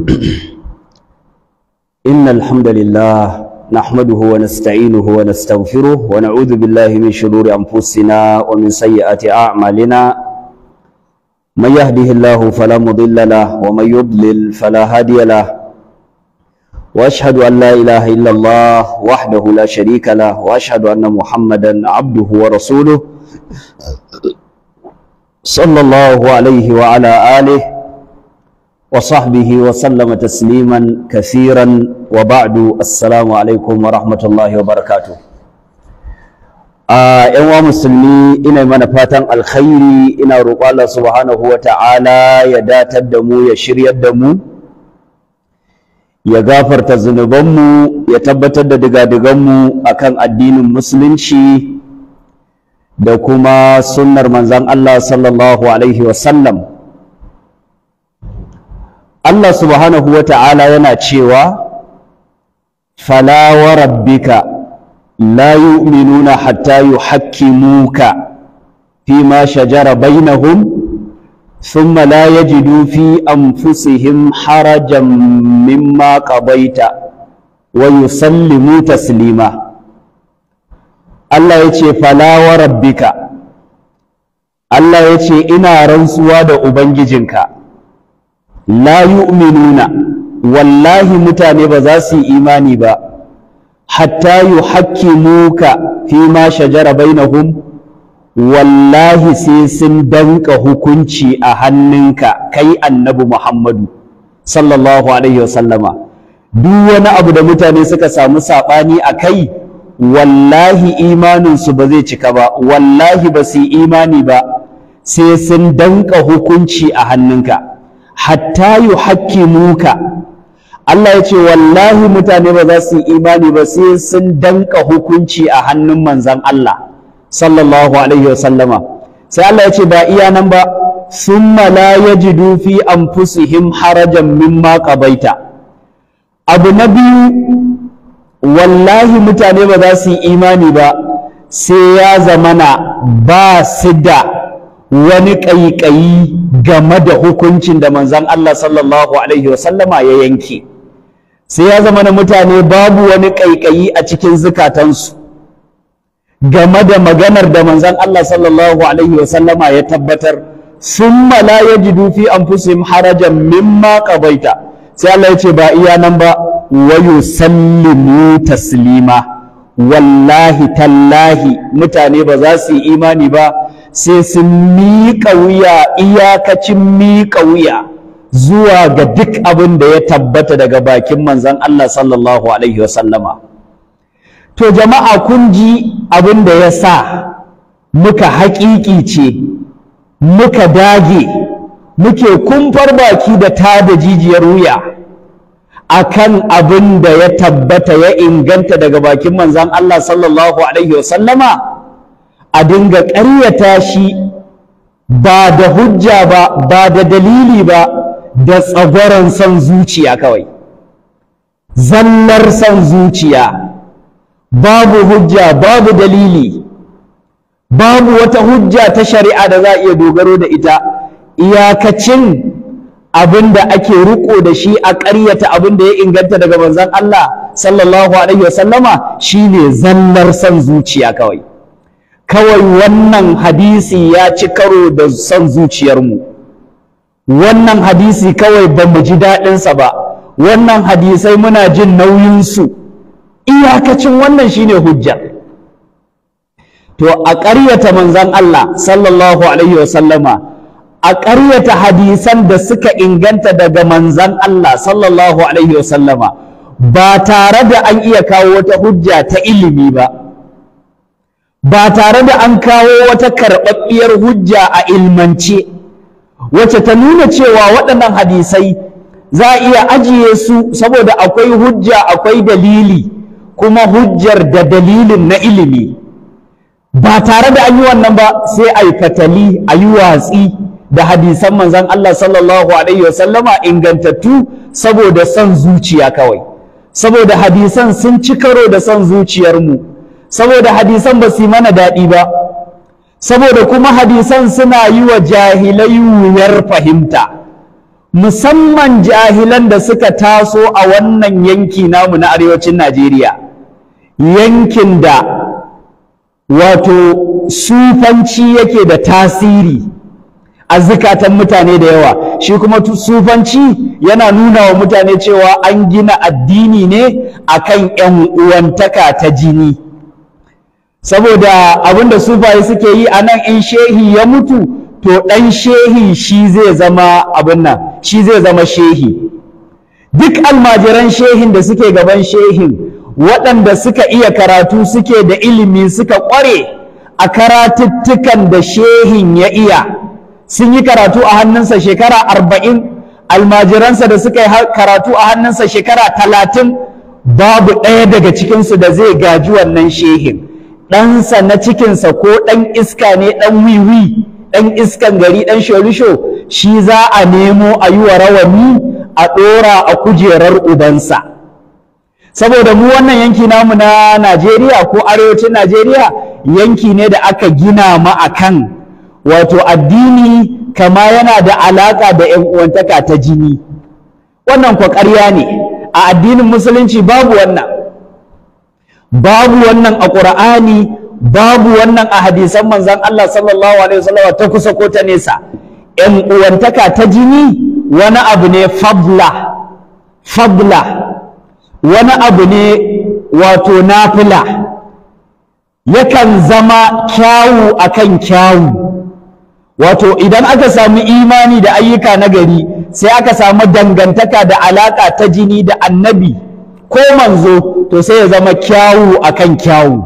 إن الحمد لله نحمده ونستعينه ونستغفره ونعوذ بالله من شرور أنفسنا ومن سيئات أعمالنا من يهده الله فلا مضل له ومن يضلل فلا هادي له واشهد ان لا اله الا الله وحده لا شريك له واشهد ان محمدا عبده ورسوله صلى الله عليه وعلى اله وصحبه وسلم تسليما كثيرا وبعد السلام عليكم ورحمة الله وبركاته ‘Yan wa musulmi ina mana fatan alkhairi ina roƙo Allah subhanahu wa ta'ala ya datar da mu ya shiryar da mu ya gafarta zunubanmu ya tabbatar da digadiganmu a kan addinin musulunci da kuma sunnar manzan Allah sallallahu alaihi wasallam. Allah subhanahu wa ta'ala yana cewa Falawa rabbika la yu'minuna hatta yuhakkimuka ma shajara bainahum thumma la yajidu fi anfusihim harajan mimma qadaita wa yusallimu taslima Allah yace fala wa rabbika Allah yace ina rantsuwa da ubangijinka la yu'minuna wallahi mutane ba za su yi imani ba hatta yuhaqqimuka fi ma shajara bainahum wallahi sai sun danka hukunci a hannunka kai annabi Muhammadu sallallahu alaihi sallama. duk wani abu da mutane suka samu sabani a kai wallahi imaninsu ba zai cika ba wallahi ba su yi imani ba sai sun danka hukunci a hannunka hatta muka. Allah ya ce wallahi mutane ba za su yi imani ba sai sun danka hukunci a hannun manzan Allah sallallahu alaihi wa sallama. sai Allah ya ce ba iya nan ba Sun ya la dufi fi anfusihim harajan min qabaita abu na biyu wallahi mutane ba za su yi imani ba sai ya zamana ba su da wani ƙaiƙayi game da hukuncin da manzan Allah sallallahu alaihi wasallama ya yanke sai ya zama na mutane babu wani ƙaiƙayi a cikin zukatansu game da maganar da manzan Allah sallallahu alaihi wasallama ya tabbatar summa ya ji fi anfusihim harajan mimma qabaita sai Allah ya ce ba iya nan ba wayo yusallimu taslima wallahi tallahi mutane ba za su yi imani ba sai sun miƙa wuya iyakacin miƙa wuya zuwa ga duk abin da ya tabbata daga bakin manzan Allah sallallahu alaihi wasallama to jama'a kun ji abin da ya sa muka haƙiƙi ce muka dage muke kumfar baki da tada jijiyar wuya a kan abin da ya tabbata ya inganta daga bakin manzan Allah sallallahu alaihi wasallama a dinga ƙaryata shi ba da hujja ba ba da dalili ba da tsagoran son zuciya kawai zallar son zuciya babu hujja babu dalili babu wata hujja ta shari'a da za a iya dogaro da ita iyakacin abin da ake riko da shi a ƙaryata abin da ya inganta daga manzon Allah sallallahu alaihi wasallama shine zallar son zuciya kawai kawai wannan hadisi ya ci karo da son zuciyarmu wannan hadisi kawai ba mu ji daɗinsa ba wannan hadisai muna jin nauyinsu iyakacin wannan shine hujja to a ƙaryata manzan Allah sallallahu alaihi wasallama a ƙaryata hadisan da suka inganta daga manzan Allah sallallahu alaihi wasallama ba tare da an iya kawo wata hujja ta ilimi ba ba tare da an kawo wata karɓaɓɓiyar hujja a ilmance wacce ta nuna cewa waɗannan hadisai za a iya ajiye su saboda akwai hujja akwai dalili kuma hujjar da dalilin na ilimi ba tare da an yi wannan ba sai a yi fatali a yi watsi da hadisan manzan Allah sallallahu alaihi wasallama ingantattu saboda son zuciya kawai saboda hadisan sun ci karo da son zuciyarmu saboda hadisan ba su mana daɗi ba saboda kuma hadisan suna yi wa jahilai wuyar fahimta musamman jahilan da suka taso a wannan yanki namu na arewacin najeriya yankin da wato sufanci yake da tasiri a zukatan mutane da yawa shi kuma sufanci yana nuna wa mutane cewa an gina addini ne akan 'yan uwantaka ta jini saboda abinda sufaye suke yi a nan in shehi ya mutu to ɗan shehi shi zai zama abin nan shi zai zama shehi duk almajiran shehin da suke gaban shehin waɗanda suka iya karatu suke da ilimi suka ƙware a karatuttukan da shehin ya iya sun yi karatu a hannunsa shekara arba'in almajiransa da suka yi karatu a hannunsa shekara talatin babu ɗaya daga cikinsu da zai gaji wannan shehin ɗansa na cikinsa ko ɗan iska ne ɗan wiwi ɗan iskan gari ɗan shorisho shi za a nemo a yi wa rawani a ɗora a kujerar ubansa saboda mu wannan yanki namu na najeriya ko arewacin najeriya yanki ne da aka gina ma akan, wato addini kama yana da alaƙa da 'yan uwantaka ta jini wannan kwa ne a addinin musulunci babu wannan babu wannan a ƙur'ani babu wannan a hadisan manzon Allah sallallahu alaihi wasallam ta kusa ko ta nesa ƴan uwantaka ta jini wani abu ne fabla fabla wani abu ne wato nafila yakan zama kyawu akan kyawu wato idan aka samu imani da ayyuka na gari sai aka samu dangantaka da alaka ta jini da annabi ko manzo to sai ya zama kyawu akan kyawu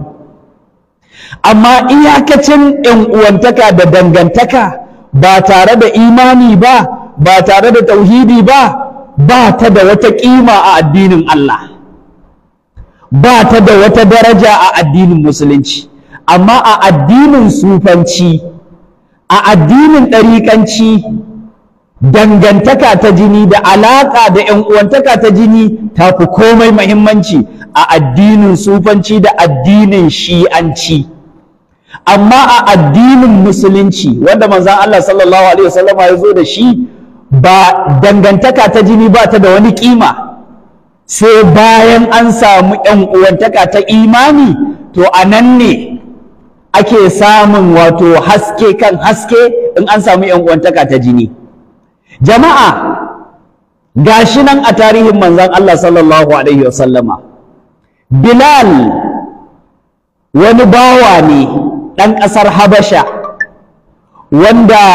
amma iyakacin yan uwantaka da dangantaka ba tare da imani ba ba tare da tauhidi ba ba ta da wata kima a addinin Allah ba ta da wata daraja a addinin musulunci amma a addinin sufanci a addinin ɗariƙanci dangantaka ta jini da alaƙa da ‘yan uwantaka ta jini ta fi komai mahimmanci a addinin sufanci da addinin shi'anci amma a addinin musulunci wanda manzon Allah sallallahu alaihi wasallam ya zo da shi ba dangantaka ta jini ba ta da wani kima sai bayan an samu ‘yan uwantaka ta imani to a nan ne ake samun wato haske kan haske in an samu ‘yan uwantaka ta jini. jama'a gashi nan a tarihin manzan Allah sallallahu alaihi wasallama Bilal wani bawa ne ɗan ƙasar Habasha wanda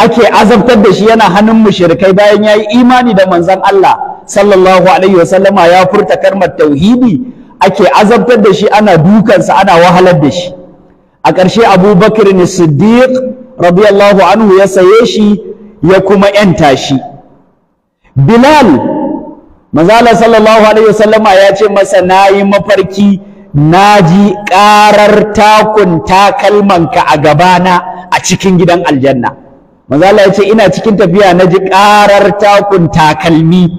ake azabtar da shi yana hannun mushrikai bayan ya yi imani da manzan Allah sallallahu alaihi wasallama ya furta karmar tauhidi ake azabtar da shi ana dukansa ana wahalar da shi a ƙarshe abubakar ne siddiq radiyallahu anhu ya saye shi ya kuma ‘yanta shi bilal mazala sallallahu alaihi wasallama ya ce masa na yi mafarki na ji ƙarar takun takalmanka a gabana a cikin gidan aljanna mazala ya ce ina cikin tafiya na ji ƙarar takun takalmi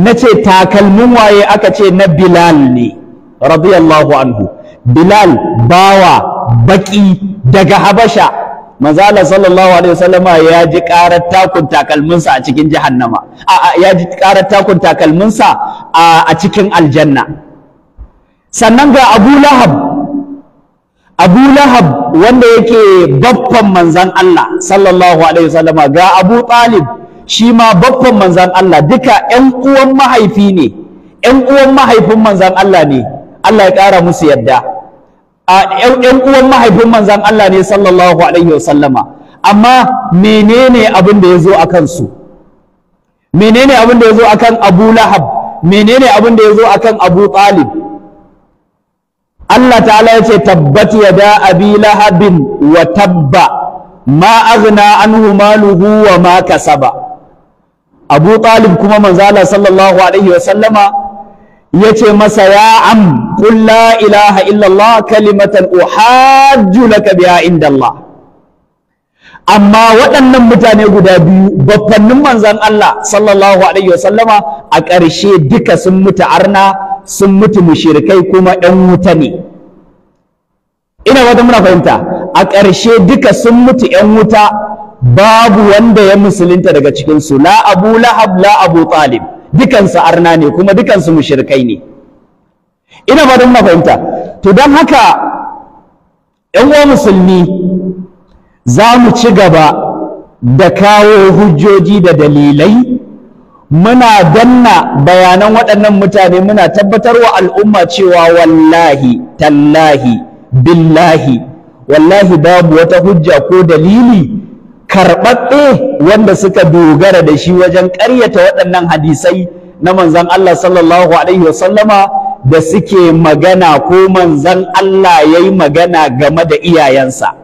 na ce takalmin waye aka ce na bilal ne radiyallahu anhu bilal bawa baki daga habasha manzala sallallahu alaihi wasallama ya ji karar takun takalminsa a cikin jahannama ya ji karar takun takalminsa a cikin aljanna sannan ga abu lahab abu lahab wanda yake baffan manzan Allah sallallahu alaihi wasallama ga abu talib shi ma baffan manzan Allah duka ƴan uwan mahaifi ne uwan mahaifin manzan Allah ne Allah ya ƙara musu yadda a ƴan uwan mahaifin manzan Allah ne sallallahu alaihi wasallama amma menene abin da ya zo a kansu menene abin da ya zo a kan abu lahab menene abin da ya zo a kan abu talib Allah ta'ala ya ce tabbat ya da abi lahabin wa tabba ma aghna anhu maluhu wa ma kasaba abu talib kuma manzala sallallahu alaihi wasallama ya ce masa ya am qul la ilaha illallah kalimatan uhajju laka biha inda Allah amma waɗannan mutane guda biyu baffannin manzan Allah sallallahu alaihi wasallama a ƙarshe duka sun mutu arna sun mutu mushirikai kuma ɗan wuta ne ina wata muna fahimta a ƙarshe duka sun mutu ‘yan wuta babu wanda ya musulunta daga cikinsu la abu lahab la abu talib dukansu arna ne kuma dukansu mushrikai ne ina ba don mafahimta to don haka ‘yan uwa musulmi za mu ci gaba da kawo hujjoji da dalilai muna danna bayanan waɗannan mutane muna tabbatar wa al'umma cewa wallahi tallahi billahi wallahi babu wata hujja ko dalili karɓaɓɓe wanda suka dogara da shi wajen ƙaryata waɗannan hadisai na manzan Allah sallallahu alaihi wasallama da suke magana ko manzan Allah ya yi magana game da iyayensa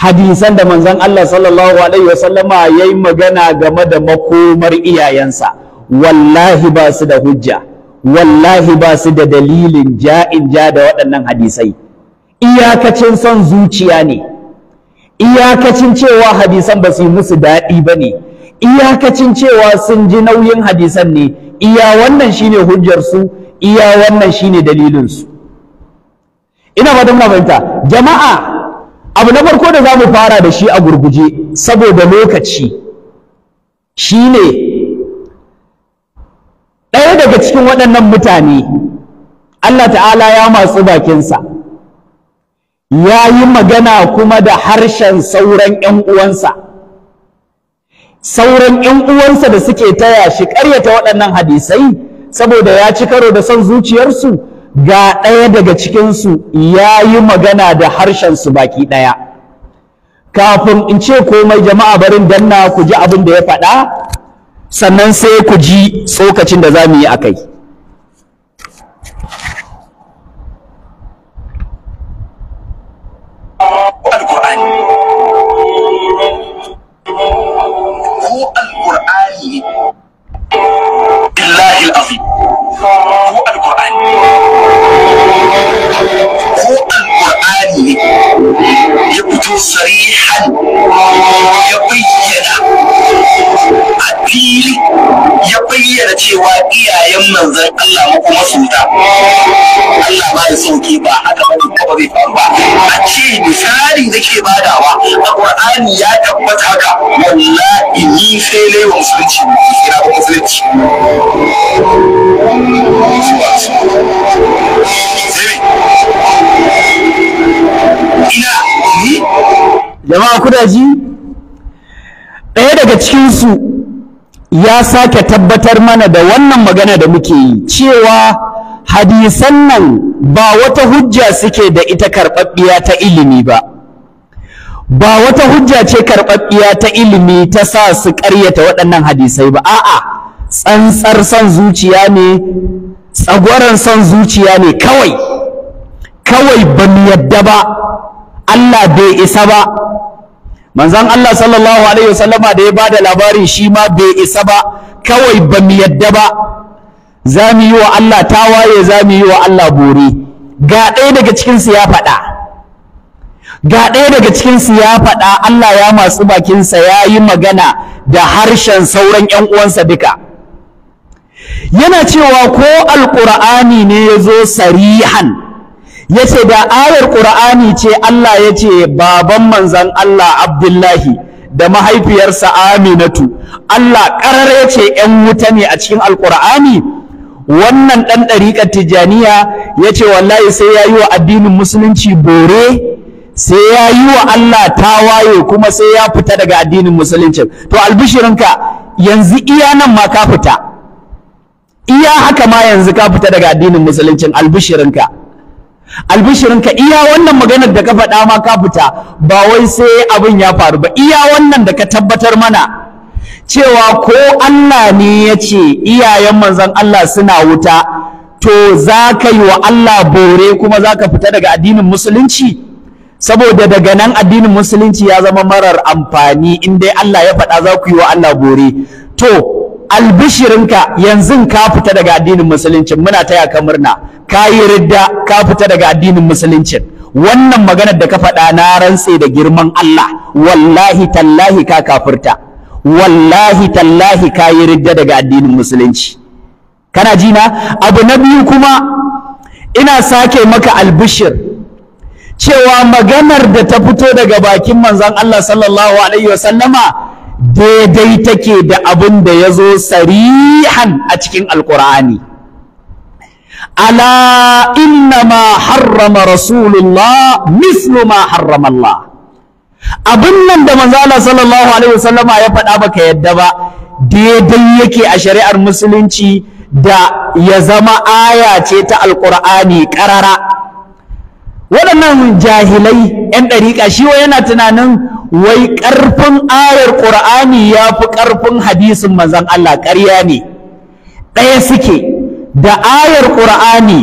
hadisan da manzan Allah sallallahu alaihi wasallama ya yi magana game da makomar iyayensa wallahi ba su da hujja wallahi ba su da dalilin ja'in ja da waɗannan hadisai iyakacin son zuciya ne iyakacin cewa hadisan ba su yi musu daɗi ba ne iyakacin cewa sun ji nauyin hadisan ne iya wannan shine hujjarsu iya wannan shine dalilinsu ina ba don fahimta jama'a abu na farko da za mu fara da shi a gurguje saboda lokaci shine ɗaya daga cikin waɗannan mutane Allah ta'ala ya masu bakinsa ya yi magana kuma da harshen sauran 'yan uwansa sauran 'yan uwansa da suke taya shi ƙaryata waɗannan hadisai saboda ya ci karo da son zuciyarsu ga ɗaya daga cikinsu ya yi magana da harshen su baki ɗaya kafin in ce komai jama'a barin danna ku ji abin da ya faɗa sannan sai ku ji tsokacin da za mu yi a kai jama'a kudaji ɗaya daga cikinsu ya sake tabbatar mana da wannan magana da muke yi cewa hadisan nan ba wata hujja suke da ita karɓaɓɓiya ta ilimi ba ba wata hujja ce karɓaɓɓiya ta ilimi ta sa su ƙaryata waɗannan hadisai ba a'a tsantsar son zuciya ne tsagwaron son zuciya ne kawai kawai ba mu yadda ba Allah bai isa ba manzan Allah sallallahu alaihi wasallama da ya ba da labarin shi ma bai isa ba kawai ba mu yadda ba za mu yi wa Allah tawaye za mu yi wa Allah bore ga ɗaya daga cikinsu ya faɗa ga ɗaya daga cikinsu ya faɗa Allah ya masu bakinsa ya yi magana da harshen sauran 'yan uwansa duka yana cewa ko alƙur'ani ne ya zo sarihan yace da ayar ƙura'ani ce Allah yace baban manzan Allah Abdullahi da mahaifiyarsa Aminatu Allah karare ce 'yan wuta ne a cikin alƙura'ani wannan dan dariƙar Tijjaniya yace wallahi sai ya yi wa addinin musulunci bore sai ya yi wa Allah tawaye kuma sai ya fita daga addinin musulunci to albishirinka yanzu iya nan ma ka fita iya haka ma yanzu ka fita daga addinin musulunci albishirinka ka iya wannan maganar da ka faɗa ma ka fita ba wai sai abin ya faru ba iya wannan da ka tabbatar mana cewa ko Allah ne ya ce iyayen manzon Allah suna wuta to za ka yi wa Allah bore kuma za ka fita daga addinin musulunci saboda daga nan addinin musulunci ya zama marar amfani in dai Allah ya faɗa za ku yi wa Allah bore to albishirinka yanzu ka fita daga addinin musulunci muna taya ka murna ka yi ridda ka fita daga addinin musulunci wannan maganar da ka faɗa na rantse da girman Allah wallahi tallahi ka kafirta wallahi tallahi ka yi ridda daga addinin musulunci kana ji na abu na biyu kuma ina sake maka albishir cewa maganar da ta fito daga bakin manzon Allah sallallahu alaihi wasallama daidai take da abin da ya zo sarihan a cikin alkur'ani ala inna ma harrama rasulullah mislu ma harrama Allah abin nan da manzala sallallahu alaihi wasallama ya faɗa baka yadda ba daidai yake a shari'ar musulunci da ya zama aya ce ta alkur'ani ƙarara waɗannan jahilai 'yan ɗariƙa shi wa yana tunanin wai ƙarfin ayar ƙur'ani ya fi ƙarfin hadisin manzan Allah ƙarya ne ɗaya suke da ayar ƙur'ani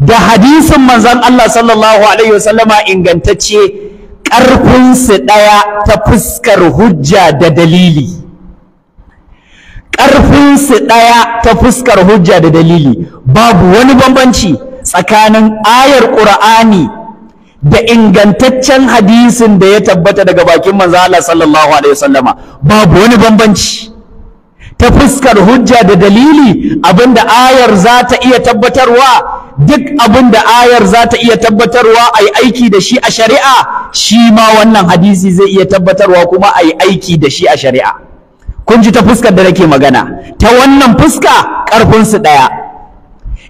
da hadisin manzon Allah sallallahu alaihi wasallama ingantacce ƙarfinsu ɗaya ta fuskar hujja da dalili ƙarfinsu ɗaya ta fuskar hujja da dalili babu wani bambanci tsakanin ayar ƙur'ani da ingantaccen hadisin da ya tabbata daga bakin manzo Allah sallallahu alaihi wasallama babu wani bambanci ta fuskar hujja da dalili abinda ayar za ta iya tabbatarwa duk abinda ayar za ta iya tabbatarwa a yi aiki da shi a shari'a shi ma wannan hadisi zai iya tabbatarwa kuma a yi aiki da shi a shari'a kun ji ta fuskar da nake magana ta wannan fuska karfin su ɗaya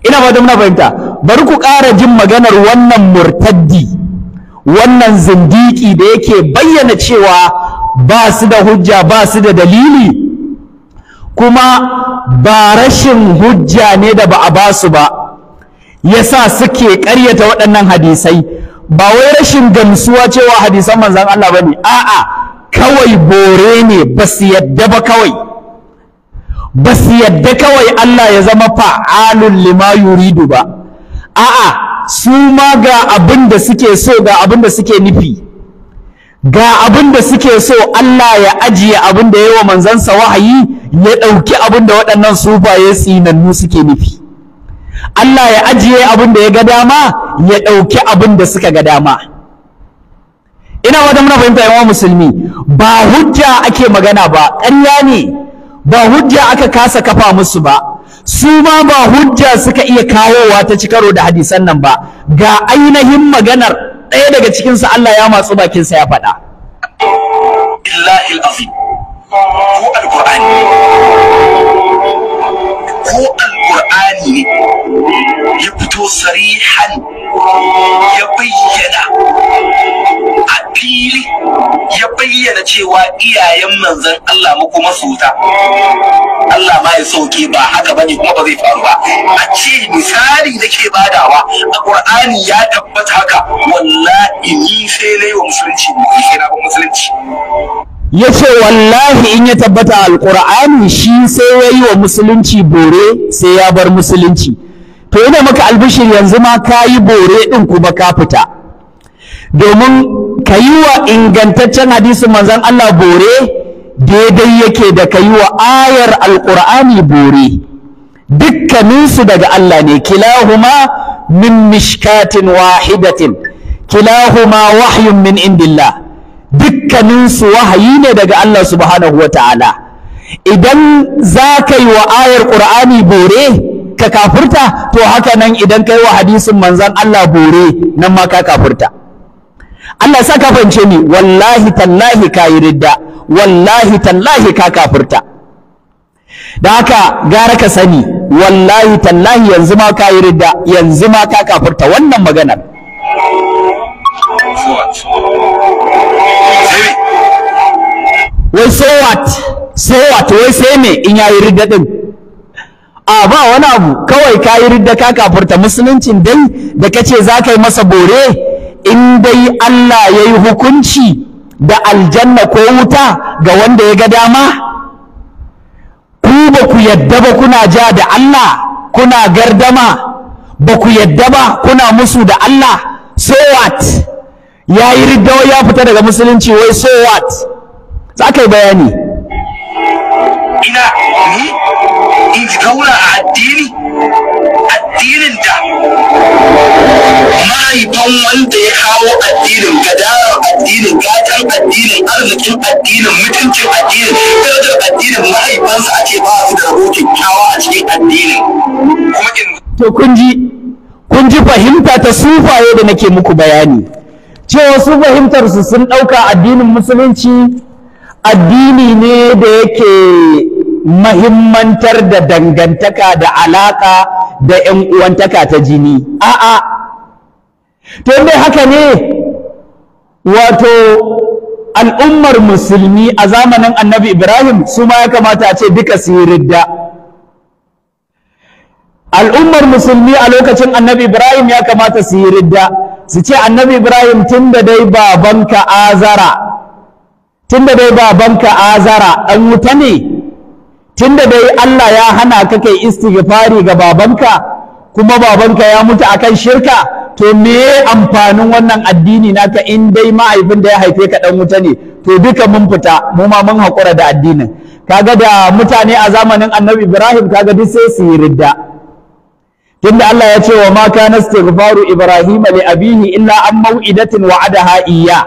ina ba muna fahimta bari ku ƙara jin maganar wannan murtaddi wannan zindiki da yake bayyana cewa ba su da hujja ba su da dalili kuma ba rashin hujja ne da ba a ba su ba Ya sa suke ƙaryata waɗannan hadisai ba wai rashin gamsuwa cewa hadisan manzan Allah bane a'a kawai bore ne ba su yadda ba kawai ba su yadda kawai Allah ya zama fa'alun lima yuridu ba a'a su ma ga abin da suke so ga abin da suke nufi ga abin da suke so Allah ya ajiye abin da ya wa manzansa wahayi ya ɗauki abin da waɗannan sufaye tsinannu suke nufi Allah ya ajiye abin da ya ga dama ya ɗauki abin da suka ga dama ina wata muna fahimta yawan musulmi ba hujja ake magana ba ƙarya ne ba hujja aka kasa kafa musu ba su ma ba hujja suka iya kawowa ta ci karo da hadisan nan ba ga ainihin maganar ɗaya daga cikinsu Allah ya matsu bakinsa ya faɗa illahi al'azim ko ko alƙur'ani ne ya fito sarihan ya bayyana a fili ya bayyana cewa iyayen manzan Allah muku masuta Allah ma ya sauke ba haka bane kuma ba zai faru ba a ce misali da ke badawa a ƙur'ani ya tabbata haka wallahi ni sai na yi wa musulunci ni sai na ba musulunci ya ce wallahi in ya tabbata Alkur'ani shi sai ya yi wa musulunci bore sai ya bar musulunci to ina maka albishir yanzu ma ka yi bore ɗin kuma ka fita domin ka yi wa ingantaccen hadisin manzon Allah bore daidai yake da ka yi wa ayar Alkur'ani bore dukkaninsu daga Allah ne kilahuma min mishkatin wahidatin kilahuma wahyun min indillah dukkaninsu wahayi ne daga Allah subhanahu wata'ala idan za ka yi wa ayar ƙur'ani bore ka kafurta to haka nan idan ka yi wa hadisin manzan Allah bore nan ma ka kafurta Allah sa ka fahimce ni wallahi tallahi ka yi ridda wallahi tallahi ka kafurta da haka gara ka sani wallahi tallahi yanzu ma ka yi ridda yanzu ma ka kafurta wannan maganar So what? Wai so what? So what? Wai sai me in yayi ridda din? A ba wani abu kawai ka yi ridda ka kafurta musuluncin dai da kace za ka yi masa bore in dai Allah ya yi hukunci da aljanna ko wuta ga wanda ya ga dama? Ku ba ku yadda ba kuna ja da Allah kuna gardama ba yadda ba kuna musu da Allah so what ya yi riddawa ya fita daga musulunci wai so what za ka yi bayani ina ni in kaura a addini addinin da mahaifan wanda ya kawo addinin gadara addinin gatar addinin arzikin addinin mutuncin addinin darajar addinin mahaifansa ake ba su da rabo kyakkyawa a cikin addinin kuma in to kun ji kun ji fahimta ta sufaye da nake muku bayani cewa su fahimtarsu sun ɗauka addinin musulunci addini ne da yake mahimmantar da dangantaka da alaƙa da 'yan uwantaka ta jini a'a to dai haka ne wato al'ummar musulmi a zamanin annabi ibrahim su ma ya kamata a ce duka su yi ridda al'ummar musulmi a lokacin annabi ibrahim ya kamata su yi ridda su ce annabi ibrahim tun da dai babanka azara tun da dai babanka azara an wuta ne tun da dai allah ya hana ka kai istighfari ga babanka kuma babanka ya mutu akan shirka to me amfanin wannan addini naka in dai mahaifin da ya haife ka dan wuta ne to duka mun fita mu ma mun haƙura da addinin kaga da mutane a zamanin annabi ibrahim kaga duk sai su yi ridda tunda Allah ya ce wa ma kana istighfaru ibrahim li abihi illa an mau'idatin wa'adaha iyya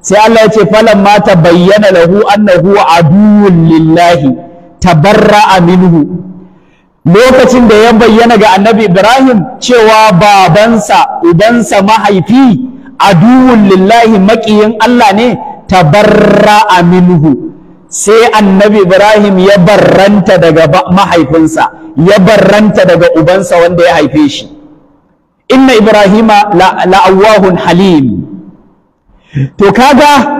sai Allah ya ce falamma tabayyana lahu annahu aduwwun lillahi tabarra'a minhu lokacin da ya bayyana ga annabi ibrahim cewa babansa ubansa mahaifi aduwwun lillahi maƙiyin Allah ne tabarra'a minhu sai annabi Ibrahim ya barranta daga mahaifinsa ya barranta daga ubansa wanda ya haife shi inna Ibrahima la'awahun halim to kaga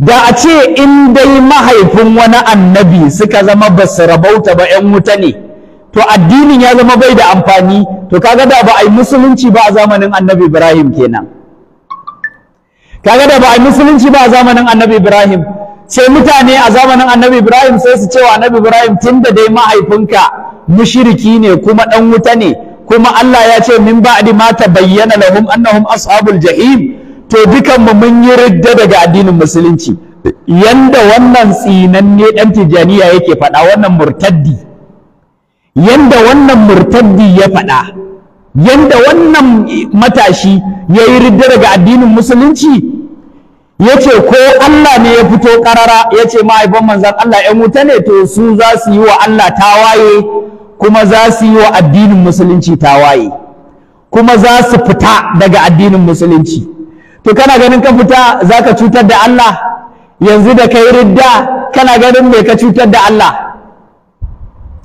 da a ce in dai mahaifin wani annabi suka zama ba su rabauta ba 'yan wuta ne to addinin ya zama bai da amfani to kaga da ba a yi musulunci ba a zamanin annabi ibrahim kenan kaga da ba a yi musulunci ba a zamanin annabi ibrahim sai mutane a zamanin annabi ibrahim sai su cewa annabi ibrahim tun da dai mahaifinka mushiriki ne kuma dan wuta ne kuma allah ya ce min ba'di ma tabayyana lahum annahum ashabul jahim to dukan mu mun yi ridda daga addinin musulunci yanda wannan tsinanne dan tijaniya yake faɗa wannan murtaddi yanda wannan murtaddi ya faɗa yanda wannan matashi ya yi ridda daga addinin musulunci Ya ce ko Allah ne ya fito karara yace mahaifan manzan Allah ƴan wuta ne to su za su yi wa Allah tawaye kuma za su yi wa addinin musulunci tawaye kuma za su fita daga addinin musulunci to kana ganin ka fita za ka cutar da Allah yanzu da ka yi ridda kana ganin mai ka cutar da Allah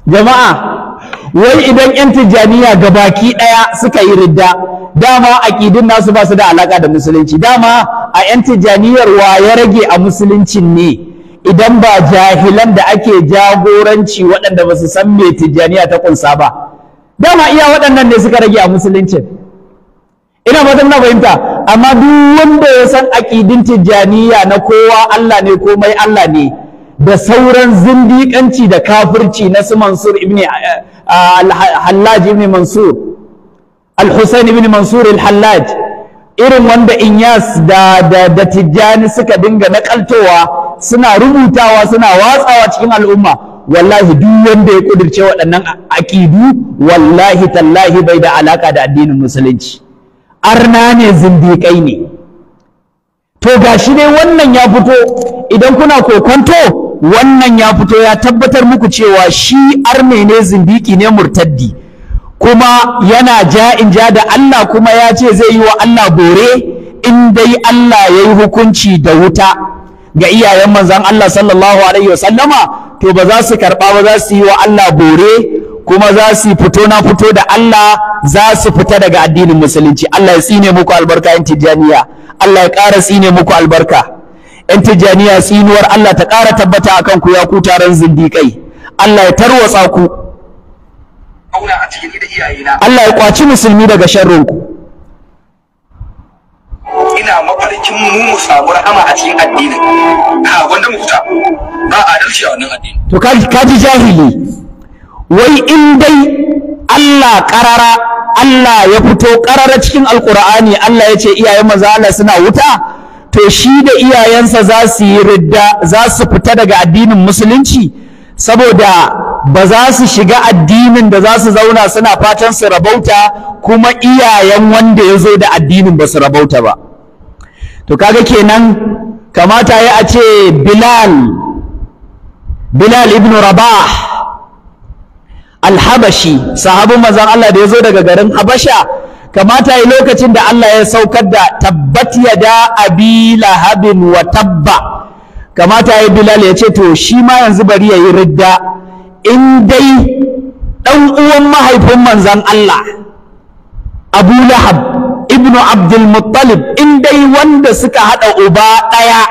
jama'a wai idan yan tijjaniya baki ɗaya suka yi ridda dama aƙidun nasu ba su da alaka da musulunci dama a yan tijjaniyar wa ya rage a musuluncin ne idan ba jahilan da ake jagoranci waɗanda ba su san me tijjaniya ta kunsa ba dama iya waɗannan ne suka rage a musuluncin ina fatan na fahimta amma duk wanda ya san aƙidin tijjaniya na kowa Allah ne komai Allah ne da sauran zindiƙanci da kafirci na su Mansur ibn eh, al-hallaj ibn mansur al-husain ibn mansur al-hallaj irin wanda inyas da da tijjani suka dinga nakaltowa suna rubutawa suna watsawa cikin al'umma wallahi duk wanda ya kudirce waɗannan aƙidu wallahi tallahi bai da alaka da addinin musulunci arna ne zindiƙai ne to gashi dai wannan ya fito idan kuna kokonto wannan ya fito ya tabbatar muku cewa shi arme ne zindiki ne murtaddi kuma yana ja in ja da Allah kuma ya ce zai yi wa Allah bore in dai Allah ya yi hukunci da wuta ga iyayen manzan Allah sallallahu alaihi wasallama to ba za su karɓa ba za su yi wa Allah bore kuma za su fito na fito da Allah za su fita daga addinin musulunci Allah ya tsine muku albarka in tijaniya Allah ya ƙara tsine muku albarka yan tijaniya tsinuwar Allah ta ƙara tabbata akan ku ya ku taron zindiƙai Allah ya tarwatsa ku Allah ya kwaci musulmi daga sharrin ku ina mafarkin mu mu samu rahama a cikin addini ha wanda mu fita ba adalci a wannan addini to kaji jahili wai in dai Allah karara Allah ya fito karara cikin alqur'ani Allah ya ce iyayen manzo Allah suna wuta to shi da iyayensa za su yi ridda za su fita daga addinin musulunci saboda ba za su shiga addinin da za su zauna suna fatan su rabauta kuma iyayen wanda ya zo da addinin ba su rabauta ba to kaga kenan kamata ya a ce bilal bilal ibn rabah alhabashi sahabin manzon Allah da ya zo daga garin habasha kamata yi lokacin da Allah ya saukar da tabbat ya da abi lahabin wa tabba kamata yi bilal ya ce to shi ma yanzu bari ya yi ridda in dai ɗan uwan mahaifin manzan Allah abu lahab ibnu abdul muttalib in dai wanda suka haɗa uba ɗaya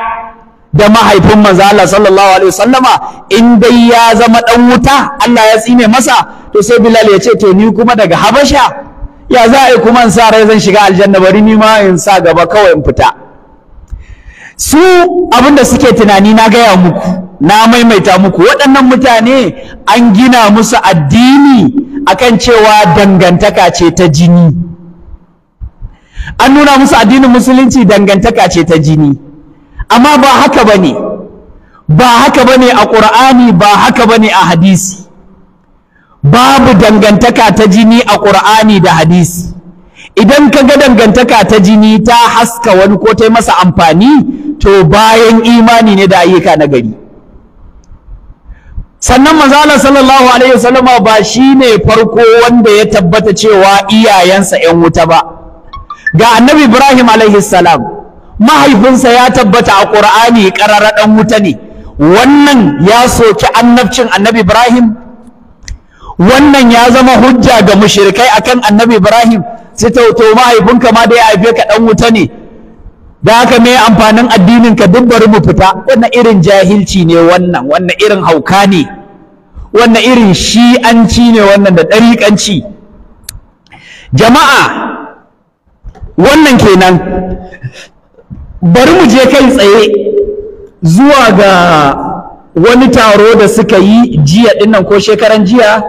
da mahaifin manzan Allah sallallahu alaihi wasallama in dai ya zama dan wuta Allah ya tsine masa to sai Bilal ya ce to ni kuma daga Habasha ya za a yi kuma in sa rai zan shiga aljanna bari ni ma in sa gaba kawai in fita su abin da suke tunani na gaya muku na maimaita muku waɗannan mutane an gina musu addini akan cewa dangantaka ce ta jini an nuna musu addinin musulunci dangantaka ce ta jini amma ba haka ba ne ba haka ba ne a ƙur'ani ba haka ba ne a hadisi babu dangantaka ta jini a ƙur'ani da hadisi idan ka ga dangantaka ta jini ta haska wani ko ta yi masa amfani to bayan imani ne da ayyuka na gari sannan manzala sallallahu alaihi wasallama ba shi ne farko wanda ya tabbata cewa iyayensa 'yan wuta ba ga annabi ibrahim alaihi salam mahaifinsa ya tabbata a ƙur'ani ƙararraɗan wuta ne wannan ya soki annabcin annabi ibrahim wannan ya zama hujja ga mushrikai akan annabi ibrahim sai ta to mahaifinka ma da ya haife ka dan wuta ne da haka me amfanin addinin ka duk bari mu fita wannan irin jahilci ne wannan wannan irin hauka ne wannan irin shi'anci ne wannan da dariƙanci jama'a wannan kenan bari mu je kai tsaye zuwa ga wani taro da suka yi jiya dinnan ko shekaran jiya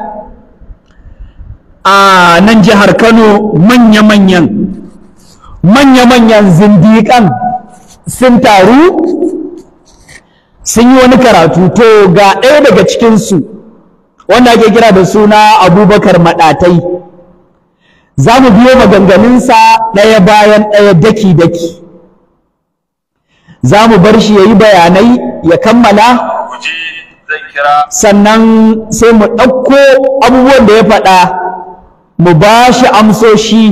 a nan jihar Kano manya-manyan manya-manyan zindiƙan sun taru sun yi wani karatu to ga ɗaya daga cikinsu wanda ake kira da suna abubakar maɗatai za mu biyo maganganunsa ɗaya bayan ɗaya daki-daki za mu bar shi ya yi bayanai ya kammala sannan sai mu ɗauko abubuwan da ya faɗa mu ba shi amsoshi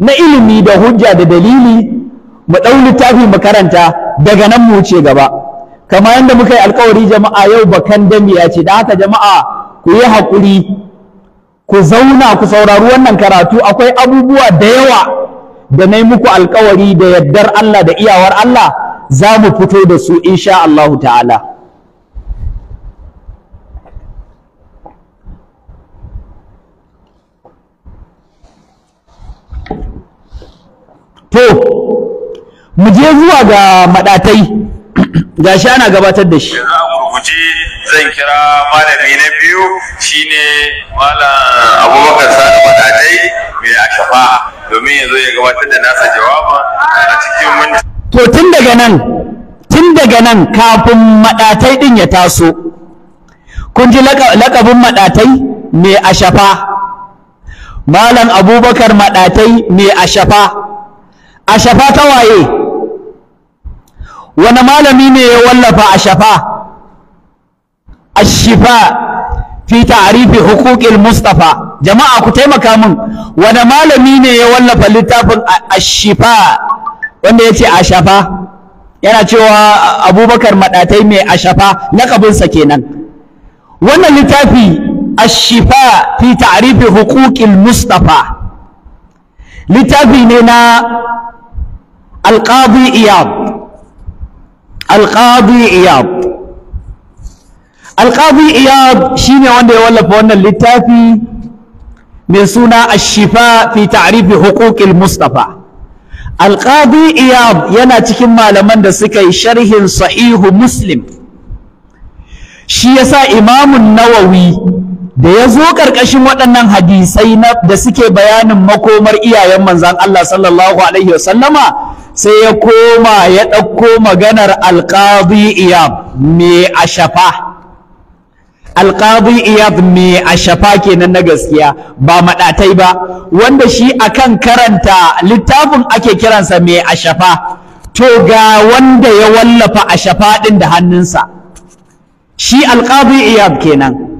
na ilimi da hujja da dalili mu ɗau littafi mu karanta daga nan mu ce gaba kamar yadda muka yi alkawari jama'a yau bakan ya ce da haka jama'a ku yi haƙuri ku zauna ku saurari wannan karatu akwai abubuwa da yawa da na yi muku alkawari da yaddar Allah da iyawar Allah za mu fito da su insha Allah ta'ala to mu je zuwa ga madatai gashi ana gabatar da shi zan kira malami na biyu shine malam abubakar sani madatai mai ashafa domin ya zo ya gabatar da nasa jawaba a cikin minti to tun daga nan tun daga nan kafin madatai din ya taso kun ji lakabin madatai mai ashafa malam abubakar madatai mai ashafa a shafa ta waye wani malami ne ya wallafa a shafa a shifa fi ta'rifi hukukin mustafa jama'a ku taimaka min wani malami ne ya wallafa littafin a shifa wanda ya ce a shafa yana cewa abubakar maɗatai mai a shafa lakabinsa kenan wannan littafi a shifa fi ta'rifi hukukin mustafa littafi ne na alƙadi iyab alƙadi iyab alƙadi iyab shine wanda ya wallafa wannan littafi mai suna ashifa fi ta'rifi huquqil mustafa alƙadi iyab yana cikin malaman da suka yi sharhin sahihu muslim shi yasa imamun nawawi da ya zo ƙarƙashin waɗannan hadisai da suke bayanin makomar iyayen manzan Allah sallallahu alaihi wasallama sai ya koma ya ɗauko maganar alƙadi iyab me ashafa? shafa alƙadi iyab me a kenan na gaskiya ba maɗatai ba wanda shi akan karanta littafin ake kiransa me ashafa? to ga wanda ya wallafa ashafa ɗin da hannunsa shi alƙadi iyab kenan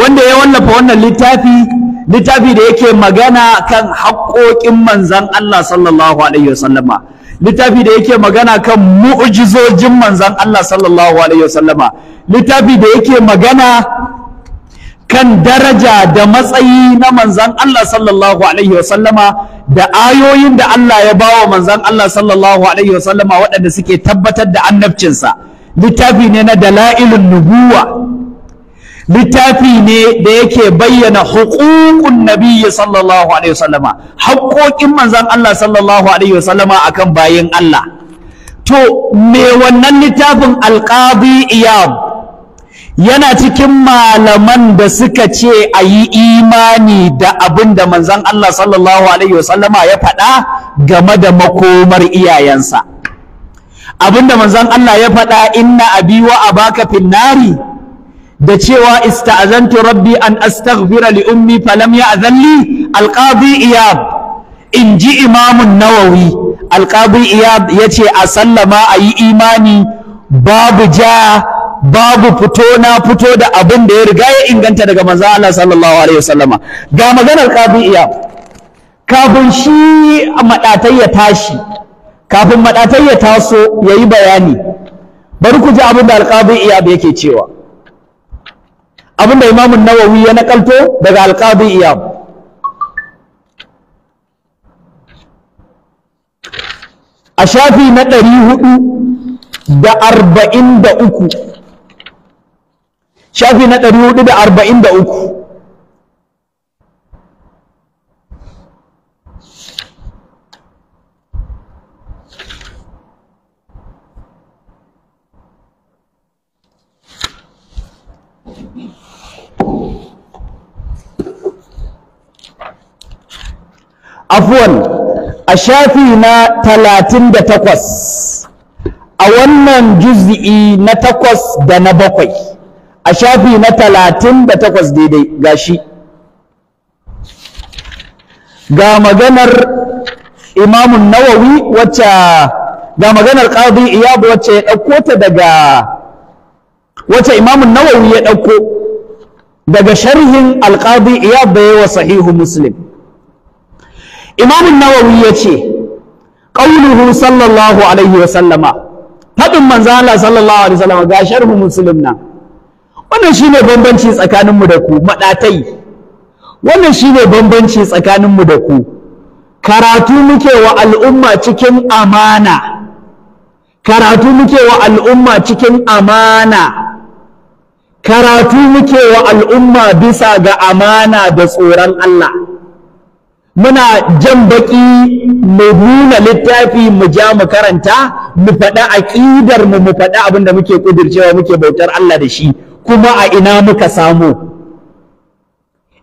wanda ya wallafa wannan littafi littafi da yake magana kan haƙoƙin manzan Allah sallallahu alaihi wasallama littafi da yake magana kan mu'jizojin manzan Allah sallallahu alaihi wasallama littafi da yake magana kan daraja da matsayi na manzan Allah sallallahu alaihi wasallama da ayoyin da Allah ya bawa manzan Allah sallallahu alaihi wasallama waɗanda suke tabbatar da annabcinsa littafi ne na dala'ilun nubuwa littafi ne da yake bayyana hukukun nabiyyi sallallahu alaihi wasallama haƙoƙin manzon Allah sallallahu alaihi wasallama akan bayin Allah to me wannan littafin alqadi iyab yana cikin malaman da suka ce a yi imani da abin da Allah sallallahu alaihi wasallama ya faɗa game da makomar iyayensa abinda manzon Allah ya faɗa inna abi wa abaka finnari da cewa ista'azantu rabbi an astaghfira li ummi falam ya'zan li alqadi iyab in ji imamun nawawi alqadi iyab yace a sallama a yi imani babu ja babu fito na fito da abin da ya riga ya inganta daga manzo Allah sallallahu alaihi wasallama ga maganar qadi iyab kafin shi madatai ya tashi kafin madatai ya taso yayi bayani bari ku ji abin da alqadi iyab yake cewa abinda imamun nawawi ya nakalto daga alƙadi iyam a shafi na ɗari hudu da arba'in da uku shafi na ɗari hudu da arba'in da uku afwan a shafi na talatin da takwas a wannan juz'i na takwas da na bakwai a shafi na talatin da takwas daidai gashi ga maganar imamun nawawi wacce ga maganar qadi iyab wacce ya ɗauko ta daga wacce imamun nawawi ya ɗauko daga sharhin alqadi iyab da yawa sahihu muslim imamun nawawi ya ce ƙauluhu sallallahu alaihi wa sallama faɗin manzo Allah sallallahu alaihi wa sallama ga sharhu muslim nan wannan shine bambanci tsakaninmu da ku madatai wannan shine bambanci tsakaninmu da ku karatu muke wa al'umma cikin amana karatu muke wa al'umma cikin amana karatu muke wa al'umma bisa ga amana da tsoron Allah muna jan baki mu nuna littafi mu ja mu karanta mu faɗa aƙidar mu mu faɗa abin da muke ƙudircewa muke bautar Allah da shi kuma a ina muka samu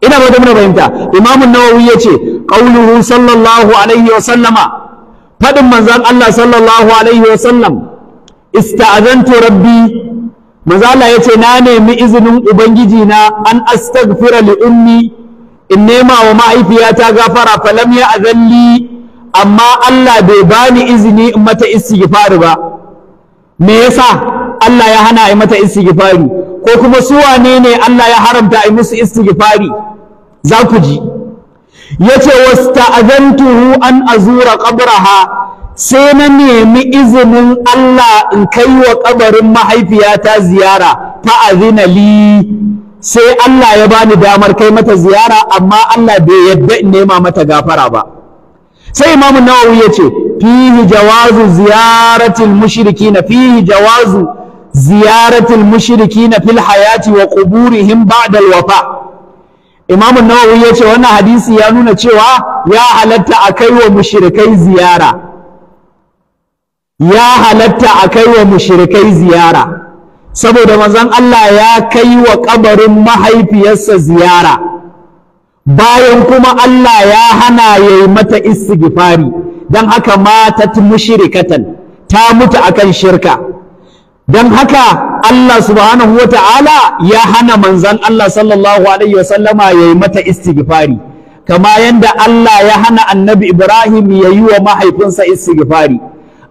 ina ba da muna fahimta Imam Nawawi yace qauluhu sallallahu alaihi wa sallama fadin manzon Allah sallallahu alaihi wa sallam ista'adantu rabbi manzo Allah yace na nemi izinin ubangiji na an astaghfira li ummi in nema wa mahaifiyata gafara falam ya azalli amma Allah bai bani izini in mata istighfari ba me yasa Allah ya hana a mata istighfari ko kuma su wane ne Allah ya haramta a musu istighfari za ku ji yace wasta'azantuhu an azura qabraha sai na nemi izinin Allah in kai wa kabarin mahaifiyata ziyara fa'azina li sai Allah ya bani damar kai mata ziyara amma Allah bai yadda in nema mata gafara ba sai imamu nawawi ya ce fihi jawazu ziyaratil mushrikina fihi jawazu ziyaratil mushrikina fil hayati wa quburihim ba'da al wafa imamu nawawi ya ce wannan hadisi ya nuna cewa ya halatta a kai wa mushrikai ziyara ya halatta a kai wa mushrikai ziyara saboda manzon Allah ya kai wa kabarin mahaifiyarsa ziyara bayan kuma Allah ya hana ya yi mata istighfari don haka matat mushrikatan ta mutu akan shirka don haka Allah subhanahu wa ta'ala ya hana manzon Allah sallallahu alaihi wasallama ya yi mata istighfari kama yadda Allah ya hana annabi Ibrahim ya yi wa mahaifinsa istighfari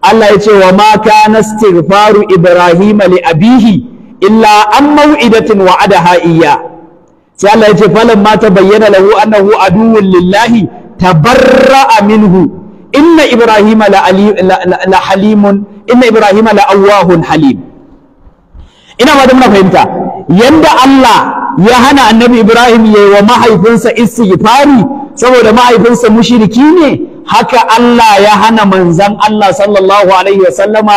Allah ya ce wa ma kana istighfaru Ibrahim li abihi illa an maw'idatin wa'adaha iyya sai Allah ya ce falan ma bayyana lahu annahu aduwwun lillahi tabarra'a minhu inna Ibrahim la, halimun inna Ibrahim la awwahun halim ina ma da muna fahimta yanda Allah ya hana annabi Ibrahim yayi wa mahaifinsa istighfari saboda mahaifinsa mushriki ne haka Allah ya hana manzan Allah sallallahu alaihi wasallama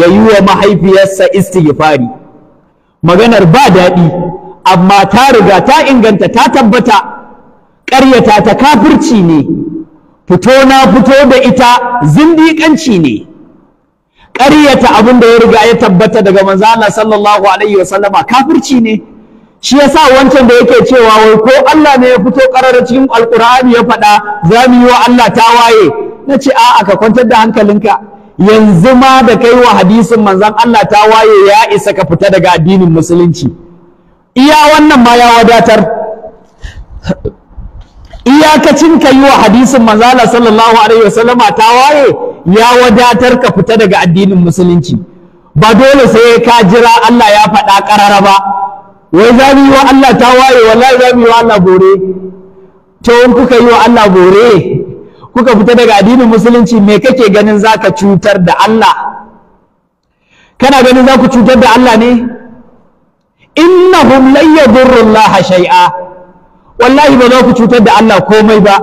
ya yi wa mahaifiyarsa istighfari maganar ba daɗi amma ta riga ta inganta ta tabbata ƙaryata ta kafirci ne fito na fito da ita zindiƙanci ne ƙaryata abin da ya riga ya tabbata daga manzan Allah sallallahu alaihi wasallama kafirci ne shi yasa wancan da yake cewa wai ko Allah ne ya fito ƙararra cikin alƙur'ani ya faɗa za mu yi wa Allah waye. na ce a'a ka kwantar da hankalinka yanzu ma da kai wa hadisin manzon Allah ta waye ya isa ka fita daga addinin musulunci iya wannan ma ya wadatar iyakacin ka yi wa hadisin manzala sallallahu alaihi wasallama waye ya wadatar ka fita daga addinin musulunci ba dole sai ka jira Allah ya faɗa ƙarara ba wai za mu yi wa Allah tawaye wallahi za mu yi wa Allah bore to in kuka yi wa Allah bore kuka fita daga addinin musulunci me kake ganin zaka cutar da Allah kana ganin za ku cutar da Allah ne innahum lan yadurru Allah shay'a wallahi ba za ku cutar da Allah komai ba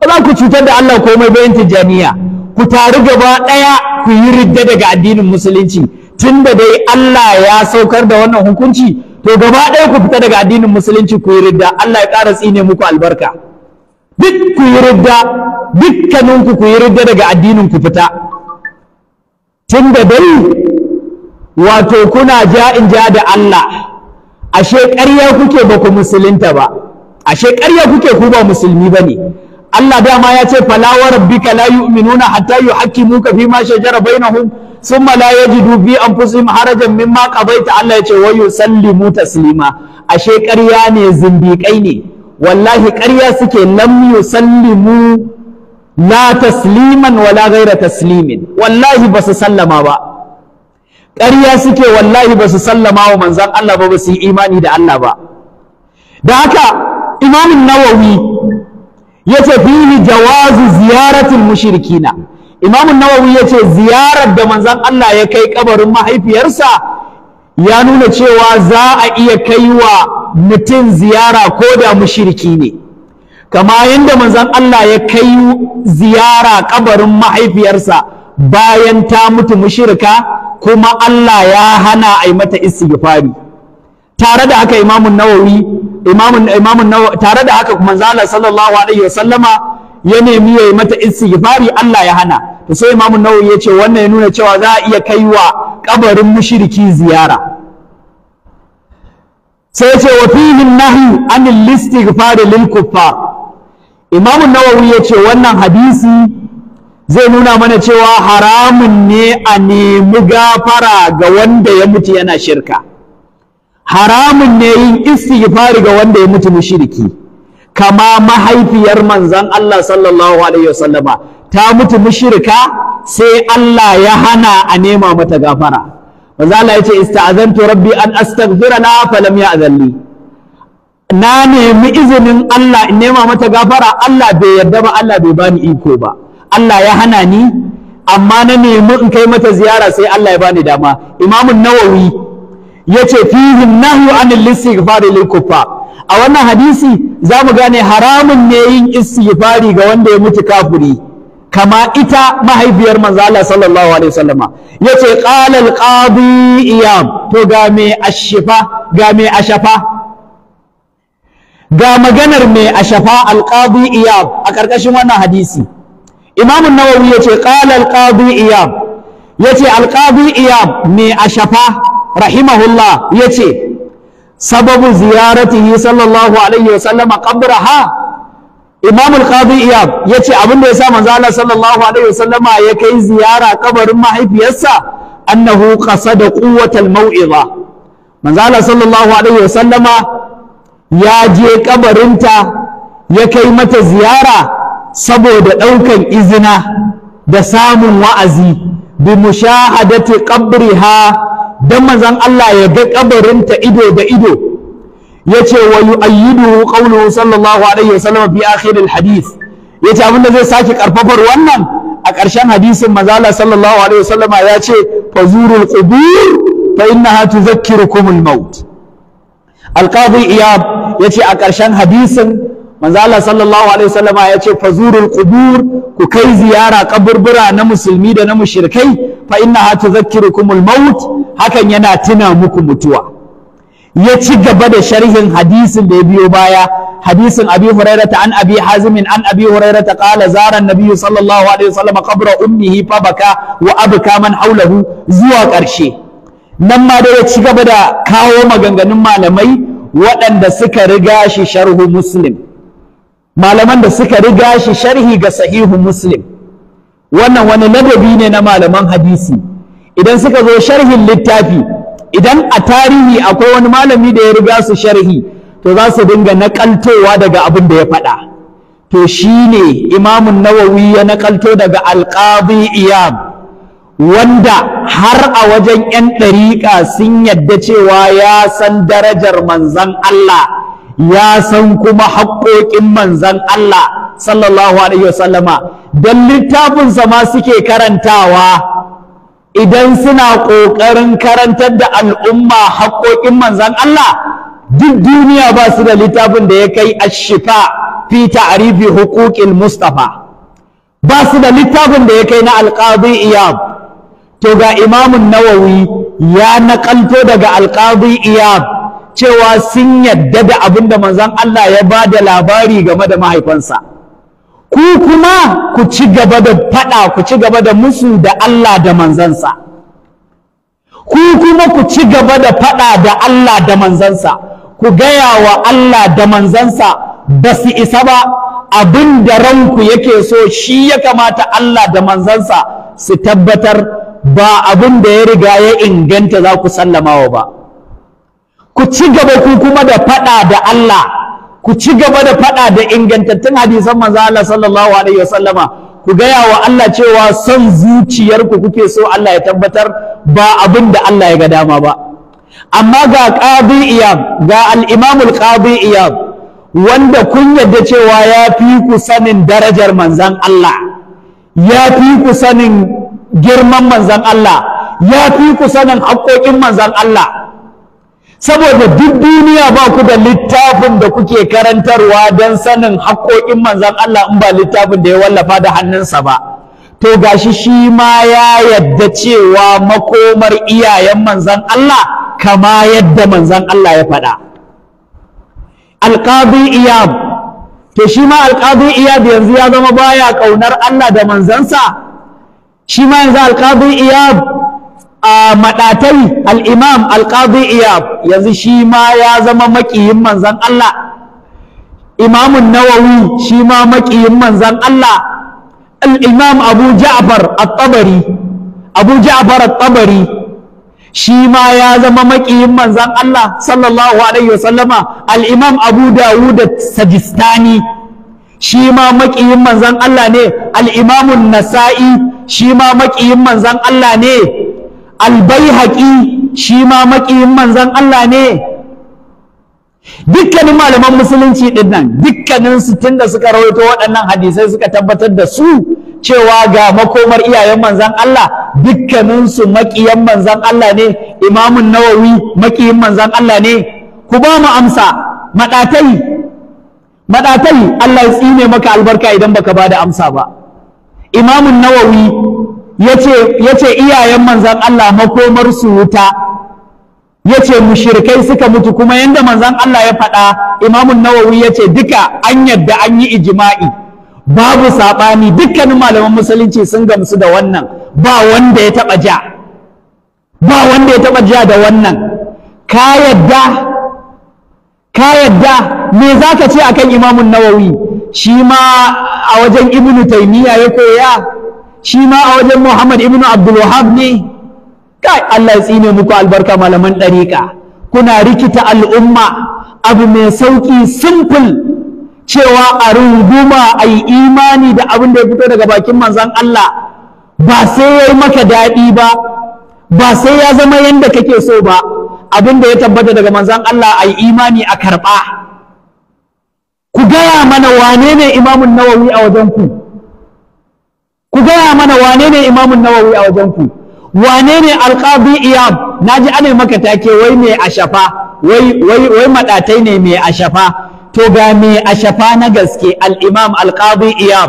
ba za ku cutar da Allah komai ba yin jami'a? ku taru gaba daya ku yi ridda daga addinin musulunci tunda dai Allah ya saukar da wannan hukunci to gaba ɗaya ku fita daga addinin musulunci ku yi ridda Allah ya ƙara tsine muku albarka duk ku yi ridda dukkaninku ku yi ridda daga addinin ku fita tun da dai wato kuna ja'in ja da Allah ashe ƙarya kuke ba ku musulunta ba ashe ƙarya kuke ku ba musulmi ba ne Allah dama ya ce fala wa rabbika la yu'minuna hatta yuhaqqimuka fi ma shajara bainahum summa la yajidu bi anfusihim harajan mimma qadaita Allah yace wa yusallimu taslima ashe ƙarya ne zindiƙai ne wallahi ƙarya suke lam yusallimu la tasliman wala ghaira taslimin wallahi basu sallama ba ƙarya suke wallahi basu sallama wa manzon Allah ba basu yi imani da Allah ba da haka imamin nawawi yace fihi jawazu ziyaratul mushrikina imamu nawawi ya ce ziyarar da manzan Allah ya kai kabarin mahaifiyarsa ya nuna cewa za a iya kai wa mutum ziyara ko da mushirki ne kama yadda manzan Allah ya kai ziyara kabarin mahaifiyarsa bayan ta mutu mushirka kuma Allah ya hana a yi mata istighfari tare da haka imamun nawawi imamun imamun tare da haka manzan Allah sallallahu alaihi wasallama ya nemi ya yi mata istighfari Allah ya hana to sai Imam Nawawi ya ce wannan ya nuna cewa za a iya kaiwa kabarin mushriki ziyara sai ya ce wa fihi nahyu anil istighfar lil kuffar Imam Nawawi ya ce wannan hadisi zai nuna mana cewa haramun ne a nemi gafara ga wanda ya mutu yana shirka haramun ne yin istighfari ga wanda ya mutu mushriki kama mahaifiyar manzan Allah sallallahu alaihi wasallama ta mutu mushrika sai Allah ya hana a nema mata gafara manzan Allah ya ce ista'azantu rabbi an astaghfira na falam ya azalli. na nemi izinin Allah in nema mata gafara Allah bai yarda ba Allah bai bani iko ba Allah ya hana ni amma na nemi in kai mata ziyara sai Allah ya bani dama imamun nawawi yace fihim nahu anil istighfar lil kuffar a wannan hadisi za mu gane haramun ne yin istighfari ga wanda ya mutu kafiri kama ita mahaifiyar manzo Allah sallallahu alaihi wasallama yace qala al-qadi iyam to ga me ashifa ga me ashafa ga maganar me ashafa al-qadi iyam a karkashin wannan hadisi imam nawawi yace qala al-qadi iyam yace al-qadi iyam me ashafa rahimahullah yace sababu ziyarati sallallahu alaihi wasallam qabraha imam al iyab yace abin da yasa manzo Allah ya kai ziyara kabarin mahaifiyarsa annahu qasada quwwatal mau'iza manzo Allah sallallahu alaihi wasallama ya je ƙabarinta ya kai mata ziyara saboda ɗaukan izina da samun wa'azi dan manzan Allah ya ga kabarin ta ido da ido yace wa yu'ayyidu qawluhu sallallahu alaihi wasallam fi akhir alhadith yace abinda zai sake karfafar wannan a ƙarshen hadisin manzala sallallahu alaihi sallama ya ce fazurul qubur fa innaha iyab yace a ƙarshen hadisin manzo Allah sallallahu alaihi wasallama ya ce fazurul qubur ku kai ziyara kaburbura na musulmi da na mushrikai fa innaha tudhakkirukumul maut hakan yana tuna muku mutuwa ya ci gaba da sharhin hadisin da ya biyo baya hadisin abi hurairata an abi Hazimin, an abi hurairata qala zara nabiyyu sallallahu alaihi wasallam qabra ummihi fa baka wa abka man hawlahu zuwa karshe nan ma da ya ci gaba da kawo maganganun malamai waɗanda suka riga shi sharhu muslim malaman da suka riga shi sharhi ga sahihu muslim wannan wani ladabi ne na malaman hadisi idan suka zo sharhin littafi idan a tarihi akwai wani malami da ya riga su sharhi to za su dinga nakaltowa daga abin da ya faɗa to shi ne imamun nawawi ya nakalto daga alƙadi iyam wanda har a wajen 'yan ɗariƙa sun yadda cewa ya san darajar manzan Allah ya san kuma haƙoƙin manzan Allah sallallahu alaihi wasallama don littafinsa ma suke karantawa idan suna ƙoƙarin karantar da al'umma haƙoƙin manzan Allah duk duniya ba su da littafin da ya kai ashifa fi ta'rifi hukukin Mustapha ba su da littafin da ya kai na alƙadi iyab to ga imamun nawawi ya naƙalto daga alƙabin iyab cewa sun yadda da abin da manzon Allah ya ba da labari game da mahaifansa ku kuma ku ci gaba da faɗa ku ci gaba da musu da Allah da manzansa ku kuma ku ci gaba da faɗa da Allah da manzansa ku gaya wa Allah da manzansa ba su isa ba abin da ranku yake so shi ya kamata Allah da manzansa su tabbatar ba abin da ya riga ya inganta za ku sallamawa ba ku ci gaba ku kuma da faɗa da Allah ku ci gaba da faɗa da ingantattun hadisan manzo Allah sallallahu alaihi wasallama ku gaya wa Allah cewa son zuciyarku kuke so Allah ya tabbatar ba abin da Allah ya ga dama ba amma ga qadi iyab ga al-imam al-qadi iyab wanda kun yadda cewa ya fi ku sanin darajar manzan Allah ya fi ku sanin girman manzan Allah ya fi ku sanin haƙoƙin manzan Allah saboda duk duniya ba ku da littafin da kuke karantarwa don sanin haƙoƙin manzan Allah in ba littafin da ya wallafa da hannunsa ba to gashi shi ma ya yadda cewa makomar iyayen manzan Allah kama yadda manzan Allah ya faɗa alƙadi iyab to shi ma alƙadi iyab yanzu ya zama baya ƙaunar Allah da manzansa shi ma yanzu alƙadi iyab a madatai alimam imam al-qadi iyab yanzu shi ma ya zama makiyin manzan Allah imam nawawi shi ma makiyin manzon Allah al-imam abu ja'far at-tabari abu ja'far at-tabari shi ma ya zama maƙiyin manzon Allah sallallahu alaihi wasallama abu dawud sajistani shi ma makiyin manzon Allah ne al nasai shi ma manzon Allah ne Albaihaƙi shi ma maƙiyin manzon Allah ne dukkanin malaman musulunci din nan dukkanin su tunda suka rawaito waɗannan hadisai suka tabbatar da su cewa ga makomar iyayen manzan Allah dukkanin su maƙiyan manzan Allah ne imamun nawawi maƙiyin manzan Allah ne ku ba mu amsa maɗatai maɗatai Allah ya tsine maka albarka idan baka ba da amsa ba imamun nawawi ya ce iyayen manzan Allah makomar su wuta ya ce mushirkai suka mutu kuma yadda manzan Allah ya faɗa imamun nawawi ya ce duka an yadda an yi ijima'i babu saɓani dukkanin malaman musulunci sun gamsu da wannan ba wanda ya taɓa ja ba wanda ya taɓa ja da wannan ka yadda ka yadda me za ka ce akan imamun nawawi shi ma a wajen ibnu taimiyya ya koya shi ma a wajen Muhammad ibn Abdul Wahab ne kai Allah ya tsine muku albarka malaman ɗariƙa kuna rikita al'umma abu mai sauƙi simple cewa a runguma a yi imani da abin da ya fito daga bakin manzon Allah ba sai ya yi maka daɗi ba ba sai ya zama yadda kake so ba abin da ya tabbata daga manzan Allah a yi imani a karɓa ku gaya mana wane ne imamun nawawi a wajen ku ku gaya mana wane ne imamun nawawi a wajen ku wane ne alqadi iyam ji ana maka take wai mai ashafa wai wai wai madatai ne mai ashafa to ga mai ashafa na gaske al'imam imam iyam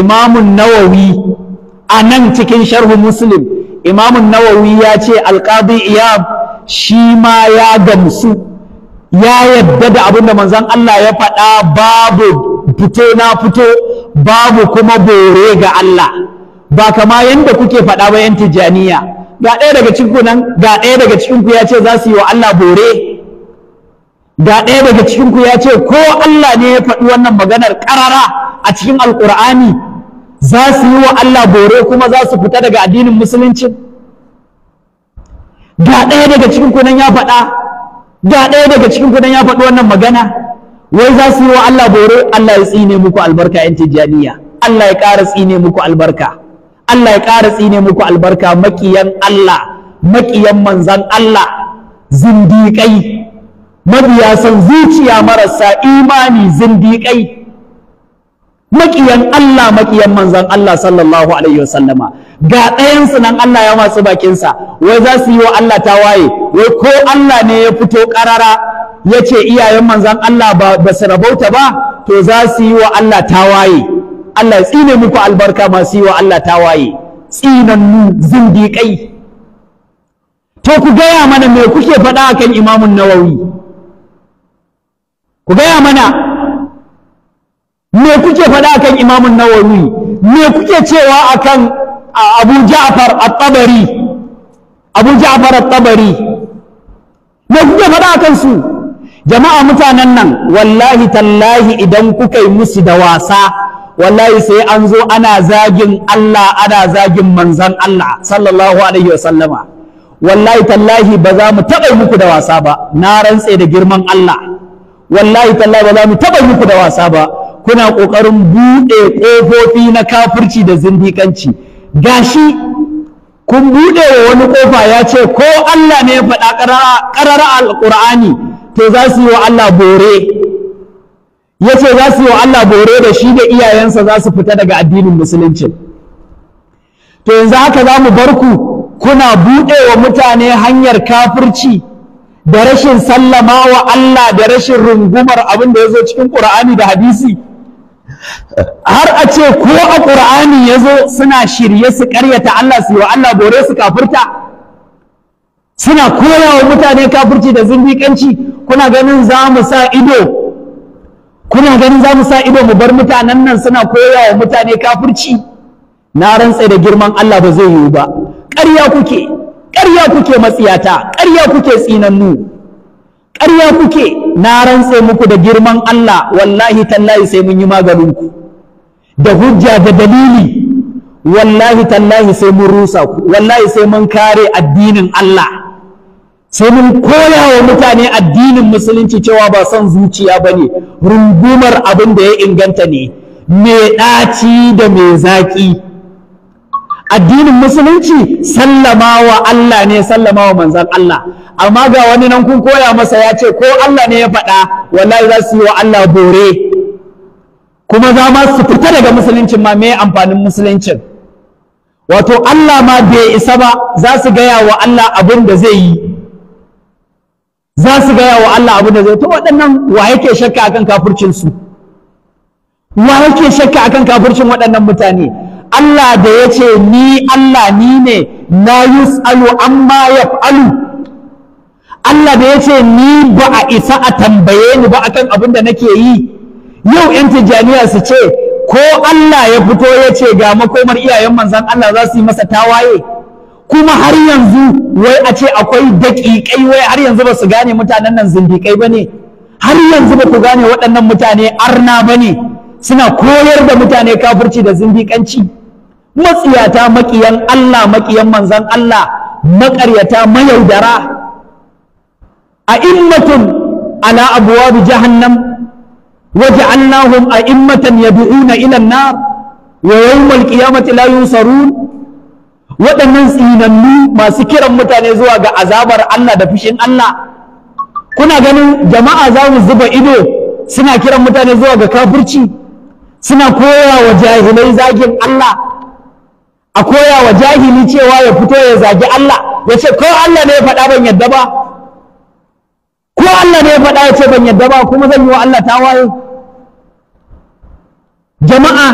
imamun nawawi a nan cikin sharhu muslim imamun nawawi ya ce alqadi iyam shi ma ya gamsu ya yadda da abin da manzon Allah ya faɗa babu fito na fito babu kuma bore ga Allah ba kama yanda kuke faɗa ba 'yan tijjaniya ga ɗaya daga cikin nan ga ɗaya daga cikin ku ya ce za su yi wa Allah bore ga ɗaya daga cikin ku ya ce ko Allah ne ya faɗi wannan maganar ƙarara a cikin alƙur'ani za su yi wa Allah bore kuma za su fita daga addinin musulunci ga ɗaya daga cikin ku nan ya faɗa ga ɗaya daga cikin ku nan ya faɗi wannan magana wai za su yi wa Allah bore Allah ya tsine muku albarka yan tijjaniya Allah ya ƙara tsine muku albarka Allah ya ƙara tsine muku albarka makiyan Allah makiyan manzan Allah zindiƙai mabiya san zuciya marasa imani zindiƙai makiyan Allah makiyan manzan Allah sallallahu alaihi wasallama ga ɗayansu nan Allah ya matsu bakinsa wai za su yi wa Allah tawaye wai ko Allah ne ya fito ƙarara ya ce iyayen manzan Allah ba su rabauta ba to za su yi wa Allah tawaye Allah tsine muku albarka masu yi wa Allah tawaye tsinannu zindiƙai to ku gaya mana me kuke faɗa akan imamun nawawi ku gaya mana me kuke faɗa akan imamun nawawi me kuke cewa akan abu ja'far at-tabari abu ja'far at-tabari me kuke faɗa akan su jama'a mutanen nan wallahi tallahi idan kuka yi musu da wasa wallahi sai an zo ana zagin Allah ana zagin manzan Allah sallallahu alaihi wasallama wallahi tallahi ba za mu taɓa muku da wasa ba na rantse da girman Allah wallahi tallahi ba za mu taɓa muku da wasa ba kuna ƙoƙarin buɗe ƙofofi na kafirci da zindiƙanci gashi kun buɗe wa wani ƙofa ya ce ko Allah ne ya faɗa ƙarara alƙur'ani to za su yi wa Allah bore ya ce za su yi wa Allah bore da shi da iyayensa za su fita daga addinin musulunci to yanzu haka za mu bar ku kuna buɗe wa mutane hanyar kafirci da rashin sallama wa Allah da rashin rungumar abin da ya zo cikin ƙur'ani da hadisi har a ce ko a ƙur'ani ya zo suna shirye su ƙaryata Allah su yi wa Allah bore su kafirta suna koya wa mutane kafirci da zindiƙanci kuna ganin za mu sa ido kuna ganin za mu sa ido mu bar mutanen nan suna koya wa mutane kafirci na rantse da girman Allah ba zai yiwu ba ƙarya kuke ƙarya kuke matsiyata ƙarya kuke tsinannu ƙarya kuke na rantse muku da girman Allah wallahi tallahi sai mun yi maganin ku da hujja da dalili wallahi tallahi sai mun rusa ku wallahi sai mun kare addinin Allah sai mun koya wa mutane addinin musulunci cewa ba son zuciya ba ne rungumar abin da ya inganta ne mai ɗaci da mai zaƙi addinin musulunci sallama wa Allah ne sallama wa manzan Allah amma ga wani nan kun koya masa ya ce ko Allah ne ya faɗa wallahi za su yi wa Allah bore kuma za ma su fita daga musulunci ma me amfanin musuluncin wato Allah ma bai isa ba za su gaya wa Allah abin da zai yi za su gaya wa Allah abu da zai to waɗannan wa yake shakka akan kafircin su wa yake shakka akan kafircin waɗannan mutane Allah da ya ce ni Allah ni ne na yus'alu amma yaf'alu Allah da ya ce ni ba a isa a tambaye ni ba akan abin da nake yi yau yan tijaniya su ce ko Allah ya fito ya ce ga makomar iyayen manzon Allah za su yi masa tawaye kuma har yanzu wai a ce akwai daƙiƙai wai har yanzu ba su gane mutanen nan zindiƙai ba ne har yanzu ba ku gane waɗannan mutane arna ba ne suna koyar da mutane kafirci da zindiƙanci matsiyata maƙiyan Allah maƙiyan manzan Allah maƙaryata mayaudara a immatun ala abuwabi jahannam waja'alnahum a'immatan yad'una ila an-nar wa yawm qiyamati la yunsarun waɗannan tsinannu masu kiran mutane zuwa ga azabar Allah da fushin Allah kuna ganin jama'a za mu zuba ido suna kiran mutane zuwa ga kafirci suna koya wa jahilai zagin Allah a koya wa jahili cewa ya fito ya zagi Allah ya ce ko Allah ne ya faɗa ban yadda ba ko Allah ne ya faɗa ya ce ban yadda ba kuma zan yi wa Allah tawaye jama'a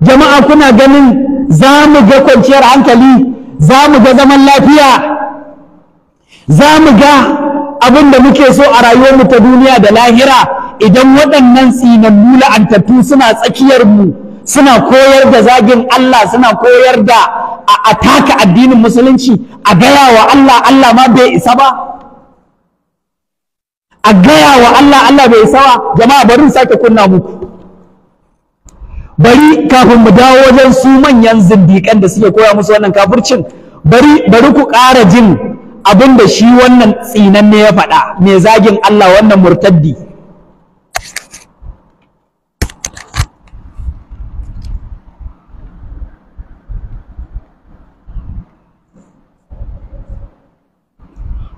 jama'a kuna ganin za mu ga kwanciyar hankali za mu ga zaman lafiya za mu ga abin da muke so a rayuwarmu ta duniya da lahira idan waɗannan tsinannu la'antattu suna tsakiyarmu suna koyar da zagin Allah suna koyar da a taka addinin musulunci a gaya wa Allah Allah ma bai isa ba a gaya wa Allah Allah bai isa ba jama'a bari sake kunna muku bari kafin mu dawo wajen su manyan zindiƙan da suke koya musu wannan kafircin bari bari ku ƙara jin abin da shi wannan tsinan ne ya faɗa mai zagin Allah wannan murtaddi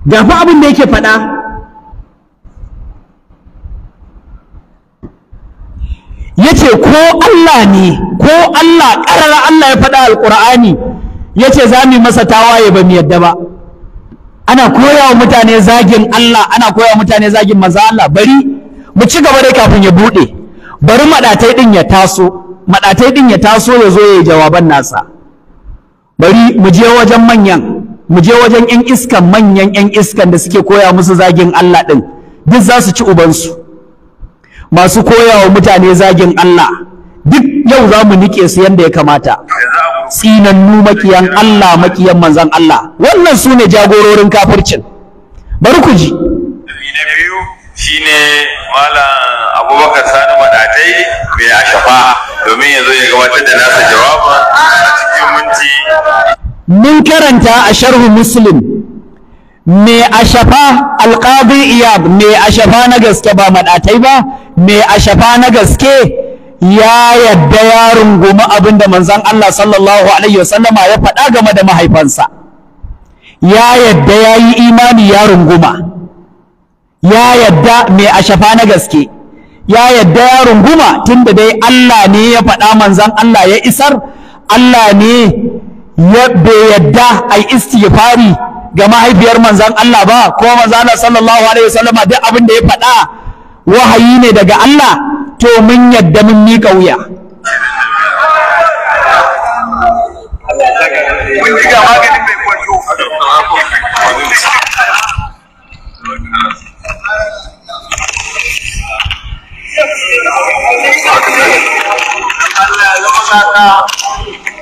ga abin da yake faɗa yace ko Allah ne ko Allah ƙarara Allah ya faɗa alƙur'ani yace za mu masa tawaye ba mu yadda ba ana koya wa mutane zagin Allah ana koya wa mutane zagin maza Allah bari mu ci gaba dai kafin ya buɗe bari maɗatai ɗin ya taso maɗatai ɗin ya taso ya zo ya yi jawaban nasa bari mu je wajen manyan mu je wajen 'yan iskan manyan 'yan iskan da suke koya musu zagin Allah ɗin duk za su ci ubansu masu koyawa mutane zagin Allah duk yau za mu nike su yanda ya kamata tsinannu makiyan Allah makiyan manzan Allah wannan su ne jagororin kafircin bari ku ji na biyu shine malam abubakar sani madatai mai ashafa domin yanzu ya gabatar da nasa jawaba a cikin minti mun karanta a sharhu muslim me ashafa alqadi iyab me ashafa na gaske ba maɗatai ba me shafa na gaske ya yadda ya rungumi abin da manzon Allah sallallahu alaihi wasallama ya faɗa game da mahaifansa ya yadda ya yi imani ya runguma ya yadda a ashafa na gaske ya yadda ya runguma tunda dai Allah ne ya faɗa manzan Allah ya isar Allah ne ya bai yadda ai istighfari ga mahaifiyar manzan Allah ba ko manzana sallallahu alaihi wasallam duk abin da ya faɗa wahayi ne daga Allah to mun yadda mun miƙa wuya Allah ya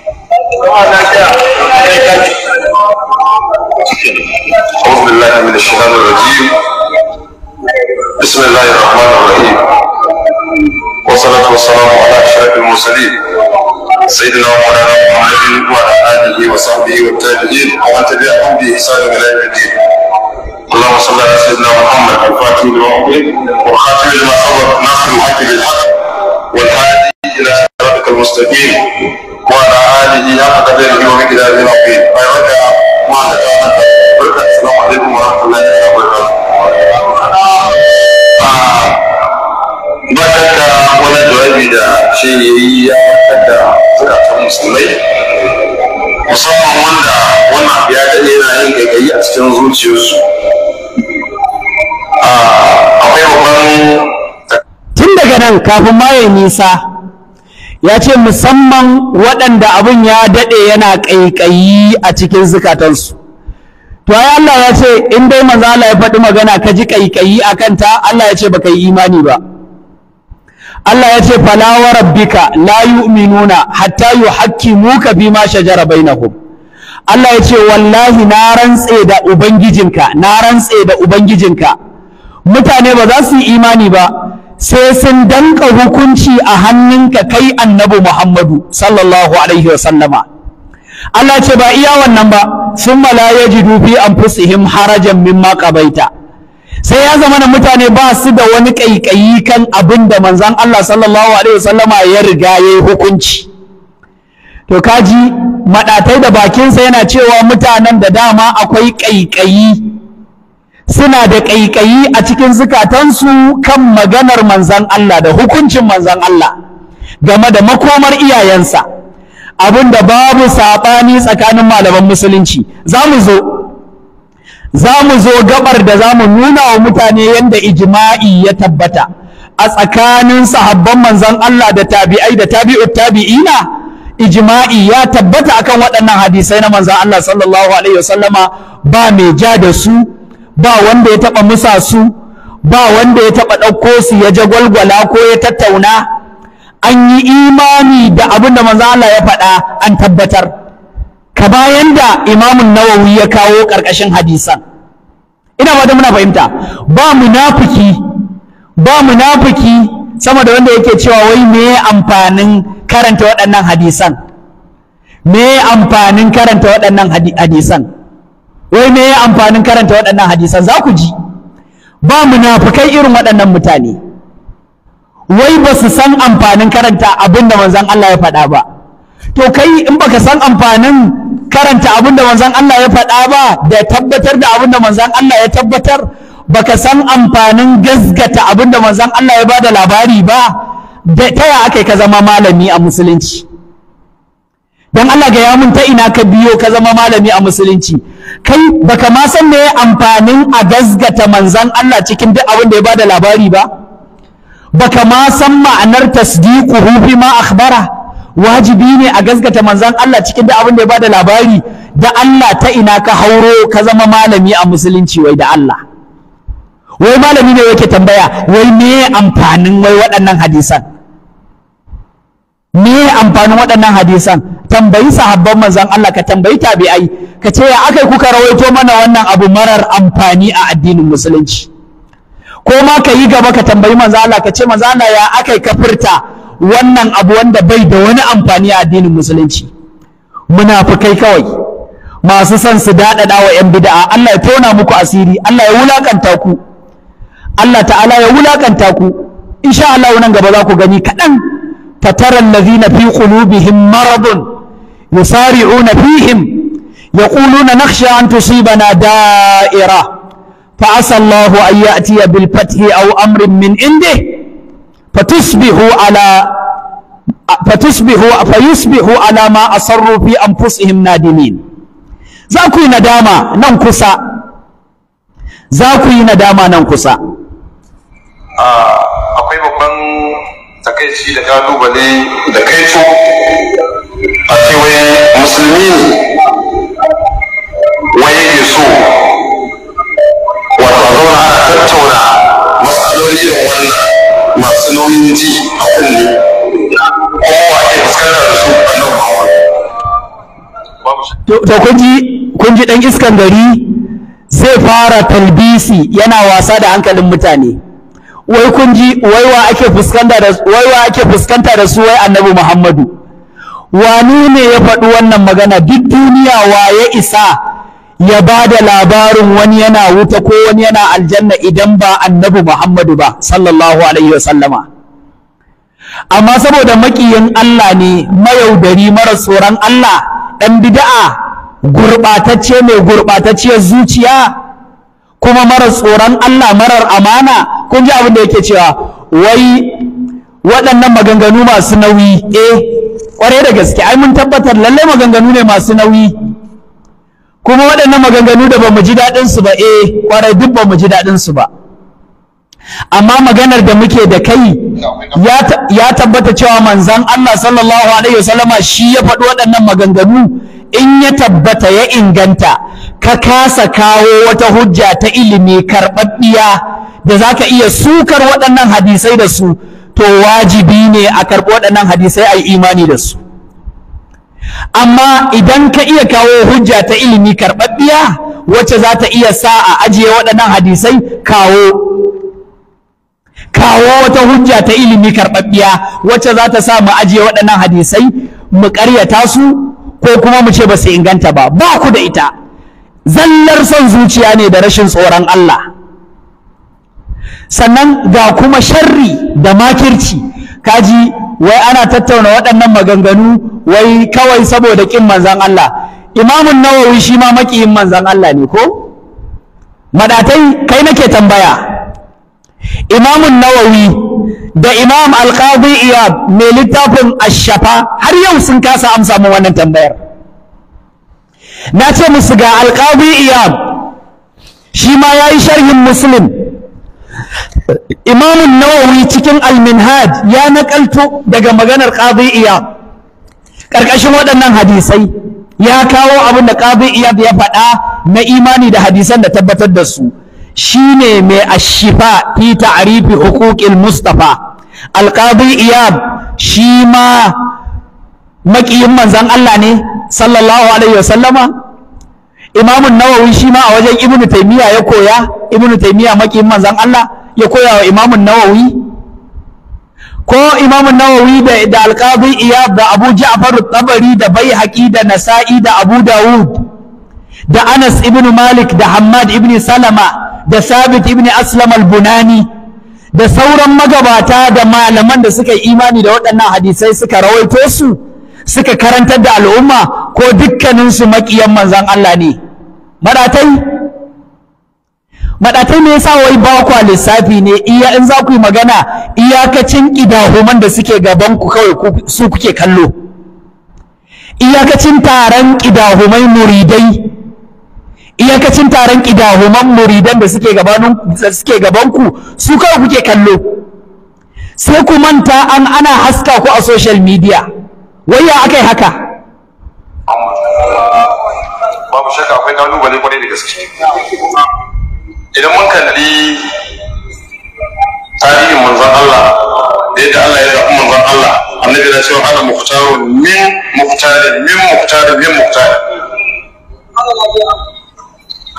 أعوذ بالله من الشيطان الرجيم بسم الله الرحمن الرحيم والصلاة والسلام على أشرف المرسلين سيدنا ومولانا محمد وعلى آله وصحبه والتابعين ومن تبعهم بإحسان إلى يوم الدين اللهم صل على سيدنا محمد الفاتح لما أغلق والخاتم لما سبق ناصر الحق بالحق والهادي إلى صراط المستقيم وعلى آله حق قدره ومقداره العظيم فيرجع ما تكلم بركة السلام عليكم ورحمة الله وبركاته Bakaka wani jawabi da shi ya yi ya kada zukatan musulmai musamman wanda wannan ya daɗe yana yin a cikin zuciyarsu akwai babban tun daga nan kafin ma nisa ya ce musamman waɗanda abin ya daɗe yana ƙaiƙayi a cikin zukatansu to ai Allah ya ce in dai manzo Allah ya faɗi magana ka ji ƙaiƙayi a kanta Allah ya ce baka yi imani ba Allah ya ce fala wa rabbika la yu'minuna hatta yuhakkimuka bima shajara bainahum Allah ya ce wallahi na rantse da ubangijinka na rantse da ubangijinka mutane ba za su yi imani ba sai sun danka hukunci a hannunka kai annabi Muhammadu sallallahu alaihi wa sallama Allah ce ba iya wannan ba sun mala ji yajidu fi fusihim harajan min maƙabaita. sai ya zama da mutane ba su da wani ƙaiƙayi kan abin da manzon Allah sallallahu alaihi wa sallama ya riga ya yi hukunci to kaji madatai da bakinsa yana cewa mutanen da dama akwai ƙaiƙayi. suna da ƙaiƙayi a cikin zukatansu kan maganar manzan Allah da hukuncin manzan Allah game da makomar iyayensa abin da babu saɓani tsakanin malaman musulunci za mu zo za mu zo gabar da za mu nuna wa mutane yadda ijima'i ya tabbata a tsakanin sahabban manzan Allah da tabi'ai da tabi'ut tabi'ina ijma'i ya tabbata akan waɗannan hadisai na manzon Allah sallallahu alaihi wasallama ba mai ja da su ba wanda ya taɓa musa su ba wanda ya taɓa ɗauko su ya jagwalgwala ko ya tattauna an yi imani da abinda da manzo Allah ya faɗa an tabbatar ka bayan da imamun nawawi ya kawo ƙarƙashin hadisan ina ba da muna fahimta ba munafiki ba munafiki sama da wanda yake cewa wai me amfanin karanta waɗannan hadisan me amfanin karanta waɗannan hadisan wai me ya amfanin karanta waɗannan hadisan za ku ji ba munafukai irin waɗannan mutane wai ba su san amfanin karanta abin da manzon Allah ya faɗa ba to kai in baka san amfanin karanta abin da manzon Allah ya faɗa ba da tabbatar da abin da manzon Allah ya tabbatar baka san amfanin gaskata abin da manzon Allah ya ba da labari ba da taya aka ka zama malami a musulunci dan Allah ga ya mun ta ina ka biyo ka zama malami a musulunci kai baka ma san me amfanin a gazgata manzan Allah cikin duk abin da ya bada labari ba baka ma san ma'anar tasdiqu hufi ma akhbara wajibi ne a gazgata manzan Allah cikin duk abin da ya bada labari da Allah ta ina ka hauro ka zama malami a musulunci wai da Allah wai malami ne yake tambaya wai me amfanin wai waɗannan hadisan me ya amfanin waɗannan hadisan tambayi sahabban manzon Allah ka tambayi tabi'ai ka ce ya akai kuka rawaito mana wannan abu marar amfani a addinin musulunci ko ma ka yi gaba ka tambayi manzon Allah ka ce manzon Allah ya akai ka furta wannan abu wanda bai da wani amfani a addinin musulunci kai kawai masu son su daɗaɗa wa 'yan bida'a Allah ya tona muku asiri Allah ya wulaƙanta ku Allah ta'ala ya wulaƙanta ku insha Allah nan gaba za ku gani kaɗan فترى الذين في قلوبهم مرض يسارعون فيهم يقولون نخشى أن تصيبنا دائرة فعسى الله أن يأتي بالفتح أو أمر من عنده فتصبحوا على فتصبحوا فيصبحوا على ما أصروا في أنفسهم نادمين زاكو ندامة ننكسا زاكو ندامة ننكسا آه، أقول آه. takaici da kalubale da kai kaito a cewa musulmi wai ke so wato a zauna ana tattauna matsaloli da wani masu nauyin ji a kunne kowa ke fuskantar da su a nan to kun ji dan iskan gari zai fara talbisi yana wasa da hankalin mutane wai kun ji wai wa ake fuskanta da wai wa su wai annabi Muhammadu wani ne ya faɗi wannan magana duk duniya wa ya isa ya ba da labarin wani yana wuta ko wani yana aljanna idan ba annabi Muhammadu ba sallallahu alaihi wa sallama amma saboda makiyin Allah ne mayaudari mara tsoron Allah ɗan bid'a gurɓatacce mai gurɓatacciyar zuciya kuma marar tsoron Allah marar amana kun ji abin da yake cewa wai waɗannan maganganu masu nauyi eh ƙwarai da gaske ai mun tabbatar lallai maganganu ne masu nauyi kuma waɗannan maganganu da bamu mu ji daɗinsu ba eh ƙwarai duk bamu mu ji su ba amma maganar da muke da kai ya tabbata cewa manzan Allah sallallahu alaihi wasallama shi ya faɗi waɗannan maganganu in ya tabbata ya inganta ka kasa kawo wata hujja ta ilimi karɓaɓɓiya da za ka iya sukar waɗannan hadisai da su to wajibi ne a karɓi waɗannan hadisai a yi imani da su amma idan ka iya kawo hujja ta ilimi karɓaɓɓiya wacce za ta iya sa a ajiye waɗannan hadisai kawo kawo wata hujja ta ilimi karɓaɓɓiya wacce za ta sa mu ajiye waɗannan hadisai mu ƙaryata su ko kuma mu ce ba su inganta ba ba ku da ita zallar son zuciya ne da rashin tsoron Allah sannan ga kuma sharri da makirci kaji wai ana tattauna waɗannan maganganu wai kawai saboda ƙin manzan Allah imamun nawawi shi ma maƙiyin manzan Allah ne ko madatai kai nake tambaya imamun nawawi da imam alqadi iyab mai littafin ashafa har yau sun kasa amsa mu wannan tambayar na ce musu ga alƙabi iyam shi ma ya yi sharhin muslim imamun nawawi cikin alminhaj ya naƙalto daga maganar ƙabi iya ƙarƙashin waɗannan hadisai ya kawo abin da ƙabi iyam ya faɗa na imani da hadisan da tabbatar da su shine mai ashifa fi ta'rifi huquqil mustafa alqadi iyab shi ma maƙiyin manzan Allah ne sallallahu alaihi wasallama imamun nawawi shi ma a wajen ibnu taimiyya ya koya ibnu taimiyya maƙiyin manzan Allah ya koya wa imamun nawawi ko imamun nawawi da da alqadi iyab da abu ja'far tabari da baihaqi da nasa'i da abu dawud da anas ibnu malik da hammad ibnu salama da sabit ibnu aslam al-bunani da sauran magabata da malaman da suka yi imani da waɗannan hadisai suka rawaito su suka karantar da al'umma ko dukkaninsu maƙiyan manzan Allah ne maɗatai maɗatai me yasa wai ba kwa lissafi ne iya in za ku yi magana iyakacin ƙidahuman da suke gaban ku kawai su kuke kallo iyakacin taron ƙidahumai muridai iyakacin taron ƙidahuman muridan da suke gaban ku su kawai kuke kallo sai ku manta an ana haska ku a social media wai ya aka yi haka babu shakka akwai kalubale kwarai da gaske idan mun kalli tarihin manzon Allah da yadda Allah ya zaɓi manzon Allah annabi na cewa ana muhtarun min muhtarin min muhtarin min muhtarin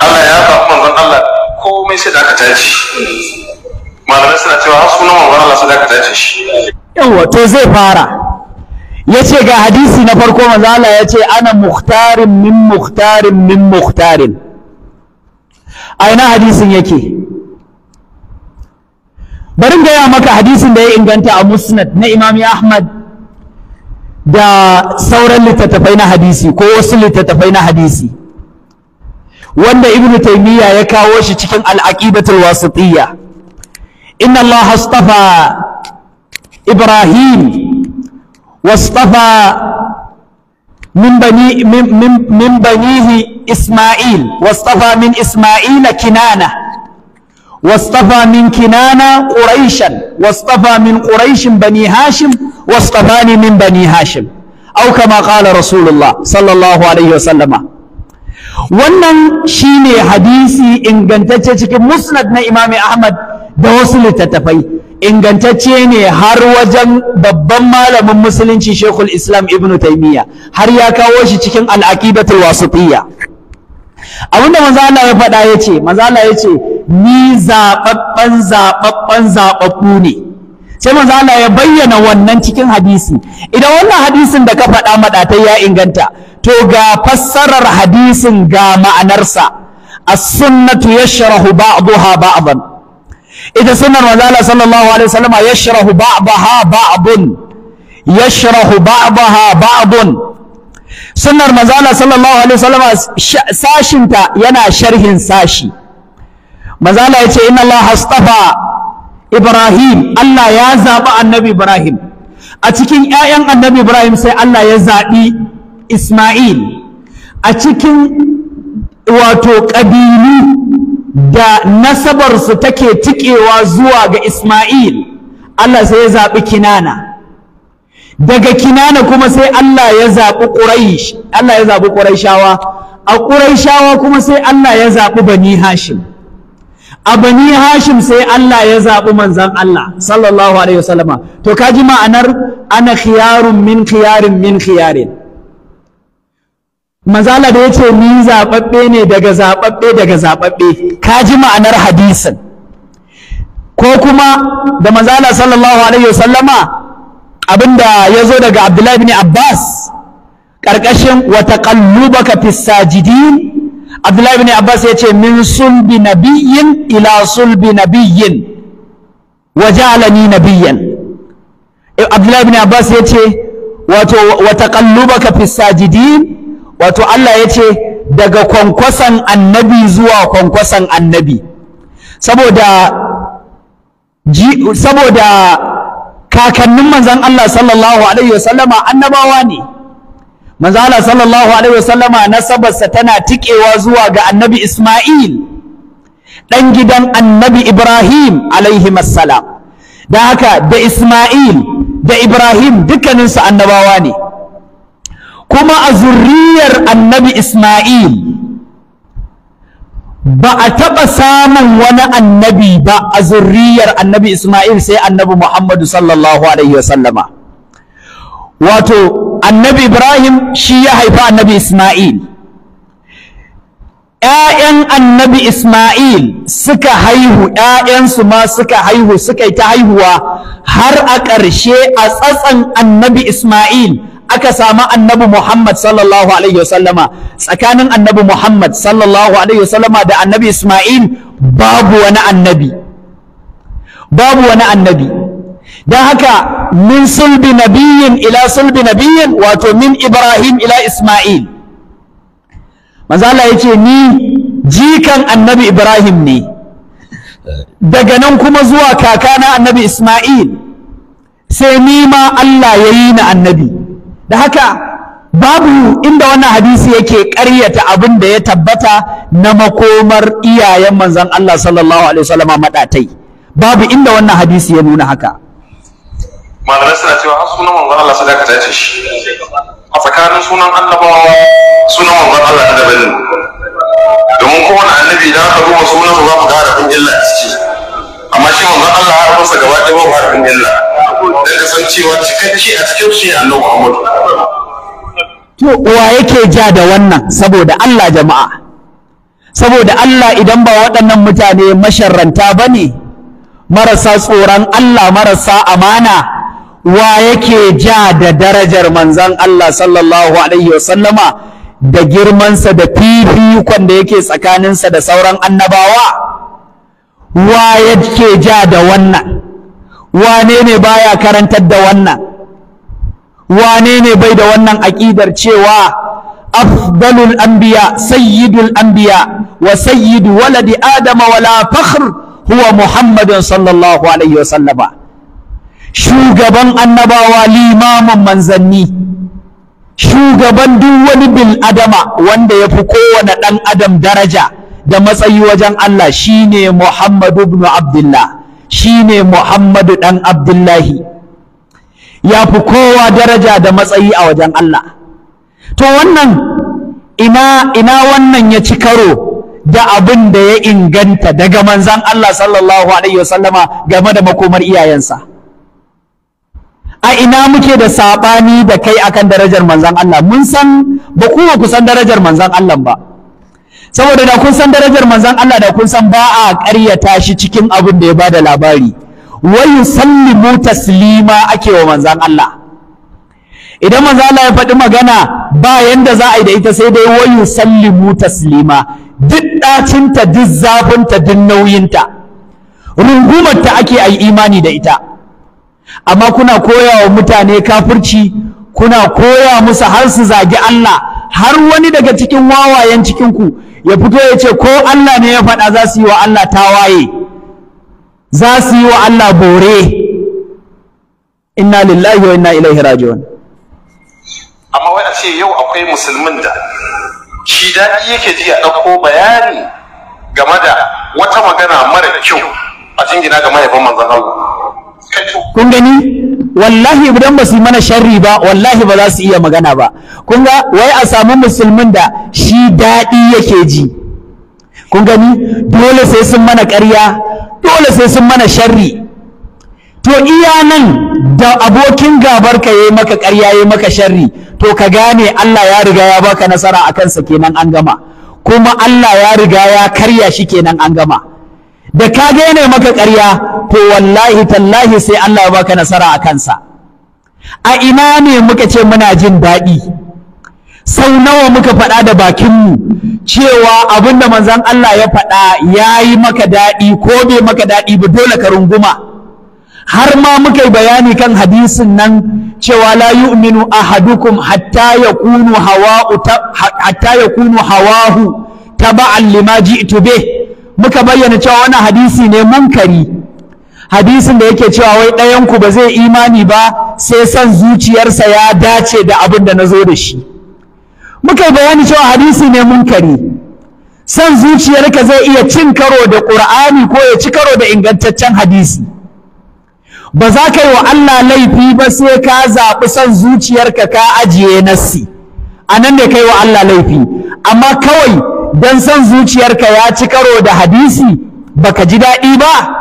Allah ya zaɓi manzon Allah komai sai da aka tashi malamai suna cewa har sunan manzon Allah sai da aka tashi yawa to zai fara yace ga hadisi na farko manzo Allah yace ana mukhtarin min mukhtarin min mukhtarin aina hadisin yake bari gaya maka hadisin da ya inganta a musnad na imami ahmad da sauran littattafai na hadisi ko wasu littattafai na hadisi wanda ibn taymiya ya kawo shi cikin al-aqibatul wasitiyya inna allaha astafa ibrahim واصطفى من بني من, من, من بنيه إسماعيل واصطفى من إسماعيل كنانة واصطفى من كنانة قريشا واصطفى من قريش بني هاشم واصطفاني من بني هاشم أو كما قال رسول الله صلى الله عليه وسلم wannan shine hadisi ingantacce cikin musnad na imami ahmad da wasu littattafai ingantacce ne har wajen babban malamin musulunci shekul islam ibn taimiyya har ya kawo shi cikin al'aqidatul wasitiyya abinda manzo Allah ya faɗa yace manzo Allah yace ni zaɓaɓɓen zaɓaɓɓen zaɓaɓɓu ne sai manzo Allah ya bayyana wannan cikin hadisi idan wannan hadisin da ka faɗa madatai ya inganta to ga fassarar hadisin ga ma'anarsa as-sunnatu yashrahu ba'daha ba'dan ita sunan manzala sallallahu alaihi wasallam yashrahu ba'daha ba'dun yashrahu ba'daha ba'dun Sunan manzala sallallahu alaihi wasallam sashinta yana sharhin sashi manzala yace inna allaha astafa ibrahim Allah ya zaba annabi ibrahim a cikin ƴaƴan annabi ibrahim sai Allah ya zabi isma'il a cikin wato ƙabilu da nasabarsu take tikewa zuwa ga Ismail Allah sai ya zaɓi Kinana daga Kinana kuma sai Allah ya zaɓi Quraish Allah ya zaɓi Quraishawa a Quraishawa kuma sai Allah ya zaɓi Bani Hashim a Bani Hashim sai Allah ya zaɓi manzan Allah sallallahu alaihi wasallama to kaji ma'anar ana khiyarun min khiyarin min khiyarin mazala da ya ce ni zaɓaɓɓe ne daga zaɓaɓɓe daga zaɓaɓɓe ka ji ma'anar hadisin ko kuma da mazala sallallahu alaihi wasallama abinda ya zo daga abdullahi bin abbas ƙarƙashin wata ƙallubaka fi sajidin abdullahi bin abbas ya ce min sulbi nabiyyin ila sulbi nabiyyin wa ja'alani nabiyyan abdullahi bin abbas ya ce wato wata ƙallubaka fi sajidin wato Allah ya ce daga kwankwason annabi zuwa kwankwason annabi saboda saboda kakannin manzan Allah sallallahu alaihi wasallama annabawa ne Manzan Allah sallallahu alaihi wasallama nasabarsa tana tikewa zuwa ga annabi Isma'il dan gidan annabi Ibrahim alaihi assalam da haka da Isma'il da Ibrahim dukkaninsu annabawa ne kuma a annabi Ismail ba a taɓa samun wani annabi ba a annabi Ismail sai annabi Muhammadu sallallahu Alaihi wasallama wato annabi Ibrahim shi ya haifa annabi Ismail ‘ya'yan annabi Ismail suka haihu ‘ya'yansu ma suka haihu suka yi ta haihuwa har a ƙarshe a tsatsan annabi Ismail aka samu annabi Muhammad sallallahu alaihi wasallama tsakanin annabi Muhammad sallallahu alaihi wasallama da annabi Ismail babu wani annabi babu wani annabi don haka min sulbi nabiyin ila sulbi nabiyin wato min Ibrahim ila Ismail manzo Allah yace ni jikan annabi Ibrahim ne daga nan kuma zuwa kakana annabi Ismail sai ni ma Allah ya yi na annabi da haka babu inda wannan hadisi yake ƙaryata abin da ya tabbata na makomar iyayen manzon Allah sallallahu alaihi wasallama madatai babu inda wannan hadisi ya nuna haka malamai suna cewa har sunan manzon Allah sadaka ta ce shi a tsakanin sunan Allah ba sunan manzon Allah na daban ne domin kowane annabi da aka duba sunan za mu ga harafin illa a ciki amma shi manzon Allah harfinsa gaba ɗaya ba harafin illa to wa yake ja da wannan saboda Allah jama'a saboda Allah idan ba waɗannan mutane masharranta bane marasa tsoron Allah marasa amana wa yake ja da darajar manzan Allah sallallahu alaihi wasallama da girmansa da fifikon da yake tsakaninsa da sauran annabawa wa yake ja da wannan wane ne baya karantar da wannan wane ne bai da wannan aƙidar cewa afdalul anbiya sayyidul anbiya wa sayyidu waladi adama wala fakhr huwa muhammadun sallallahu alaihi wasallama shugaban annabawa limamin manzanni shugaban duk wani bil adama wanda ya fi kowane ɗan adam daraja da matsayi wajen Allah shine Muhammadu ibn Abdullah shine Muhammadu dan Abdullahi ya fi kowa daraja da matsayi a wajen Allah to wannan ina ina wannan ya ci karo da abin da ya inganta daga manzan Allah sallallahu alaihi wasallama game da makomar iyayensa a ina muke da saɓani da kai akan darajar manzan Allah mun san ba kuma ku san darajar manzan Allah ba saboda da kun san darajar manzon Allah da kun san ba a ƙaryata shi cikin abin da ya bada labari wa yusallimu taslima ake wa manzon Allah idan manzon Allah ya faɗi magana ba yanda za a yi da ita sai dai wa yusallimu taslima duk ɗacinta duk zafinta duk nauyinta rungumar ta ake a yi imani da ita amma kuna koya wa mutane kafirci kuna koya musu har su zagi Allah har wani daga cikin wawayen cikinku ya fito ya ce ko Allah ne ya faɗa za su yi wa Allah tawaye za su yi wa Allah bore inna lillahi wa inna ilaihi raji'un amma wai a ce yau akwai musulmin da shi daɗi yake ji a ɗauko bayani game da wata magana mara kyau a jingina ga mahaifin manzon Allah kun gani wallahi idan ba su mana sharri ba wallahi ba za su iya magana ba kun ga wai a samu musulmin da shi daɗi yake ji kun gani dole sai sun mana ƙarya dole sai sun mana sharri to iya nan da abokin gabar ka yayi maka ƙarya yayi maka sharri to ka gane Allah ya riga ya baka nasara a kansa kenan an gama kuma Allah ya riga ya karya shi kenan an gama da ka yana maka ƙarya to wallahi tallahi sai Allah ya baka nasara a kansa a ina ne muka ce muna jin daɗi sau nawa muka faɗa da bakinmu cewa abin da manzon Allah ya faɗa ya yi maka daɗi ko bai maka daɗi ba dole ka runguma har ma muka yi bayani kan hadisin nan cewa la yu'minu ahadukum hatta yakunu hawa'u hatta yakunu hawahu taba'an lima ji'tu bih muka bayyana cewa wannan hadisi ne munkari hadisin da yake cewa wai ɗayanku ba zai imani ba sai son zuciyarsa ya dace da abin da na zo da shi muka bayani cewa hadisi ne munkari son zuciyarka zai iya cin karo da ƙur'ani ko ya ci karo da ingantaccen hadisi ba za ka yi wa Allah laifi ba sai ka zaɓi son zuciyarka ka ajiye nassi a nan ne ka yi wa Allah laifi amma kawai don son zuciyarka ya ci karo da hadisi baka ji daɗi ba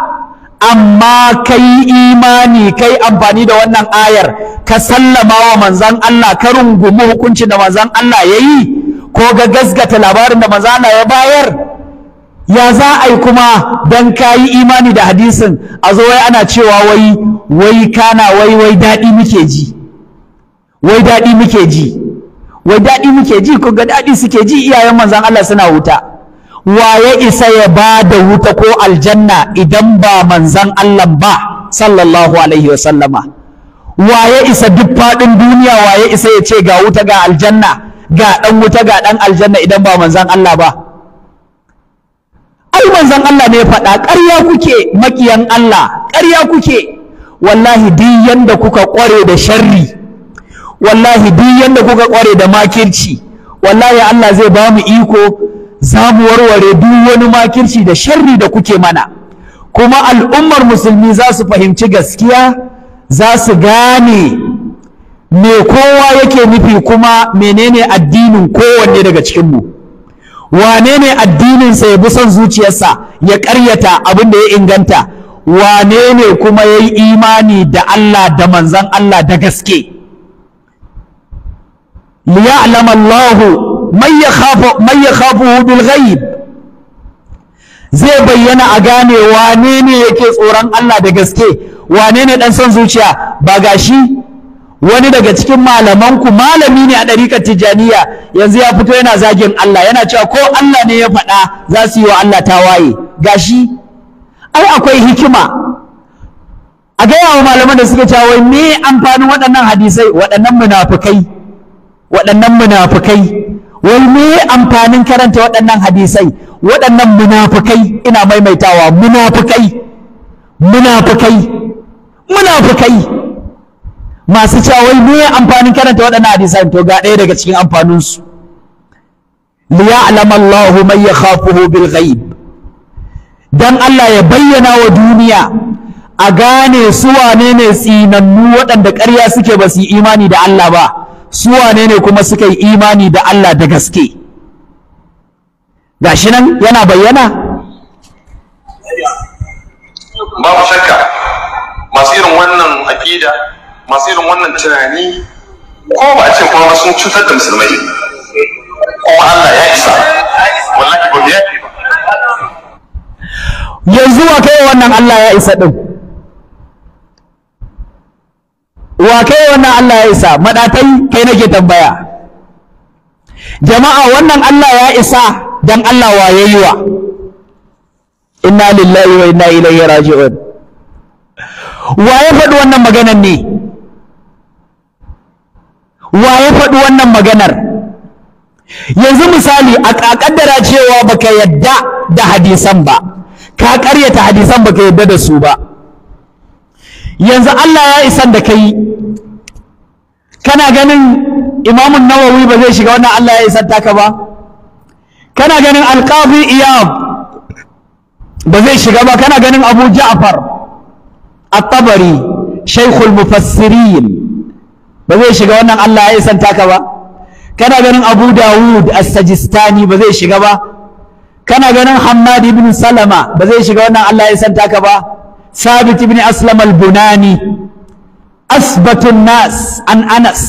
amma kai imani kai amfani da wannan ayar ka sallama wa manzan Allah ka rungumi hukuncin da manzan Allah ya yi ko ga gasgata labarin da manzan Allah ya bayar ya za a yi kuma don ka yi imani da hadisin a zo wai ana cewa wai wai kana wai wai daɗi muke ji wai daɗi muke ji wai daɗi muke ji ko ga daɗi suke ji iyayen manzon Allah suna wuta wa ya isa ya ba da wuta ko aljanna idan ba manzon Allah ba sallallahu alaihi wa sallama wa ya isa duk faɗin duniya wa ya isa ya ce ga wuta ga aljanna ga ɗan wuta ga ɗan aljanna idan ba manzon Allah ba ai manzon Allah ne ya faɗa ƙarya kuke makiyan Allah ƙarya kuke wallahi duk yanda kuka ƙware da sharri wallahi duk yadda kuka kware da makirci wallahi Allah zai ba mu iko za mu warware duk wani makirci da sharri da kuke mana kuma al'ummar musulmi za su fahimci gaskiya za su gane me kowa yake nufi kuma menene addinin kowanne daga cikinmu wane ne addininsa ya bi son zuciyarsa ya ƙaryata abin da ya inganta wane ne kuma ya yi imani da Allah da manzan Allah da gaske ليعلم الله من يخاف من يخافه بالغيب zai bayyana a gane wane ne yake tsoron Allah da gaske Wanene ne dan son zuciya ba gashi wani daga cikin malamanku malami ne a ɗarikar tijjaniya yanzu ya fito yana zagin Allah yana cewa ko Allah ne ya faɗa za su yi wa Allah tawaye gashi ai akwai hikima a gaya wa malaman da suka cewa wai me amfanin waɗannan hadisai waɗannan munafukai waɗannan munafukai wai me amfanin karanta waɗannan hadisai waɗannan munafukai ina maimaitawa munafukai munafukai munafukai masu cewa wai me amfanin karanta waɗannan hadisai to ga ɗaya daga cikin amfaninsu liya'lam Allahu man yakhafuhu bil ghaib dan Allah ya bayyana wa duniya a gane su wane ne tsinannu waɗanda ƙarya suke ba su imani da Allah ba su wane ne kuma suka yi imani da Allah da gaske shi nan yana bayyana babu shakka masirin wannan aƙida masirin wannan tunani ko ba a ce kuma sun cutar da musulmai kuma Allah ya isa wallahi ba ya ba yanzu wa kai wannan Allah ya isa din wa kai wannan Allah ya isa madatai kai nake tambaya jama'a wannan Allah ya isa dan Allah wa yayi wa inna lillahi wa inna ilaihi raji'un wa ya faɗi wannan maganar ne wa ya faɗi wannan maganar yanzu misali a kaddara cewa baka yadda da hadisan ba ka ƙaryata hadisan baka yadda da su ba yanzu Allah ya isan da kai kana ganin imamun nawawi ba zai shiga wannan Allah ya isan taka ba kana ganin alqabi iyam ba zai shiga ba kana ganin abu ja'far at-tabari shaykhul mufassirin ba zai shiga wannan Allah ya isan taka ba kana ganin abu dawud as-sajistani ba zai shiga ba kana ganin hammad ibn salama ba zai shiga wannan Allah ya isan taka ba ثابت بن أسلم البناني أثبت الناس عن أنس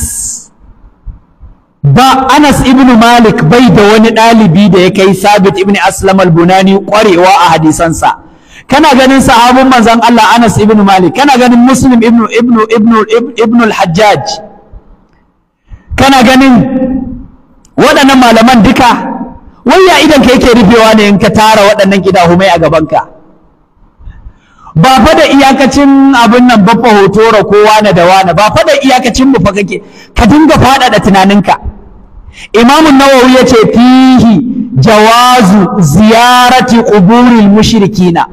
ba Anas ibn Malik bai da wani ɗalibi da ya kai Sabit ibn Aslam bunani ƙwarewa a hadisansa kana ganin sahabun manzon Allah Anas ibn Malik kana ganin Muslim ibn kana ganin waɗannan malaman duka wai ya idan ka yake rufewa ne in ka tara waɗannan gidahumai a gabanka ba fa da iyakacin abin nan babba ra ko wane da wane ba fa da iyakacin mu fa kake ka dinga faɗaɗa tunaninka imamu nawawi ya ce fihi jawazu ziyarati quburi mushrikina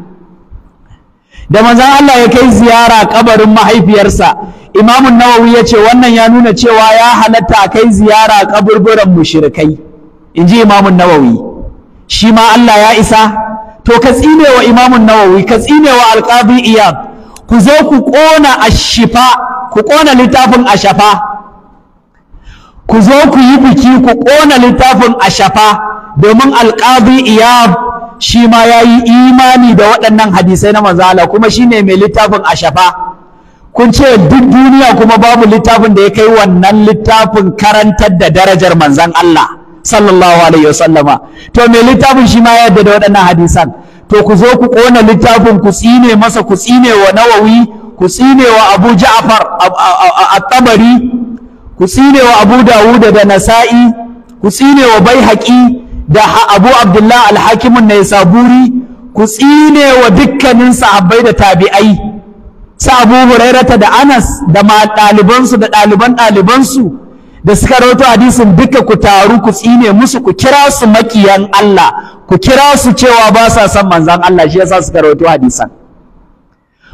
da manzon Allah ya kai ziyara kabarin mahaifiyarsa imamu nawawi ya ce wannan ya nuna cewa ya halatta a kai ziyara kaburburan mushrikai inji ji imamu nawawi shi ma Allah ya isa to ka tsine wa imamun nawawi ka tsine wa alqadi iyad ku zo ku kona ashifa ku ƙona littafin ashafa ku zo ku yi biki ku ƙona littafin ashafa domin alqadi iyad shi ma yi imani da waɗannan hadisai na manzo Allah kuma ne mai littafin ashafa kun ce duk duniya kuma babu littafin da ya kai wannan littafin karantar da darajar manzon Allah sallallahu alaihi wasallama to me littafin shi ma ya yadda da waɗannan hadisan to ku zo ku ƙona littafin ku tsine masa ku tsine wa nawawi ku tsine wa abu ja'far at-tabari ku tsine wa abu dawud da nasa'i ku tsine wa baihaqi da abu abdullah al-hakim an-naisaburi ku tsine wa dukkanin sahabbai da tabi'ai sa abu hurairata da anas da ma ɗalibansu da ɗaliban ɗalibansu da suka rawaito hadisin duka ku taru ku tsine musu ku kira su makiyan Allah ku kira su cewa ba sa son manzan Allah shi yasa suka rawaito hadisan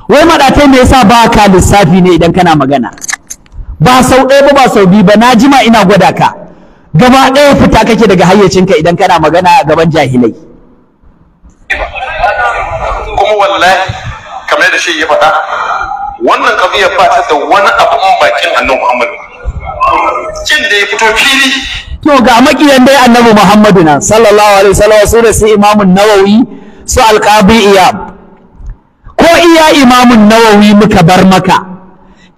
wai madatai me yasa ba ka lissafi ne idan kana magana ba sau ɗaya ba ba sau biyu ba na ina gwada ka gaba ɗaya fita kake daga hayyacinka idan kana magana a gaban jahilai kuma wallahi kamar da shi ya faɗa wannan kabiyar ba ta da wani abun bakin annabi Muhammad kin da ya fito fili to ga makiyan dai annabi Muhammadu nan sallallahu alaihi wasallam su da su imamun nawawi su alkabi iya. ko iya imamun nawawi muka bar maka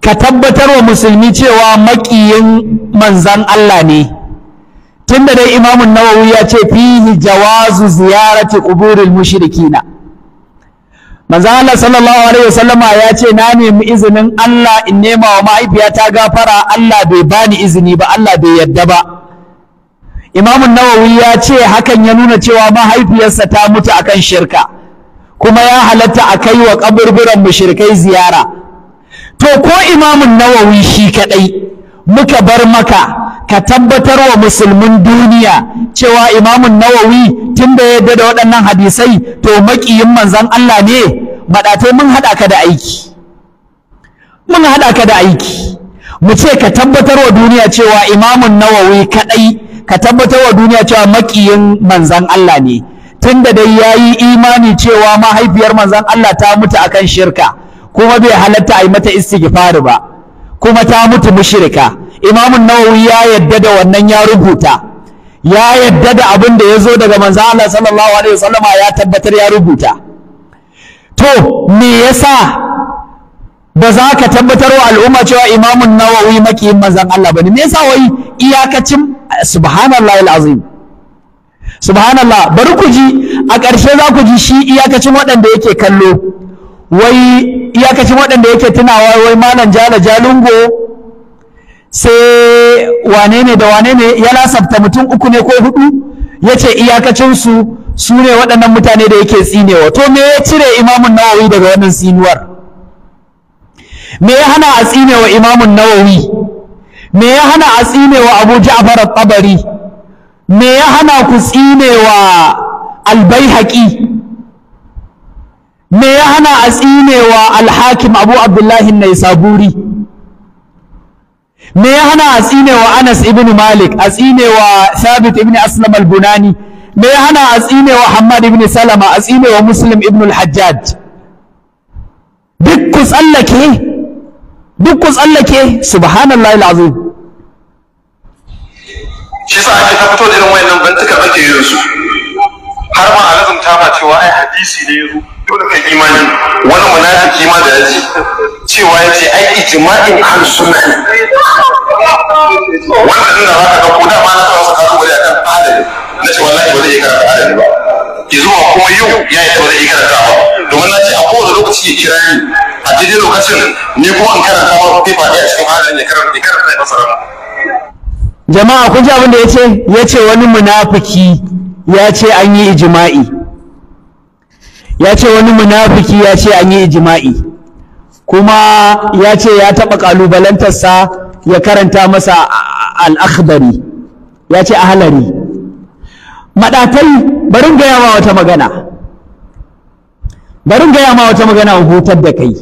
ka tabbatar wa musulmi cewa makiyin manzan Allah ne tunda dai imamun nawawi ya ce fihi jawazu ziyarati quburil mushrikina manzo Allah sallallahu alaihi wasallama ya ce na nemi izinin Allah in nema wa mahaifiyata gafara Allah bai bani izini ba Allah bai yadda ba Imam Nawawi ya ce hakan ya nuna cewa mahaifiyarsa ta mutu akan shirka kuma ya halatta a kai wa kaburburan mushrikai ziyara to ko Imam Nawawi shi kadai muka bar maka ka tabbatar wa musulmin duniya cewa imamun nawawi tun da ya yarda da waɗannan hadisai to maƙiyin manzan Allah ne maɗatai mun haɗa ka da aiki mun haɗa ka da aiki mu ce ka tabbatar wa duniya cewa imamun nawawi kaɗai ka tabbatar wa duniya cewa maƙiyin manzan Allah ne tun da dai ya yi imani cewa mahaifiyar manzan Allah ta mutu akan shirka kuma bai halatta a yi mata istighfar ba kuma ta mutu mushrika imamun nawawi ya yadda da wannan ya rubuta ya yadda da abin da ya zo daga manzo Allah sallallahu alaihi wasallama ya tabbatar ya rubuta to me yasa ba za ka tabbatar wa al'umma cewa imamun nawawi makiyin manzan Allah bane me yasa wai iyakacin subhanallah alazim subhanallah bari ku ji a ƙarshe za ku ji shi iyakacin waɗanda yake kallo wai iyakacin waɗanda yake tunawa wai malam jala jalungo sai wane ne da wane ne ya lasafta mutum uku ne ko hudu ya ce iyakacinsu su ne waɗannan mutane da yake tsinewa to me ya cire imamun nawawi daga wannan tsinuwar me ya hana a tsinewa imamun nawawi me ya hana a tsinewa abu ja'far tabari me ya hana ku tsinewa albaihaqi me ya hana a tsinewa alhakim abu abdullahi naisaburi me ya hana a tsinewa Anas ibn Malik a tsinewa Thabit ibn Aslam al-Bunani me ya hana a tsinewa Hammad ibn Salama a tsinewa Muslim ibn al-Hajjaj duk ku tsallake duk ku tsallake subhanallahi al-azim shi sa ake ka fito da irin wayannan bantuka ake yin su har ma a lazumta ma cewa ai hadisi ne ya dole imani wani da yaji ai ijma'in ahlus sunna ce ya ce jama'a kun ji abin da ya ce wani munafiki ya ce an yi ijma'i ya ce wani munafiki ya ce an yi ijima'i kuma ya ce ya taɓa ƙalubalantarsa ya karanta masa al'akhbari ya ce a halari maɗatai barin gaya ma wata magana barin gaya ma wata magana hutar da kai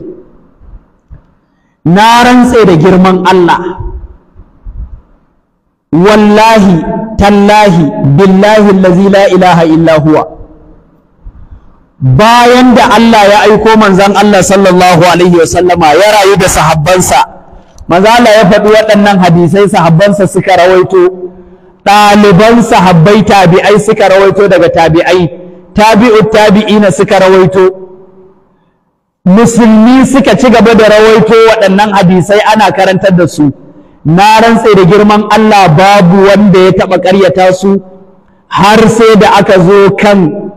na rantse da girman Allah wallahi tallahi billahi lazi la ilaha illa huwa bayan da Allah ya aiko manzan Allah sallallahu alaihi wasallama ya rayu da sahabbansa Allah ya faɗi waɗannan hadisai sahabbansa suka rawaito ɗaliban sahabbai tabi'ai suka rawaito daga tabi'ai tabi'u tabi'ina suka rawaito musulmi suka ci gaba da rawaito waɗannan hadisai ana karantar da su na rantse da girman Allah babu wanda ya taɓa ƙaryata su har sai da aka zo kan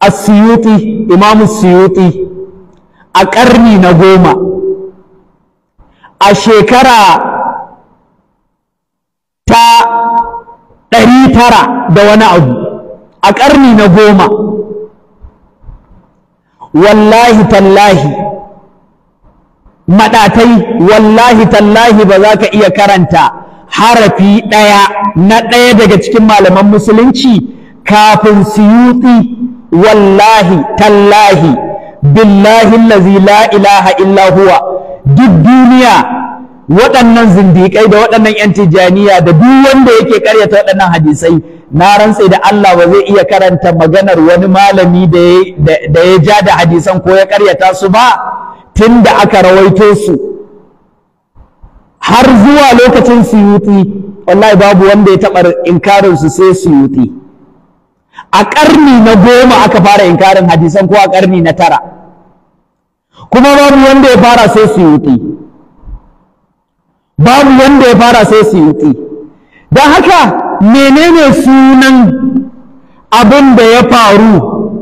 asiyuti imamu siyuti a ƙarni na goma a shekara ta ɗari tara da wani abu a ƙarni na goma wallahi tallahi maɗatai wallahi tallahi ba za ka iya karanta harafi ɗaya na ɗaya daga cikin malaman musulunci kafin siyutsi? wallahi tallahi billahi allazi la ilaha illa huwa duk duniya waɗannan zindiƙai da waɗannan 'yan tijaniya da duk wanda yake karyata waɗannan hadisai na rantse da Allah ba zai iya karanta maganar wani malami da ya ja da hadisan ko ya karyata su ba tun da aka rawaito su har zuwa lokacin suyuti wallahi babu wanda ya taɓa inkarinsu sai suyuti a ƙarni na goma aka fara inkarin hadisan ko a ƙarni na tara kuma babu wanda ya fara sai su yi babu wanda ya fara sai su yi don haka menene sunan abin da ya faru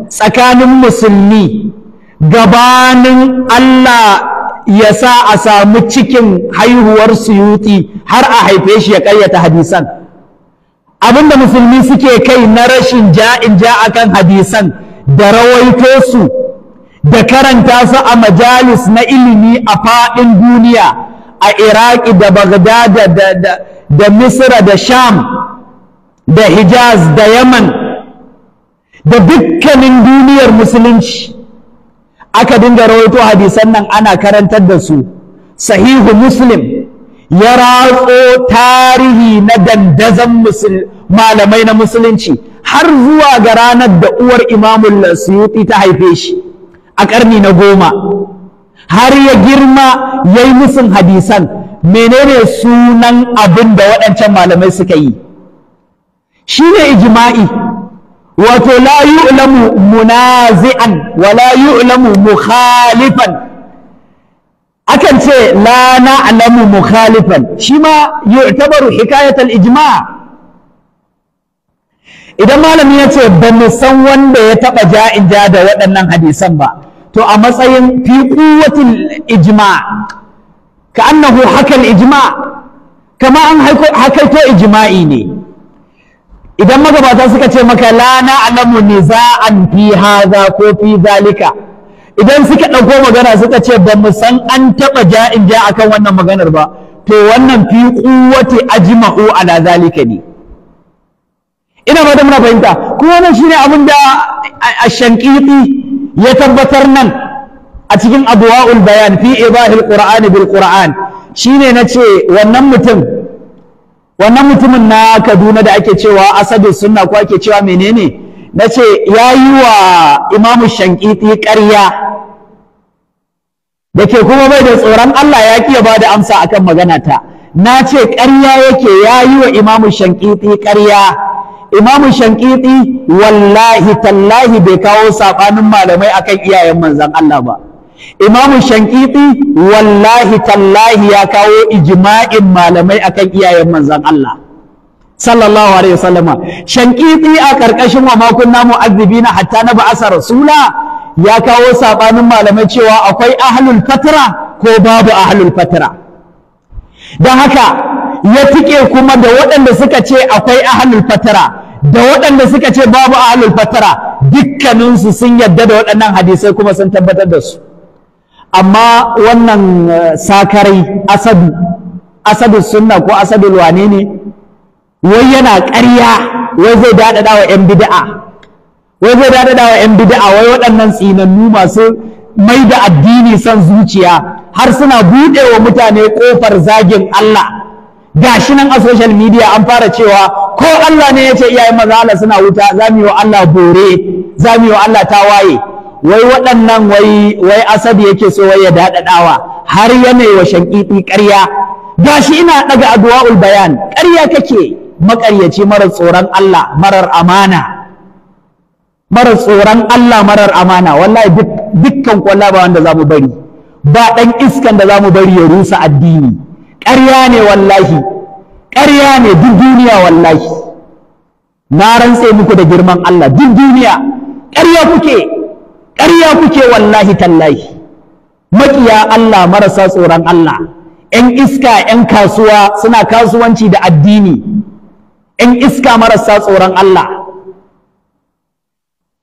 tsakanin musulmi gabanin Allah ya sa a samu cikin haihuwar suyuti har a haife shi ya ƙayyata hadisan abinda musulmi suke kai na rashin ja'in ja akan hadisan da rawaito su da karanta su a majalis na ilimi a faɗin duniya a iraki da bagdada da, Misira, da misra da sham da hijaz da yaman da dukkanin duniyar musulunci aka dinga rawaito hadisan nan ana karantar da su sahihu muslim ya ratso tarihi na dandazon malamai na musulunci har zuwa ga ranar da uwar imamun suyuti ta haife shi a ƙarni na goma har ya girma ya yi musun hadisan menene sunan abin da waɗancan malamai suka yi shi ne ijima'i wato la yu'lamu munazi'an wa la yu'lamu mukhalifan akan ce la na'lamu mukhalifan shi ma yu'tabaru hikayatul ijma' idan malami ya ce ba mu san wanda ya taba ja'in ja da waɗannan hadisan ba to a matsayin fi quwwatil ijma' ka annahu hakal ijma' kama an hakaito ijma'i ne idan magabata suka ce maka la na'lamu niza'an fi hadha ko fi zalika idan suka ɗauko magana suka ce ba mu san an taɓa ja'in ja akan wannan maganar ba to wannan fi kuwati ajma'u ala zalika ne ina da muna fahimta kuma wannan shine abin da ashankiti ya tabbatar nan a cikin abwaul bayan fi ibahil qur'ani bil qur'an shine nace wannan mutum wannan mutumin na Kaduna da ake cewa asadu sunna ko ake cewa menene na ce ya yi wa imamu shankiti ƙarya da ke kuma bai da tsoron Allah ya kiya ba da amsa akan magana ta na ce ƙarya yake ya yi wa imamu shankiti ƙarya imamu shankiti wallahi tallahi bai kawo saɓanin malamai akan iyayen manzan Allah ba imamu shankiti wallahi tallahi ya kawo ijima'in malamai akan iyayen manzan Allah sallallahu alaihi wasallam shankiti a karkashin wa makunna na hatta na ba'asa rasula ya kawo sabanin malamai cewa akwai ahlul fatra ko babu ahlul fatra Da haka ya tike kuma da waɗanda suka ce akwai ahlul fatra da waɗanda suka ce babu ahlul fatara dukkaninsu sun yadda da waɗannan hadisai kuma sun tabbatar da su amma wannan eh, sakarai asadu asadu sunna ko asadu wane ne wai yana ƙarya wai zai daɗaɗa wa 'yan bid'a wai zai daɗaɗa wa 'yan bida'a, wai waɗannan tsinannu masu mai da addini son zuciya har suna buɗe wa mutane ƙofar zagin Allah gashi nan a social media an fara cewa ko Allah ne ya ce iyayen maza Allah suna wuta za mu yi wa Allah bore za mu yi wa Allah tawaye wai waɗannan wai wai asadi yake so wai ya daɗaɗawa har ya mai wa shanƙiɗi ƙarya gashi ina ɗaga addu'a'ul bayan ƙarya kake maƙaryaci marar tsoron Allah marar amana marar tsoron Allah marar amana wallahi dukkan kwalla ba wanda zamu bari ba ɗan iskan da zamu bari ya rusa addini ƙarya ne wallahi ƙarya ne duk duniya wallahi na rantse muku da girman Allah duk duniya ƙarya kuke ƙarya kuke wallahi tallahi maƙiya Allah marasa tsoron Allah 'yan iska 'yan kasuwa suna kasuwanci da addini ‘yan iska marasa tsoron Allah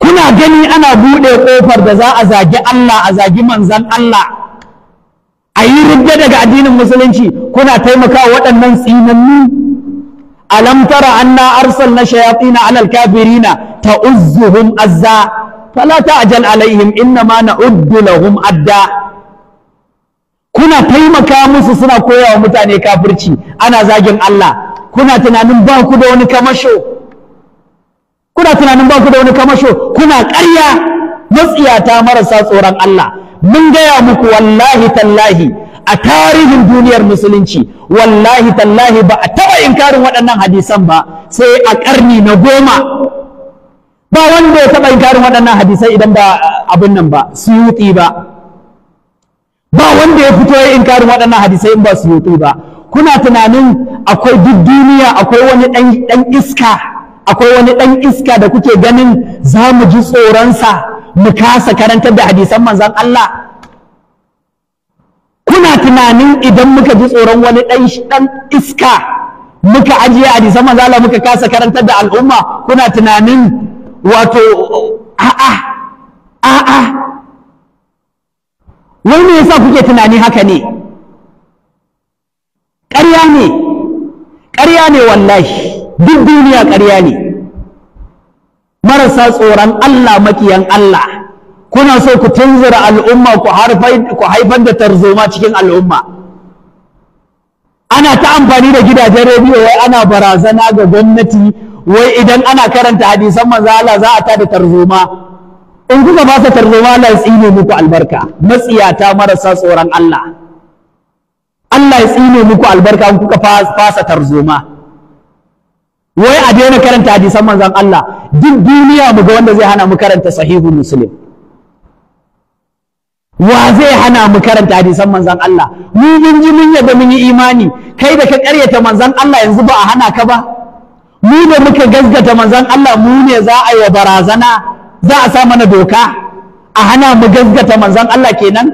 kuna gani ana buɗe ƙofar da za a zagi Allah a zagi manzan Allah a yi rubda daga addinin musulunci kuna taimaka waɗannan tsinannu alam tara anna arsalna shayatina alal kafirina ta'uzzuhum azza fala ta'jal alaihim innama na'uddu lahum adda kuna taimaka musu suna koya wa mutane kafirci ana zagin Allah kuna tunanin ba ku da wani kamasho kuna tunanin ba ku da wani kamasho kuna ƙarya matsiyata marasa tsoron Allah mun gaya muku wallahi tallahi a tarihin duniyar musulunci wallahi tallahi ba a taɓa inkarin waɗannan hadisan ba sai a ƙarni na goma ba wanda ya taɓa inkarin waɗannan hadisai idan ba abin nan ba suyuti ba ba wanda ya fito ya inkarin waɗannan hadisai in ba suyuti ba kuna tunanin akwai duk duniya akwai wani ɗan iska akwai wani ɗan iska da kuke ganin za mu ji tsoronsa mu kasa karantar da hadisan manzan Allah kuna tunanin idan muka ji tsoron wani ɗan iska muka ajiye hadisan manzan Allah muka kasa karantar da al'umma kuna tunanin wato a'a a'a Wani me yasa kuke tunani haka ne ƙarya ne ƙarya ne wallahi duk duniya ƙarya ne marasa tsoron Allah makiyan Allah kuna so ku tunzura al'umma ku haifar da tarzoma cikin al'umma ana ta amfani da gidajen rediyo wai ana barazana ga gwamnati wai idan ana karanta hadisan manzo Allah za a tada tarzoma in kuka ba sa tarzoma Allah ya tsine muku albarka matsiyata marasa tsoron Allah Allah ya tsine muku albarka in kuka fasa tarzoma wai a daina karanta hadisan manzon Allah duk duniya mu ga wanda zai hana mu karanta sahihu muslim wa zai hana mu karanta hadisan manzon Allah mu mun ji mun yadda mun yi imani kai da ka karyata manzon Allah yanzu ba a hana ka ba mu da muka gazgata manzon Allah mu ne za a yi barazana za a sa mana doka a hana mu gazgata manzon Allah kenan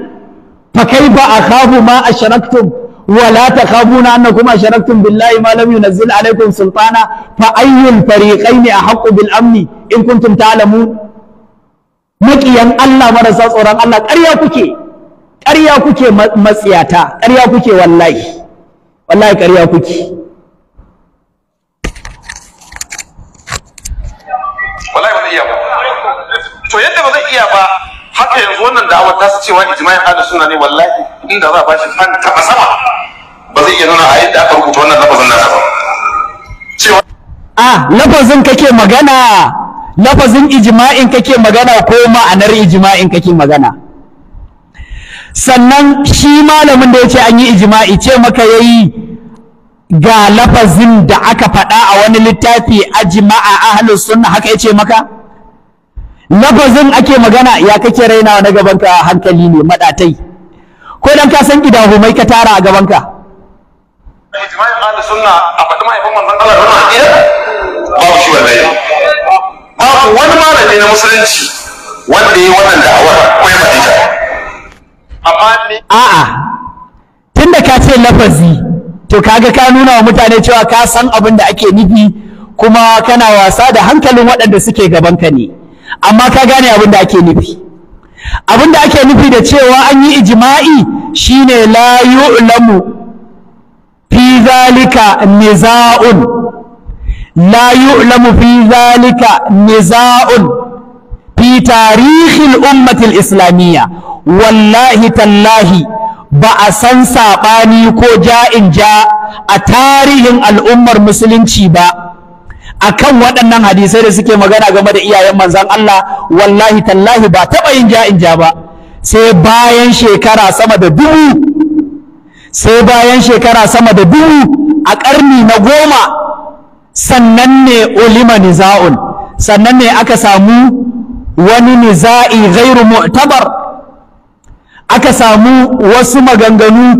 fa kai ba a khafu ma ashraktum ولا تخافون أنكم أشركتم بالله ما لم ينزل عليكم سلطانا فأي الفريقين أحق بالأمن إن كنتم تعلمون maƙiyan Allah marasa tsoron Allah ƙarya kuke ƙarya kuke matsiyata ƙarya kuke wallahi wallahi ƙarya kuke haka yanzu wannan da'awa ta su cewa ijma'in ahlus suna ne wallahi inda za a bashi fan ta sama ba zai iya nuna a yadda aka rubuta wannan lafazin nasa ba cewa a ah, lafazin kake magana lafazin ijma'in kake magana ko ma'anar ijma'in kake magana sannan shi malamin da ya ce an yi ijima'i ce maka ya yi ga lafazin da aka faɗa a wani littafi ajma'a ahlus sunna haka ya ce maka lafazin ake magana ya kake rainawa na gabanka hankali ne madatai ko dan ka san idahumai ka tara a gabanka ijma'in ahli sunna a faɗi mahaifin manzon Allah wannan aqida babu shi wallahi babu wani malami na musulunci wanda ya yi wannan da'awar ko ya faɗi ta amma ni a'a tunda ka ce lafazi to kaga ka nuna wa mutane cewa ka san abin da ake nufi kuma kana wasa da hankalin waɗanda suke gabanka ne amma ka gane abin da ake nufi abin da ake nufi da cewa an yi ijma'i shine la yu'lamu fi zalika niza'un la yu'lamu fi zalika niza'un fi tarihil ummatil islamiyya wallahi tallahi ba a san saɓani ko ja'in ja a tarihin al'ummar musulunci ba akan waɗannan hadisai da suke magana game da iyayen manzan Allah wallahi tallahi ba taɓa yin ja in ja ba sai bayan shekara sama da dubu sai bayan shekara sama da dubu a ƙarni na goma sannan ne ulima niza'un sannan ne aka samu wani niza'i ghairu mu'tabar aka samu wasu maganganu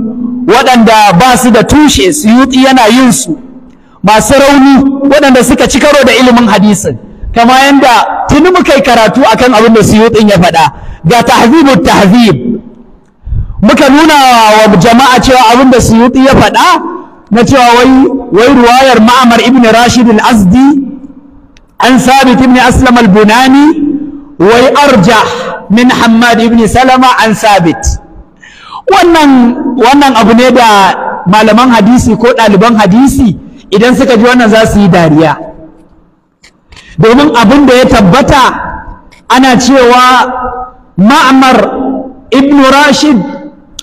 waɗanda ba su da tushe su yana yin su masu rauni waɗanda suka ci karo da ilimin hadisin kama yanda tuni muka yi karatu akan abin da suyutin ya faɗa ga tahzibut tahzib muka nuna wa jama'a cewa abin da suyuti ya faɗa na cewa wai wai ruwayar ma'amar ibn rashid al-azdi an sabit ibn aslam al-bunani wai arja min hammad ibn salama an sabit wannan abu ne da malaman hadisi ko ɗaliban hadisi idan suka ji wannan za su yi dariya domin abin da ya tabbata ana cewa ma'amar ibn rashid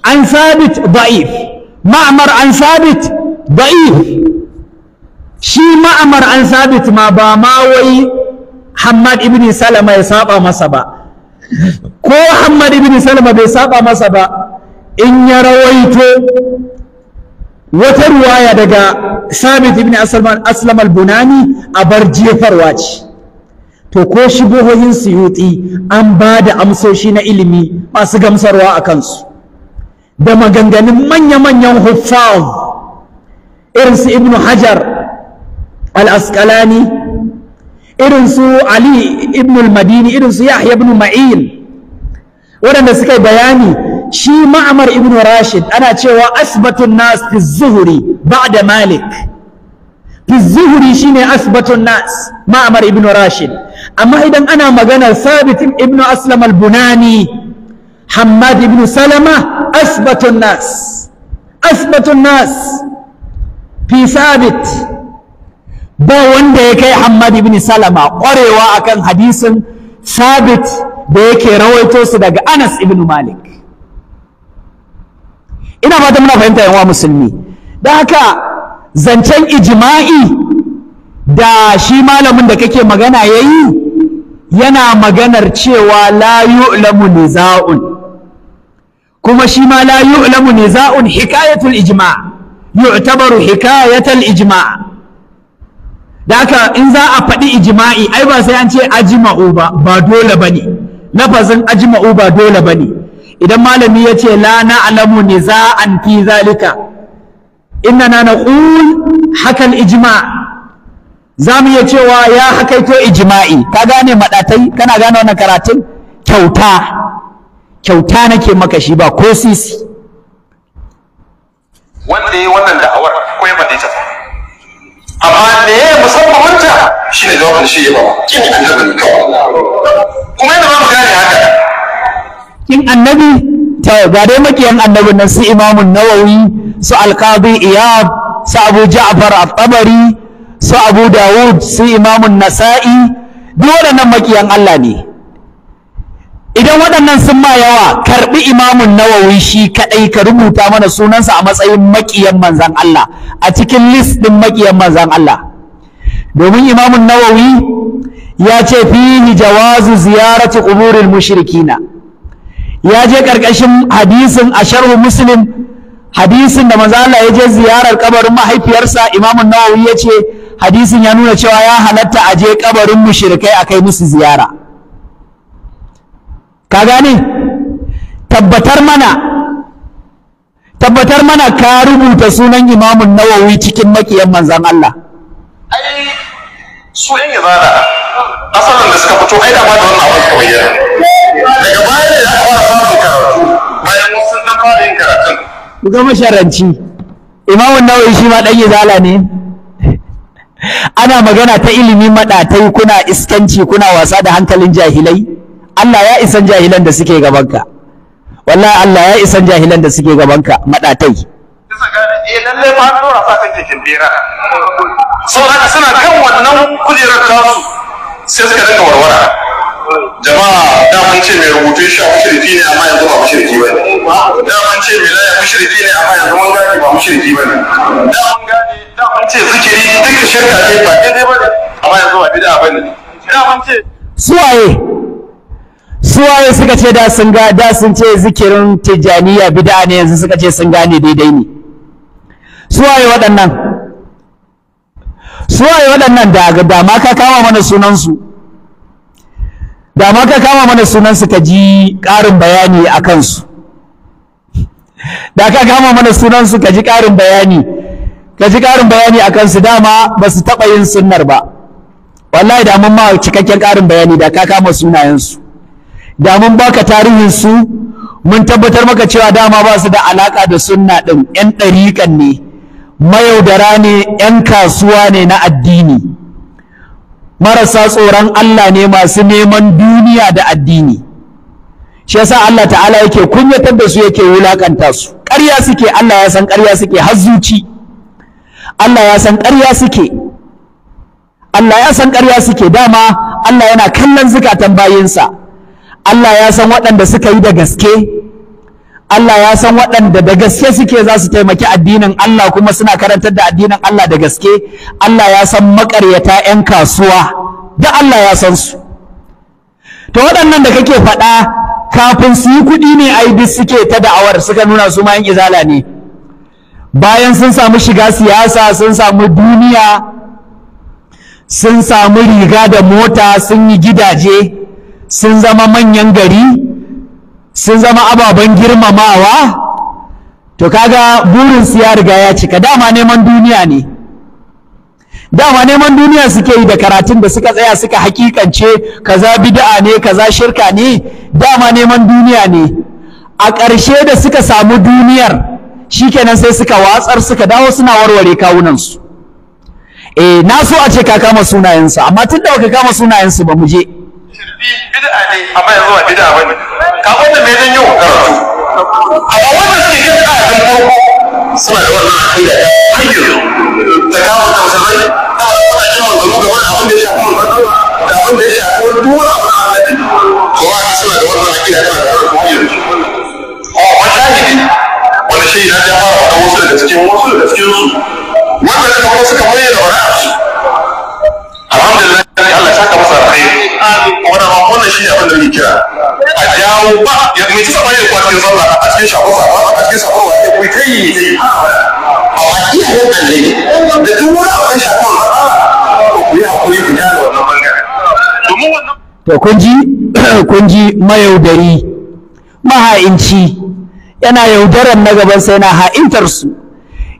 an sabit da'if ma'amar an sabit da'if shi ma'amar an sabit ma ba ma wai hamad ibn salama ya saba masa ba ko hamad ibn salama bai saba masa ba in ya rawaito wata ruwaya daga sabit ibn aslam al-bunani a bar jefarwa ce to ko shigohohin suyuti an ba da amsoshi na ilimi masu gamsarwa a kansu da maganganun manya-manyan huffaz irin su ibn hajar al-asqalani irin su ali ibn al-madini irin su yahya ibn ma'in waɗanda suka yi bayani shi ma'amar ibn rashid ana cewa asbatun nas fi zuhuri ba'da malik fi zuhuri ne asbatun nas ma'amar ibn rashid amma idan ana maganar sabitin ibn aslam al-bunani Hamad ibn salama asbatun nas asbatun nas fi sabit ba wanda ya kai Hamad ibn salama ƙwarewa akan hadisin sabit da yake rawaito su daga anas ibn malik ina fata muna fahimta yan musulmi Da haka zancen ijima'i da shi malamin da kake magana ya yi yana maganar cewa la yu'lamu niza'un kuma shi ma la yu'lamu niza'un hikayatul ijma' yu'tabaru hikayatul ijma' da haka in za a faɗi ijima'i ai ba sai an ce ajima'u ba ba dole bane lafazin ajima'u ba dole bane idan malami ya ce la za an fi zalika na na naqul hakan ijima. za mu iya cewa ya hakaito ijima'i. ka gane maɗatai kana gane wannan karatun kyauta kyauta nake maka shi ba ko sisi wanda ya wannan da'awar ko ya bade ta amma da ya musamman wanta ne jawabin shi ya ba kuma yana ba mu gane haka In annabi ta ba dai makiyan annabin nan su imamun nawawi su alkazi iyab su abu ja'far at-tabari su abu dawud su imamun nasa'i duk waɗannan makiyan allah ne idan waɗannan sun ma yawa karbi imamun nawawi shi kaɗai ka rubuta mana sunansa a matsayin makiyan manzan allah a cikin list ɗin makiyan manzan allah domin imamun nawawi ya ce fihi jawazu ziyarati quburil mushrikina ya je ƙarƙashin hadisin a sharhu muslim hadisin da manzo Allah ya je ziyarar kabarin mahaifiyarsa Imamun Nawawi ya ce hadisin ya nuna cewa ya halatta a je kabarin mushrikai akai musu ziyara ka gane tabbatar mana tabbatar mana ka rubuta sunan Imamun Nawawi cikin makiyan manzan Allah ai su yan ibada asalin da suka fito ai da ma da wannan abin kawai daga baya ne fara yin karatun ku ga masharanci imamu nawawi shi ma dan izala ne ana magana ta ilimi madatai kuna iskanci kuna wasa da hankalin jahilai Allah ya isan jahilan da suke gabanka wallahi Allah ya isan jahilan da suke gabanka madatai eh lalle ba an dora bera so haka suna kan wannan kujerar tasu sai suka daga warwara jama'a da mun ce mai shi a ne amma yanzu ba ba ne da mun ce mai ne amma yanzu mun gane ba ba ne da mun gane da mun ce zikiri shirka ne ba daidai ba ne amma yanzu ba bid'a ba ne da mun ce suwaye suwaye suka ce da sun ga da sun ce zikirin tijaniya bid'a ne yanzu suka ce sun gane daidai ne suwaye waɗannan suwaye waɗannan da da ma ka kama mana sunansu da ma ka kama mana sunansu ka ji ƙarin bayani a kansu da ka kama mana sunansu ka ji ƙarin bayani ka ji bayani a kansu dama ba su taɓa yin sunnar ba wallahi da mun ma cikakken ƙarin bayani da ka kama sunayensu da mun baka tarihinsu mun tabbatar maka cewa dama ba su da alaƙa da sunna ɗin 'yan ɗariƙan ne mayaudara ne 'yan kasuwa ne na addini marasa tsoron Allah ne masu neman duniya da addini shi yasa Allah ta'ala yake kunyatar da su yake wulakanta su ƙarya suke Allah ya san ƙarya suke har zuci Allah ya san ƙarya suke Allah ya san ƙarya suke dama Allah yana kallon zukatan bayinsa Allah ya san waɗanda suka yi da gaske Allah ya san waɗanda da gaske suke za su taimaki addinin Allah kuma suna karantar da addinin Allah da gaske Allah ya san makaryata 'yan kasuwa da Allah ya san su to waɗannan da kake faɗa kafin su yi kuɗi ne a duk suke ta da'awar suka nuna su ma 'yan izala ne bayan sun samu shiga siyasa sun samu duniya sun samu riga da mota sun yi gidaje sun zama manyan gari sun zama ababen girmamawa to kaga burin su ya riga ya cika dama neman duniya ne dama neman duniya suke yi da karatun da suka tsaya suka hakikance kaza bid'a ne kaza shirka ne dama neman duniya ne a ƙarshe da suka samu duniyar shikenan sai suka watsar suka dawo suna warware kawunansu eh na so a ce ka kama sunayensu amma tun da ka kama sunayensu ba mu je shirbi bid'a ne amma yanzu ba bid'a ba ne ka wanda mai zan yi wa karatu wanda suke kan farko suna da wannan hanyar kawo ta ta wani abin da ya shafi manzanni da abin da ya shafi wani wani to wa suna da wannan hanyar a wani jahili wani shi na ja fara wata wasu daga cikin wasu daga cikin su wanda wasu kamar yadda wani su alhamdulillah saka masa alkhairi wannan wannan shi ne abin da muke kira a jawo ba ya mai tsaba ne ko cikin sallah a cikin shafin ba a cikin shafin sa ku kai ne a wani yayin annabi da duk wani abin shafin ku yi hakuri ku da wannan bangaren domin wannan to kun ji kun ji mayaudari maha'inci yana yaudarar na gaban sai na ha'intar su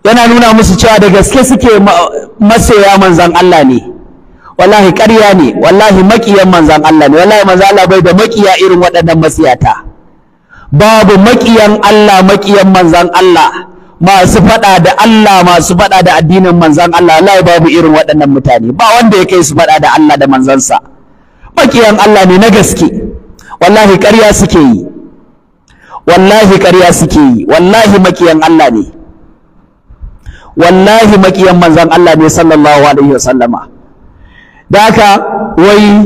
yana nuna musu cewa da gaske suke masoya manzan Allah ne wallahi ƙarya ne wallahi maƙiyan manzan Allah ne wallahi manzan Allah bai da maƙiya irin waɗannan masiyata babu maƙiyan Allah maƙiyan manzan Allah masu faɗa da Allah masu faɗa da addinin manzan Allah wallahi babu irin waɗannan mutane ba wanda ya kai su faɗa da Allah da manzansa maƙiyan Allah ne na gaske wallahi ƙarya suke yi wallahi ƙarya suke yi wallahi maƙiyan Allah ne wallahi maƙiyan manzan Allah ne sallallahu alaihi wasallama da wai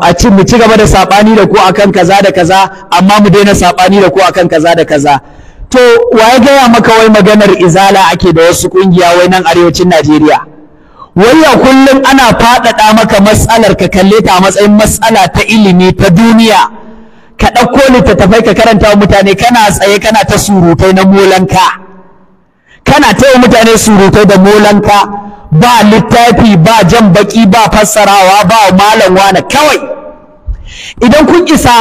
a ci mu ci gaba da sabani da ku akan kaza da kaza amma mu daina sabani da ku akan kaza da kaza to waye gaya maka wai maganar izala ake da wasu ƙungiya wai nan arewacin najeriya wai ya kullum ana faɗaɗa maka matsalar ka kalle ta a matsayin matsala ta ilimi ta duniya ka ɗauko tafai ka karanta wa mutane kana tsaye kana ta surutai na molanka kana ta yi mutane surutai da molanka ba littafi ba jan baki ba fassarawa ba malam wani kawai idan kun isa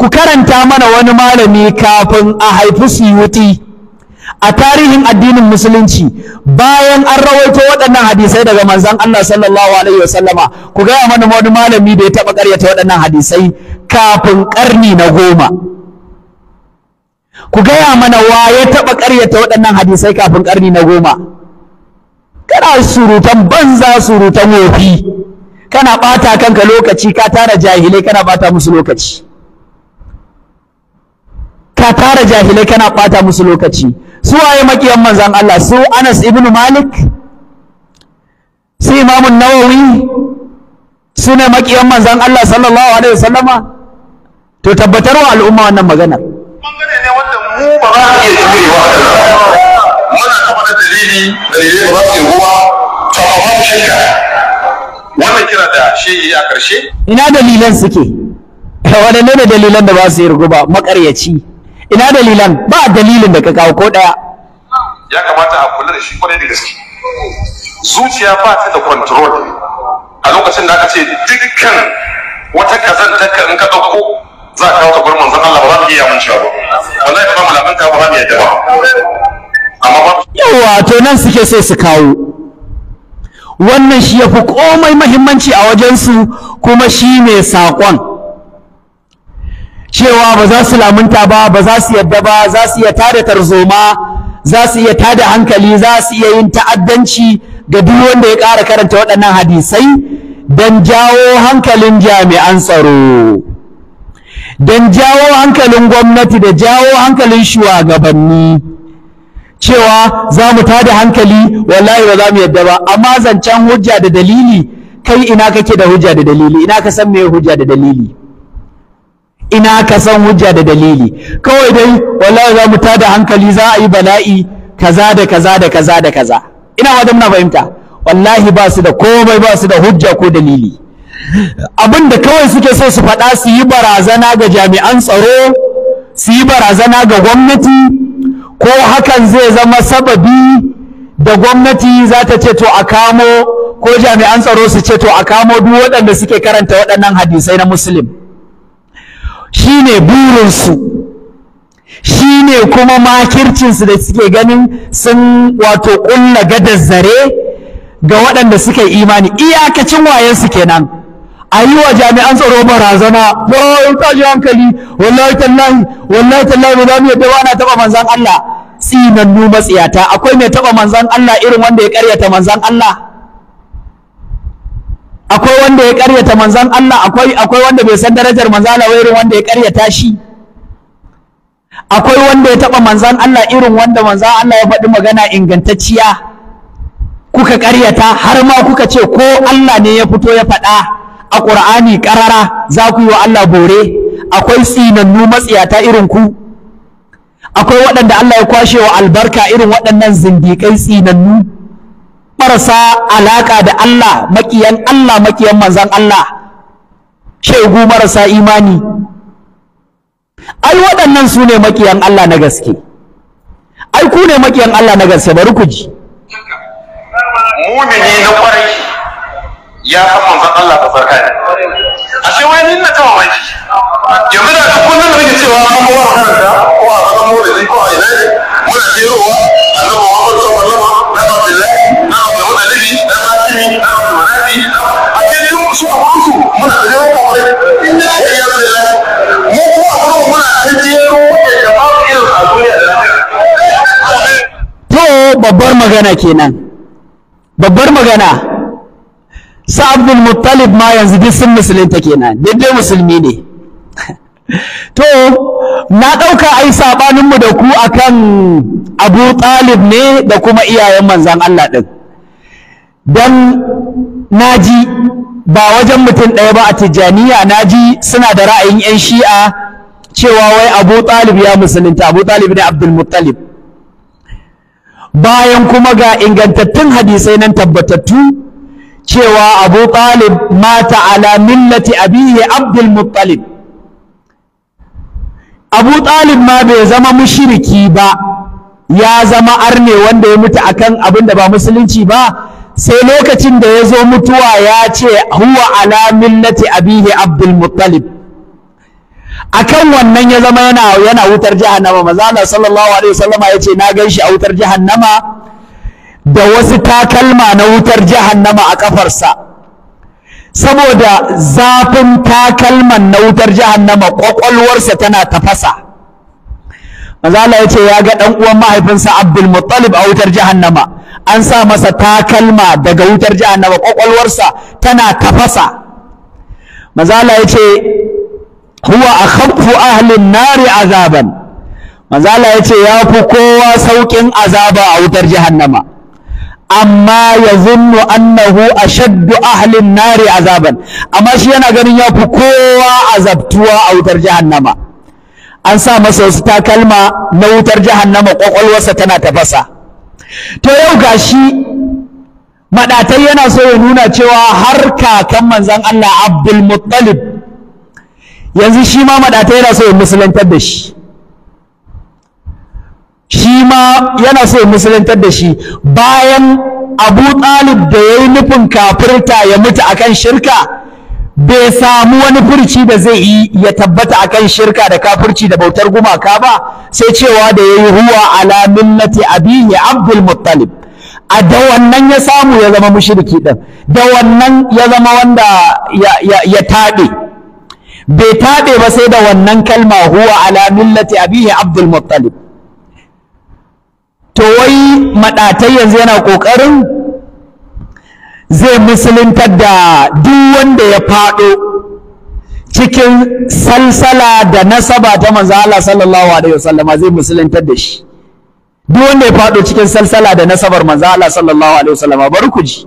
ku karanta mana wani malami kafin a haifi wuti a tarihin addinin musulunci bayan an rawaito waɗannan hadisai daga manzan Allah sallallahu alaihi wasallama ku gaya mana wani malami da ya taɓa ƙaryata waɗannan hadisai kafin ƙarni na goma ku gaya mana wa ya taɓa ƙaryata waɗannan hadisai kafin ƙarni na goma kana surutan banza surutan wofi kana bata kanka lokaci ka tara jahilai kana bata musu lokaci ka tara jahilai kana bata musu lokaci su waye makiyan manzan Allah su Anas ibn Malik su Imam Nawawi su ne makiyan manzan Allah sallallahu alaihi wasallama to tabbatarwa al'umma wannan magana ne wanda mu ba za mu iya jurewa muna kafa da dalili dalilai ba za su yi ruwa to amma babu shakka wannan kira da shi yi a ƙarshe ina dalilan suke waɗanne ne dalilan da ba su yi ruguba makaryaci ina dalilan ba dalilin da ka kawo ko ɗaya ya kamata a kula da shi kwarai da gaske zuciya ba ta da control a lokacin da aka ce dukkan wata kazanta ka in ka ɗauko za ka kawo ta gurin zan Allah ba za mu iya mun cewa ba wallahi ba mu labanta ba za mu yadda ba yawa to nan suke so su kawo wannan shi yafi komai muhimmanci a wajen su, kuma shi ne saƙon cewa ba za su lamunta ba ba za su yadda ba za su iya tada tarzoma za su iya tada hankali za su iya yin ta'addanci ga duk wanda ya ƙara karanta waɗannan hadisai don jawo hankalin jami'an tsaro don jawo hankalin gwamnati da jawo hankalin shugabanni cewa za mu tada hankali wallahi ba za mu yadda ba amma zancen hujja da dalili kai ina kake da hujja da dalili ina ka san meye hujja da dalili ina ka san hujja da dalili kawai dai wallahi za mu tada hankali za a yi bala'i kaza da kaza da kaza da kaza ina wajen muna fahimta wallahi ba su da komai ba su da hujja ko dalili abin da kawai suke so su faɗa su yi barazana ga jami'an tsaro su yi barazana ga gwamnati ko hakan zai zama sababi da gwamnati za ta ce to a kamo ko jami'an tsaro su ce to a kamo duk waɗanda suke karanta waɗannan hadisai na Shi shine burinsu shine kuma makircinsu da suke ganin sun wato ƙulla gadar zare ga waɗanda suka yi imani iyakacin wayensu kenan a yi wa jami'an tsaro barazana ba tashi hankali wallahi tallahi wallahi tallahi ba za mu yadda ba ana taɓa manzan Allah tsinannu matsiyata akwai mai taɓa manzan Allah irin wanda ya ƙaryata manzan Allah akwai wanda ya ƙaryata manzan Allah akwai akwai wanda bai san darajar manzan Allah irin wanda ya ƙaryata shi akwai wanda ya taɓa manzan Allah irin wanda manzan Allah ya faɗi magana ingantacciya kuka ƙaryata har ma kuka ce ko Allah ne ya fito ya faɗa a ƙur'ani ƙarara za ku yi wa Allah bore akwai tsinannu matsiyata irin ku akwai waɗanda Allah ya kwashe wa albarka irin waɗannan zindiƙai tsinannu marasa alaƙa da Allah makiyan Allah makiyan manzan Allah shegu marasa imani ai waɗannan su ne makiyan Allah na gaske ai ku ne makiyan Allah na gaske bari ku ji mumini na kwarai ya fi manzan Allah ta farka ne ashe wani na ta wani babbar magana kenan babbar magana sa abdul muttalib ma yanzu duk sun musulunta kenan dai musulmi ne to na ɗauka ai saɓaninmu da ku akan abu talib ne da kuma iyayen manzan Allah ɗin don naji ba wajen mutum ɗaya ba a tijjaniya naji suna da ra'ayin 'yan shi'a cewa wai abu talib ya musulunta abu talib ne abdulmuttalib bayan kuma ga ingantattun hadisai nan tabbatattu cewa abu talib mata ala millati abihi abdulmuttalib abu talib ma bai zama mushiriki ba ya zama arne wanda ya mutu akan abin da ba musulunci ba sai lokacin da ya zo mutuwa ya ce huwa ala millati abihi abdul muttalib akan wannan ya zama yana yana wutar jahannama manzo Allah sallallahu alaihi wasallama yace na ganshi a wutar jahannama da wasu takalma na wutar jahannama a kafarsa saboda zafin takalman na wutar jahannama kwakwalwarsa tana tafasa mazala ya ce ya ga ɗan uwan mahaifinsa abdul a wutar jahannama an sa masa takalma daga wutar jahannama kwakwalwarsa tana tafasa mazala ya ce huwa akhaffu ahlin nari azaban mazala ya ce ya fi kowa sauƙin azaba a wutar jahannama amma ya zunnu annahu ashaddu ahlin nari azaban amma shi yana ganin ya fi kowa azabtuwa a wutar jahannama an sa masa wasu takalma na wutar jahannama kwakwalwarsa tana tafasa to yau gashi madatai yana so ya nuna cewa har kakan manzon Allah Abdul Muttalib yanzu shi ma madatai yana so ya musulantar da shi shi ma yana so musuluntar da shi bayan abu talib da ya yi nufin kafirta ya mutu akan shirka bai samu wani furci da zai yi ya tabbata akan shirka da kafirci da bautar gumaka ba sai cewa da ya yi ruwa ala millati abihi abdul muttalib a da wannan ya samu ya zama mushriki din da wannan ya zama wanda ya taɗe, bai taɗe ba sai da wannan kalma huwa ala millati abihi abdul muttalib to wai maɗatai yanzu yana ƙoƙarin zai musuluntar da duk wanda ya faɗo cikin salsala da nasaba ta manzo Allah sallallahu alaihi wasallam zai musuluntar da shi duk wanda ya faɗo cikin salsala da nasabar manzo Allah sallallahu alaihi wasallam bari ku ji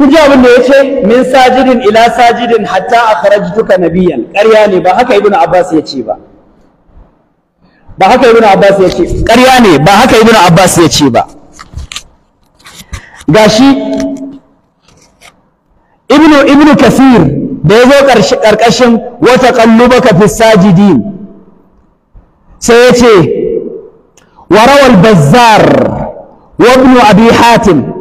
kun ji abin da ya ce min sajidin ila sajidin hatta akhrajtuka nabiyyan ƙarya ne ba haka ibnu abbas ya ce ba ba haka ibnu abbas ya ce ƙarya ne ba haka ibnu abbas ya ce ba gashi ibnu ibnu kasir da ya zo ƙarƙashin wata kallubaka fi sajidin sai ya ce warawal bazzar wa ibnu abi hatim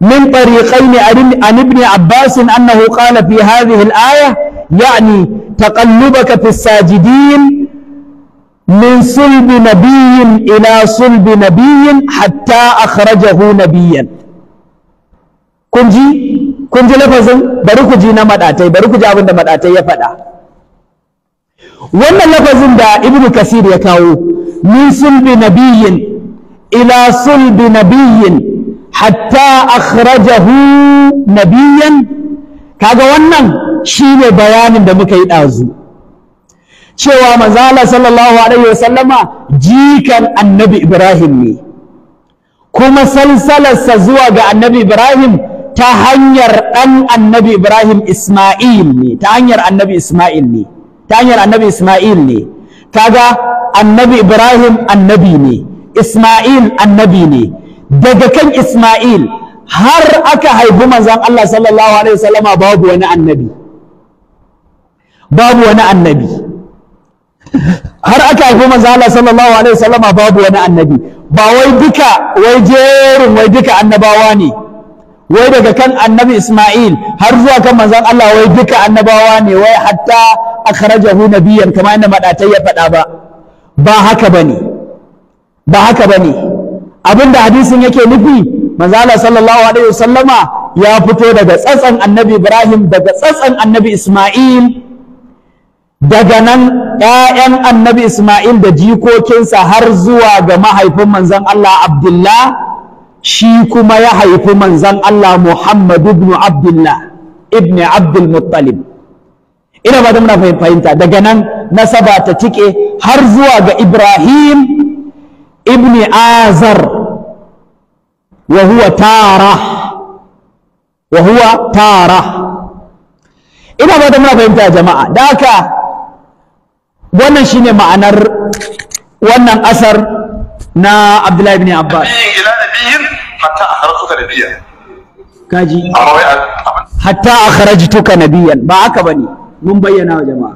من طريقين عن ابن عباس أنه قال في هذه الآية يعني تقلبك في الساجدين من صلب نبي إلى صلب نبي حتى أخرجه نبيا كنجي كنجي لفظا بركجي نمداتي بركجي أبن نمداتي يفدا wannan lafazin da ibn kasir ya kawo min sulbi nabiyyin ila sulbi nabiyyin hatta akhrajahu nabiyan kaga wannan shine bayanin da muka yi ɗazu cewa manzala sallallahu alaihi wasallama jikan annabi ibrahim ne kuma salsalarsa zuwa ga annabi ibrahim ta hanyar dan annabi ibrahim isma'il ne ta hanyar annabi isma'il ne ta hanyar annabi isma'il ne kaga annabi ibrahim annabi ne isma'il annabi ne daga kan Ismail har aka haifi manzon Allah sallallahu alaihi wasallama babu wani annabi babu wani annabi har aka haifi manzon Allah sallallahu alaihi wasallama babu wani annabi ba wai duka wai jerin wai duka annabawa ne wai daga kan annabi Ismail har zuwa kan manzon Allah wai duka annabawa ne wai hatta akhrajahu nabiyan kamar inda maɗatai ya faɗa ba ba haka bane ba haka bane abinda hadisin yake nufi manzo sallallahu alaihi wasallama ya fito daga tsatsan annabi Ibrahim daga tsatsan annabi Ismail daga nan ‘ya'yan annabi Ismail da jikokinsa har zuwa ga mahaifin manzan Allah Abdullah shi kuma ya haifi manzan Allah Muhammadu ibn Abdullah ibn Abdul Muttalib ina ba da muna fahimta daga nan nasaba ta tike har zuwa ga Ibrahim ibn Azar wa huwa tara wa huwa tara ina fata muna fahimta jama'a da haka wannan shine ma'anar wannan asar na Abdullahi ibn Abbas ila nabiyyin hatta akhrajtuka nabiyyan kaji hatta akhrajtuka nabiyyan ba haka bane mun bayyana wa jama'a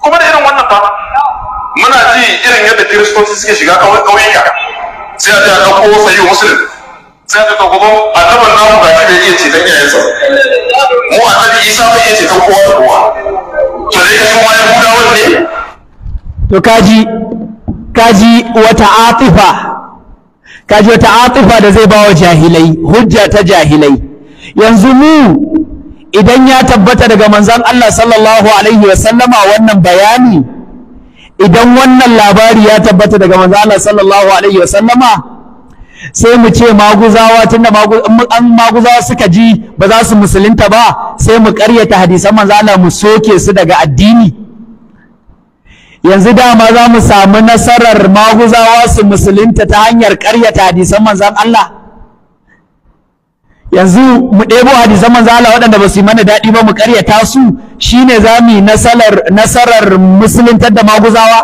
kuma da irin wannan fa muna ji irin yadda kiristoci suke shiga ƙauyuka sai a ta ɗauko sayi muslim sai ta ɗauko annaban namu ga shi iya ce dan iyayensa mu annabi isa bai iya ce dan kowa da kowa to dai kasu ma yahudawan ne to kaji kaji wata atifa kaji wata atifa da zai bawa jahilai hujja ta jahilai yanzu mu idan ya tabbata daga manzon Allah sallallahu alaihi wa sallama wannan bayani idan wannan labari ya tabbata daga manzo sallallahu alaihi wasallama sai mu ce maguzawa tunda an maguzawa suka ji ba za su musulunta ba sai mu karyata hadisan manzo mu soke su daga addini yanzu dama za mu samu nasarar maguzawa su musulunta ta hanyar karyata hadisan manzon Allah yanzu mu ɗebo hadisan zaman Allah waɗanda ba su yi mana daɗi ba mu ƙaryata su shine za mu yi nasarar musuluntar da maguzawa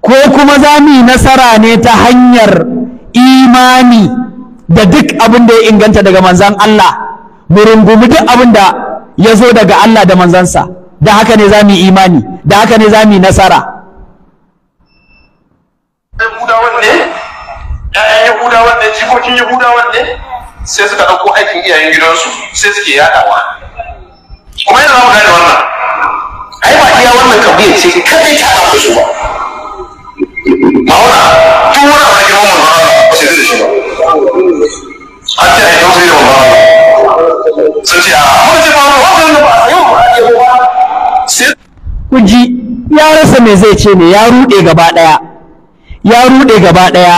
ko kuma za mu yi nasara ne ta hanyar imani da duk abin da ya inganta daga manzan Allah mu rungumi duk abin da ya zo daga Allah da manzansa da haka ne za mu yi imani da haka ne za mu yi nasara Yahudawan ne, ‘ya'yan Yahudawan ne, jikokin Yahudawan ne, sai suka ɗauko aikin iyayen gidansu sai suke yaɗawa kuma yana za gane wannan ai ba iya wannan kabiyar ce kadai ta haɗa su ba ma'auna duk wani abu da girman manzara ba su yi da shi ba an ce a yi da manzara sun ce a mun ce ba wani ba a yau ba a yau ba sai ku ji ya rasa me zai ce ne ya ruɗe gaba ɗaya ya ruɗe gaba ɗaya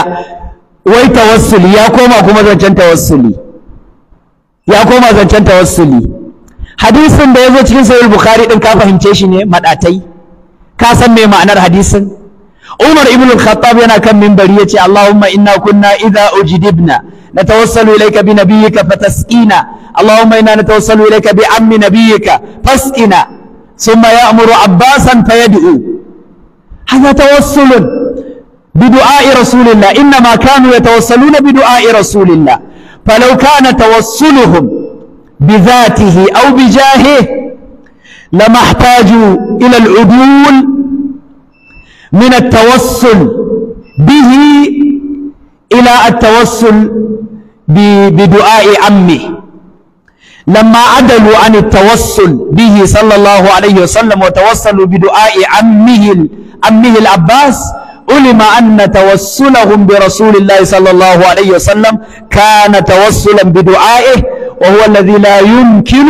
wai tawassuli ya koma kuma zancen tawassuli ya koma zancen tawassuli hadisin da yazo cikin sahih bukhari din ka fahimce shi ne madatai ka san me ma'anar hadisin umar ibn al-khattab yana kan minbari yace allahumma inna kunna idha ujidibna natawassalu ilayka bi nabiyyika fatas'ina allahumma inna natawassalu ilayka bi ammi nabiyyika fasqina ثم يأمر عباسا فيدعو هذا توسل بدعاء رسول الله إنما كانوا يتوسلون بدعاء رسول الله فلو كان توسلهم بذاته أو بجاهه لما احتاجوا إلى العدول من التوسل به إلى التوسل بدعاء عمه لما عدلوا عن التوسل به صلى الله عليه وسلم وتوسلوا بدعاء عمه عمه العباس علم أن توسلهم برسول الله صلى الله عليه وسلم كان توسلا بدعائه وهو الذي لا يمكن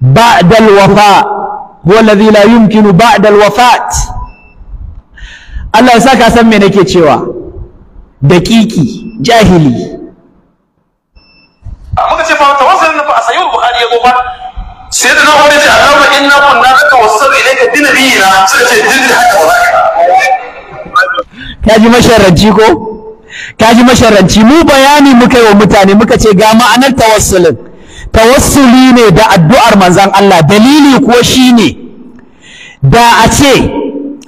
بعد الوفاء هو الذي لا يمكن بعد الوفاة الله يساك أسمي نكي تشوى دكيكي جاهلي سيدنا أبو جعفر إن كنا نتوسل إليك دين دينا سيدنا أبو جعفر ka ji masharanci ko masharanci mu bayani muka yi wa mutane muka ce ga ma'anar tawassulin tawassuli ne da addu'ar manzan Allah dalili kuwa shine da a ce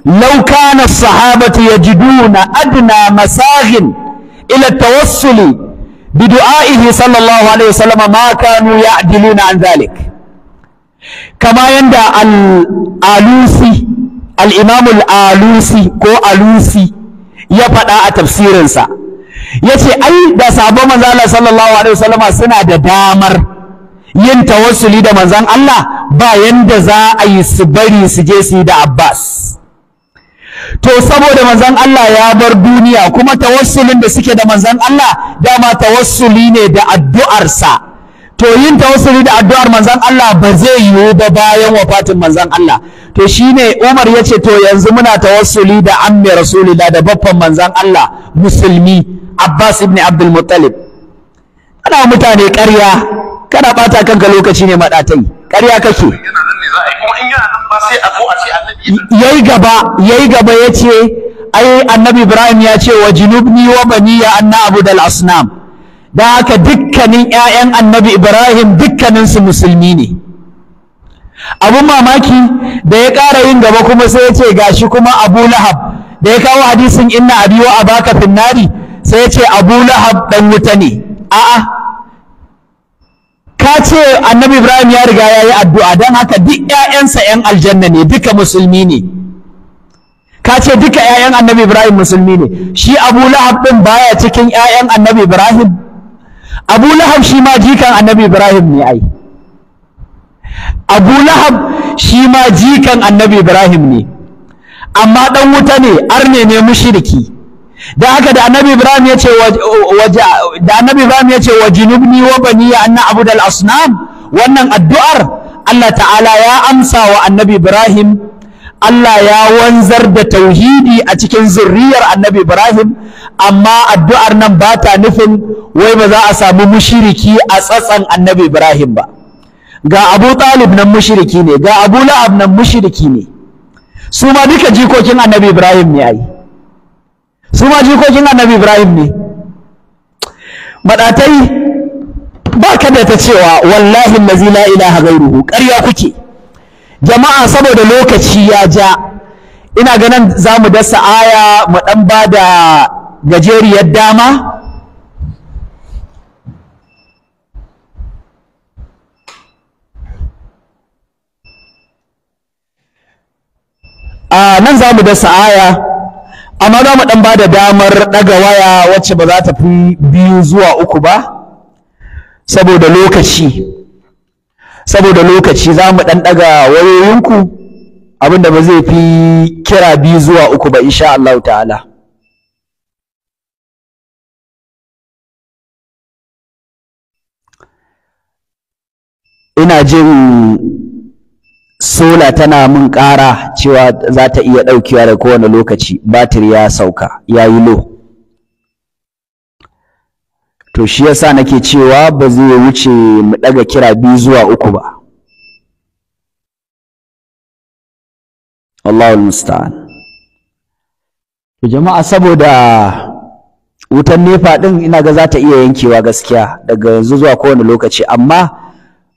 law kana sahabatu yajiduna adna masahin ila tawassuli bi du'aihi sallallahu alaihi wasallam ma kanu ya'diluna an dhalik kama yanda al-alusi al alusi al'imamul alusi ko alusi ya faɗa a tafsirinsa ya ce ai da sabon manzala sallallahu alaihi wasallama suna da damar yin tawassuli da manzan Allah ba yanda za a yi su bari su je su yi da Abbas to saboda manzan Allah ya bar duniya kuma tawassulin da suke da manzan Allah dama tawassuli ne da addu'arsa to yin tawassuli da addu'ar manzon Allah ba zai yiwu ba bayan wafatin manzon Allah to shine Umar ya ce to yanzu muna tawassuli da ammi rasulillah da babban manzon Allah musulmi Abbas ibn Abdul Muttalib ana mutane ƙarya kana bata kanka lokaci ne maɗatai. ƙarya kake yayi gaba yayi gaba yace ai annabi Ibrahim ya ce wa junubni wa ya anna abudal asnam da haka dukkanin 'ya'yan annabi ibrahim dukkaninsu musulmi ne abun mamaki da ya ƙara yin gaba kuma sai ya ce gashi kuma abu lahab da ya kawo hadisin inna a abi a baka finnari sai ya ce abu lahab ɗan wuta ne a'a ka ce annabi ibrahim ya riga ya yi addu'a don haka duk 'ya'yansa 'yan aljanna ne duka musulmi ne ka ce duka 'ya'yan annabi ibrahim musulmi ne shi abu lahab ɗin baya cikin 'ya'yan annabi ibrahim abu lahab shi ma jikan annabi ibrahim ne ai abu lahab shi ma jikan annabi ibrahim ne amma dan wuta ne arne ne mushriki da haka da annabi ibrahim ya ce da annabi ibrahim ya ce wa junubni wa bani anna abudal asnam wannan addu'ar Allah ta'ala ya amsa wa annabi ibrahim Allah ya wanzar da tauhidi a cikin zurriyar annabi Ibrahim amma addu'ar nan ba ta nufin wai ba za a samu mushiriki a tsatsan annabi Ibrahim ba ga Abu Talib nan mushiriki ne ga Abu La'ab nan mushiriki ne su ma duka jikokin annabi Ibrahim ne ai su ma jikokin annabi Ibrahim ne madatai ba ka da ta cewa wallahi lazi la ilaha gairuhu ƙarya kuke jama'a saboda lokaci ya ja ina ganin za mu dasa aya mu ɗan ba da gajeriyar dama a nan za mu dasa aya amma za mu ɗan ba da damar ɗaga waya wacce ba za ta fi biyu zuwa uku ba saboda lokaci saboda lokaci za mu ɗan ɗaga wayoyinku abinda ba zai fi kira biyu zuwa uku ba insha Allah ta'ala ina jin sola tana mun ƙara cewa za ta iya ɗaukewa da kowane lokaci batir ya sauka ya yi low to shi yasa nake cewa ba zai wuce mu ɗaga kira biyu zuwa uku ba Allahul musta'an to jama'a saboda wutan nefa ɗin ina ga za ta iya yankewa gaskiya daga yanzu zuwa kowane lokaci amma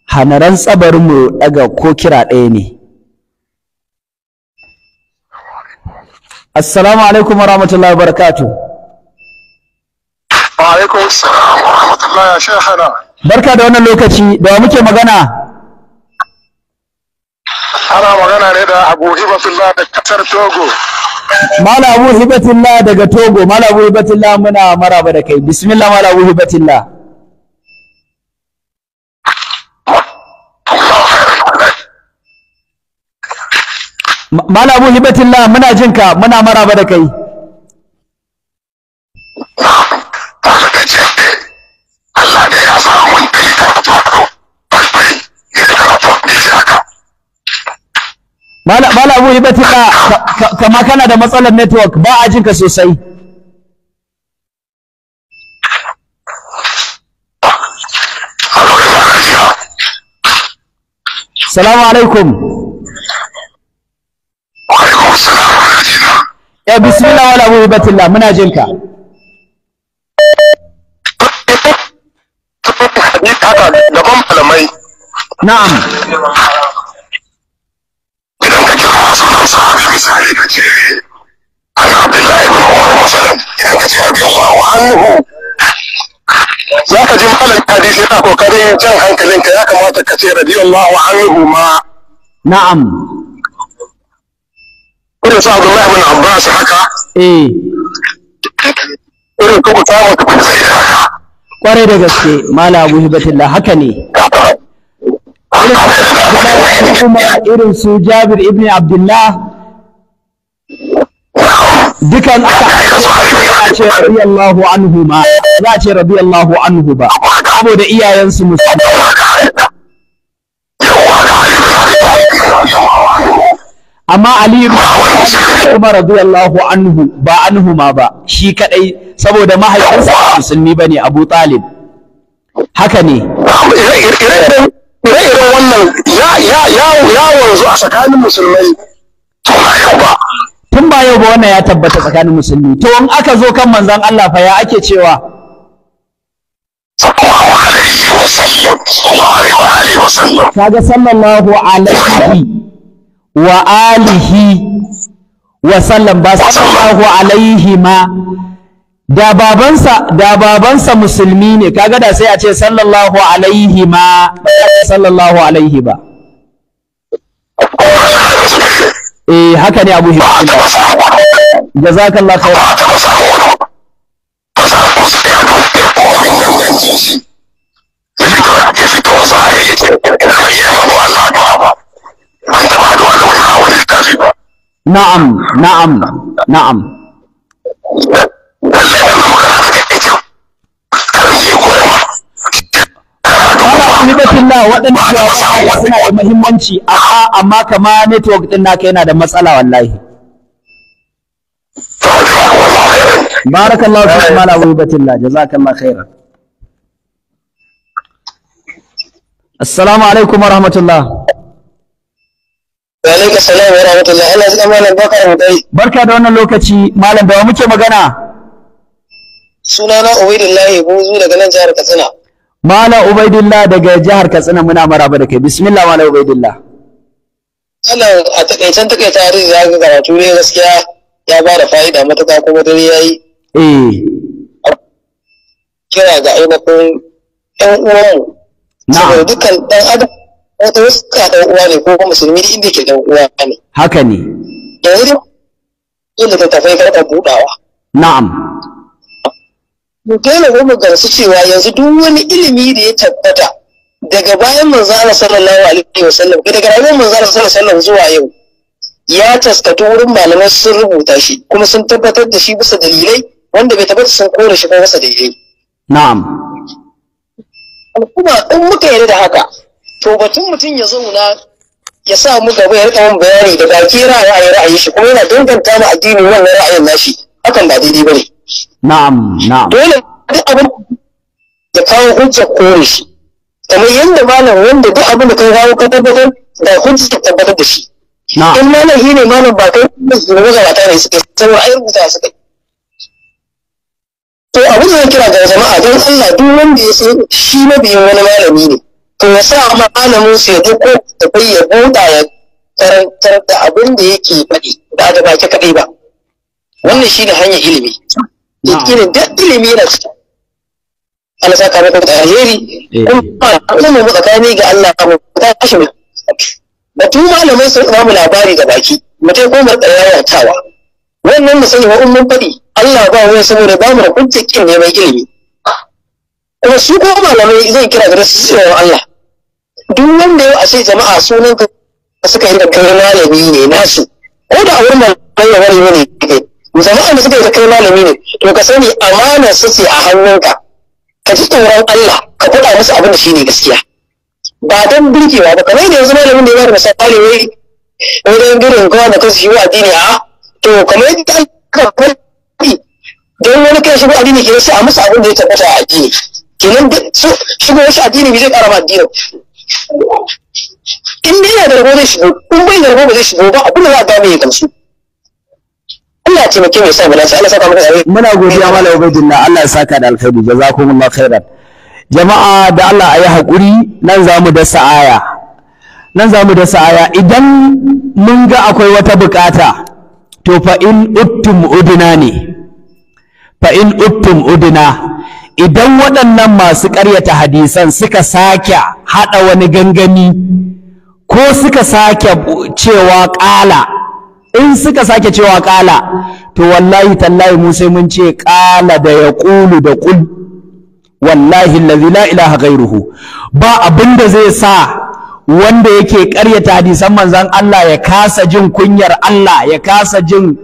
hanaran tsabarin mu daga ko kira ɗaya ne assalamu alaikum warahmatullahi wabarakatuh Barka da wannan lokaci, da wa muke magana? Ana magana ne da Abu Hibatullah da Katar Togo. Mala Abu Hibatullah daga Togo, Mala Abu Hibatullah muna maraba da kai. Bismillah Mala Abu Hibatullah. Mala Abu Hibatullah muna jinka, muna maraba da kai. hibati ba kama kana da matsalar network ba a jinka sosai salamu alaikum ya bismillah wala abu hibatillah muna jinka na'am misali ka ce an abdullahi bin umar idan ka ce radiyallahu anhu za ka ji malam hadisi yana kokarin jan hankalinka ya kamata ka ce radiyallahu anhu ma na'am irin su abdullahi bin abbas haka eh irin kuma samun kuma sai haka kwarai da gaske mala abu hibatullah haka ne irin su jabir ibn abdullah dukan aka ce radiyallahu anhu ma za a ce radiyallahu anhu ba saboda iyayensu musulmi amma Ali kuma radiyallahu anhu ba anhu ma ba shi kadai saboda mahaifinsa musulmi bane Abu Talib haka ne ire-iren wannan ya wanzu a tsakanin musulmai tun ba yau ba wannan ya tabbata tsakanin musulmi to in aka zo kan manzon Allah fa ya ake cewa kaga sallallahu alaihi wa alihi wa sallam ba sallallahu alaihi ma da babansa da babansa musulmi ne kaga da sai a ce sallallahu alaihi ma sallallahu alaihi ba إيه هكا يا أبو هيبة جزاك الله خير نعم نعم نعم hibatillah waɗanda suna da muhimmanci a'a, amma kama network din naka yana da matsala wallahi barakallahu fi mala wa hibatillah jazakallahu khairan assalamu alaikum wa rahmatullah wa alaikum assalam wa rahmatullah Allah ya malam bakar mutai barka da wannan lokaci malam da muke magana sunana ubaidullahi buzu daga nan jihar katsina Malam Ubaidillah daga jihar Katsina muna maraba da kai. Bismillah Malam Ubaidillah. Malam a takaicen takaita arziki za ka karatu ne gaskiya ya ba da fa'ida matuƙa kuma dare ya yi. Eh. Kira ga ainihin mu. uwanmu. Saboda dukkan ɗan adam wata wasu ka ɗan uwa ne ko kuma musulmi inda ke ɗan uwa ne. Haka ne. Yanzu dai, yin da ta tafai karɓar buɗawa. Na'am. dole mu gamsu cewa yanzu duk wani ilimi da ya tabbata daga bayan manzara sallallahu alaihi wasallam daga rayuwar manzara sallallahu alaihi sallam zuwa yau ya taskatu wurin malamai sun rubuta shi kuma sun tabbatar da shi bisa dalilai wanda bai tabbata sun kore shi ba bisa dalilai na'am kuma in muka yarda da haka to batun mutum ya zauna ya sa mu gaba ya rika mun bayani da baki ra'ayi ra'ayi shi kuma yana danganta mu addini wannan ra'ayin nashi hakan ba daidai bane na'am na'am dole duk abin da kawo hujjar kore shi kamar yadda malam wanda duk abin da ka kawo ka tabbatar da hujjar tabbatar da shi in malam shi ne malam ba kai zuwa ga wata ne suka saboda ai rubuta suka to abin da kira ga jama'a don Allah duk wanda ya san shi mabiyin wani malami ne to ya sa malamin su ya duko da bai ya buɗa ya karantar da abin da yake faɗi ba da baki kaɗai ba wannan shi ne hanyar ilimi irin da ilimi yana cikin Allah saka maka da alheri kuma kuma mu ne ga Allah mu tashi mu batu malamai sun ba mu labari da baki mu tai ko mu tawa. wannan mu sani wa ummun faɗi Allah ba wai saboda ba mu da hujjar ne mai ilimi kuma su ko malamai zai kira ga rasu Allah duk wanda yau a ce jama'a sunan ka suka yi da kai malami ne nasu ko da a wurin malamai wani ne musamman da suka yi ta kai malami ne to ka sani amana su ce a hannunka ka ji tsoron Allah ka faɗa musu abin da shine gaskiya ba dan birkewa ba kamar yadda yanzu malamin da ya bada misali wai wajen gurin kowa da kansu shi wa addini a to kamar yadda aka faɗi don wani kai shigo addini ke sai a musu abin da ya tabbata a addini kenan su shigo shi addini bai zai ƙara ma addinin in dai yana da rabo zai shigo in bai da rabo ba zai shigo ba abin da za a dame ya gamsu Allah ya taimake mu sai mu dace Allah saka mu da muna godiya malam Ubaidillah Allah ya saka da alkhairi jazakumullahu khairan jama'a da Allah ayi hakuri nan zamu da sa'aya nan zamu da sa'aya idan mun ga akwai wata bukata to fa in uttum udina ne fa in uttum udina idan waɗannan masu ƙaryata hadisan suka sake haɗa wani gangami ko suka sake cewa ƙala in suka sake cewa ƙala to wallahi tallahi mu sai mun ce ƙala da ya ƙulu da ƙul wallahi allazi la ilaha gairuhu ba abin da zai sa wanda yake ƙaryata hadisan manzan Allah ya kasa jin kunyar Allah ya kasa jin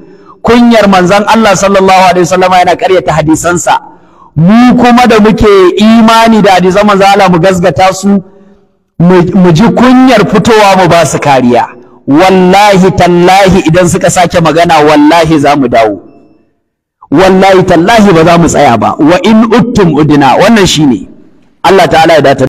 kunyar manzan Allah sallallahu alaihi wasallam yana ƙaryata hadisansa mu kuma da muke imani da hadisan manzon Allah mu gasgata su mu ji kunyar fitowa mu ba su kariya wallahi tallahi idan suka sake magana wallahi za mu dawo wallahi tallahi ba za mu tsaya ba wa in uttum udina wannan shine Allah ta'ala ya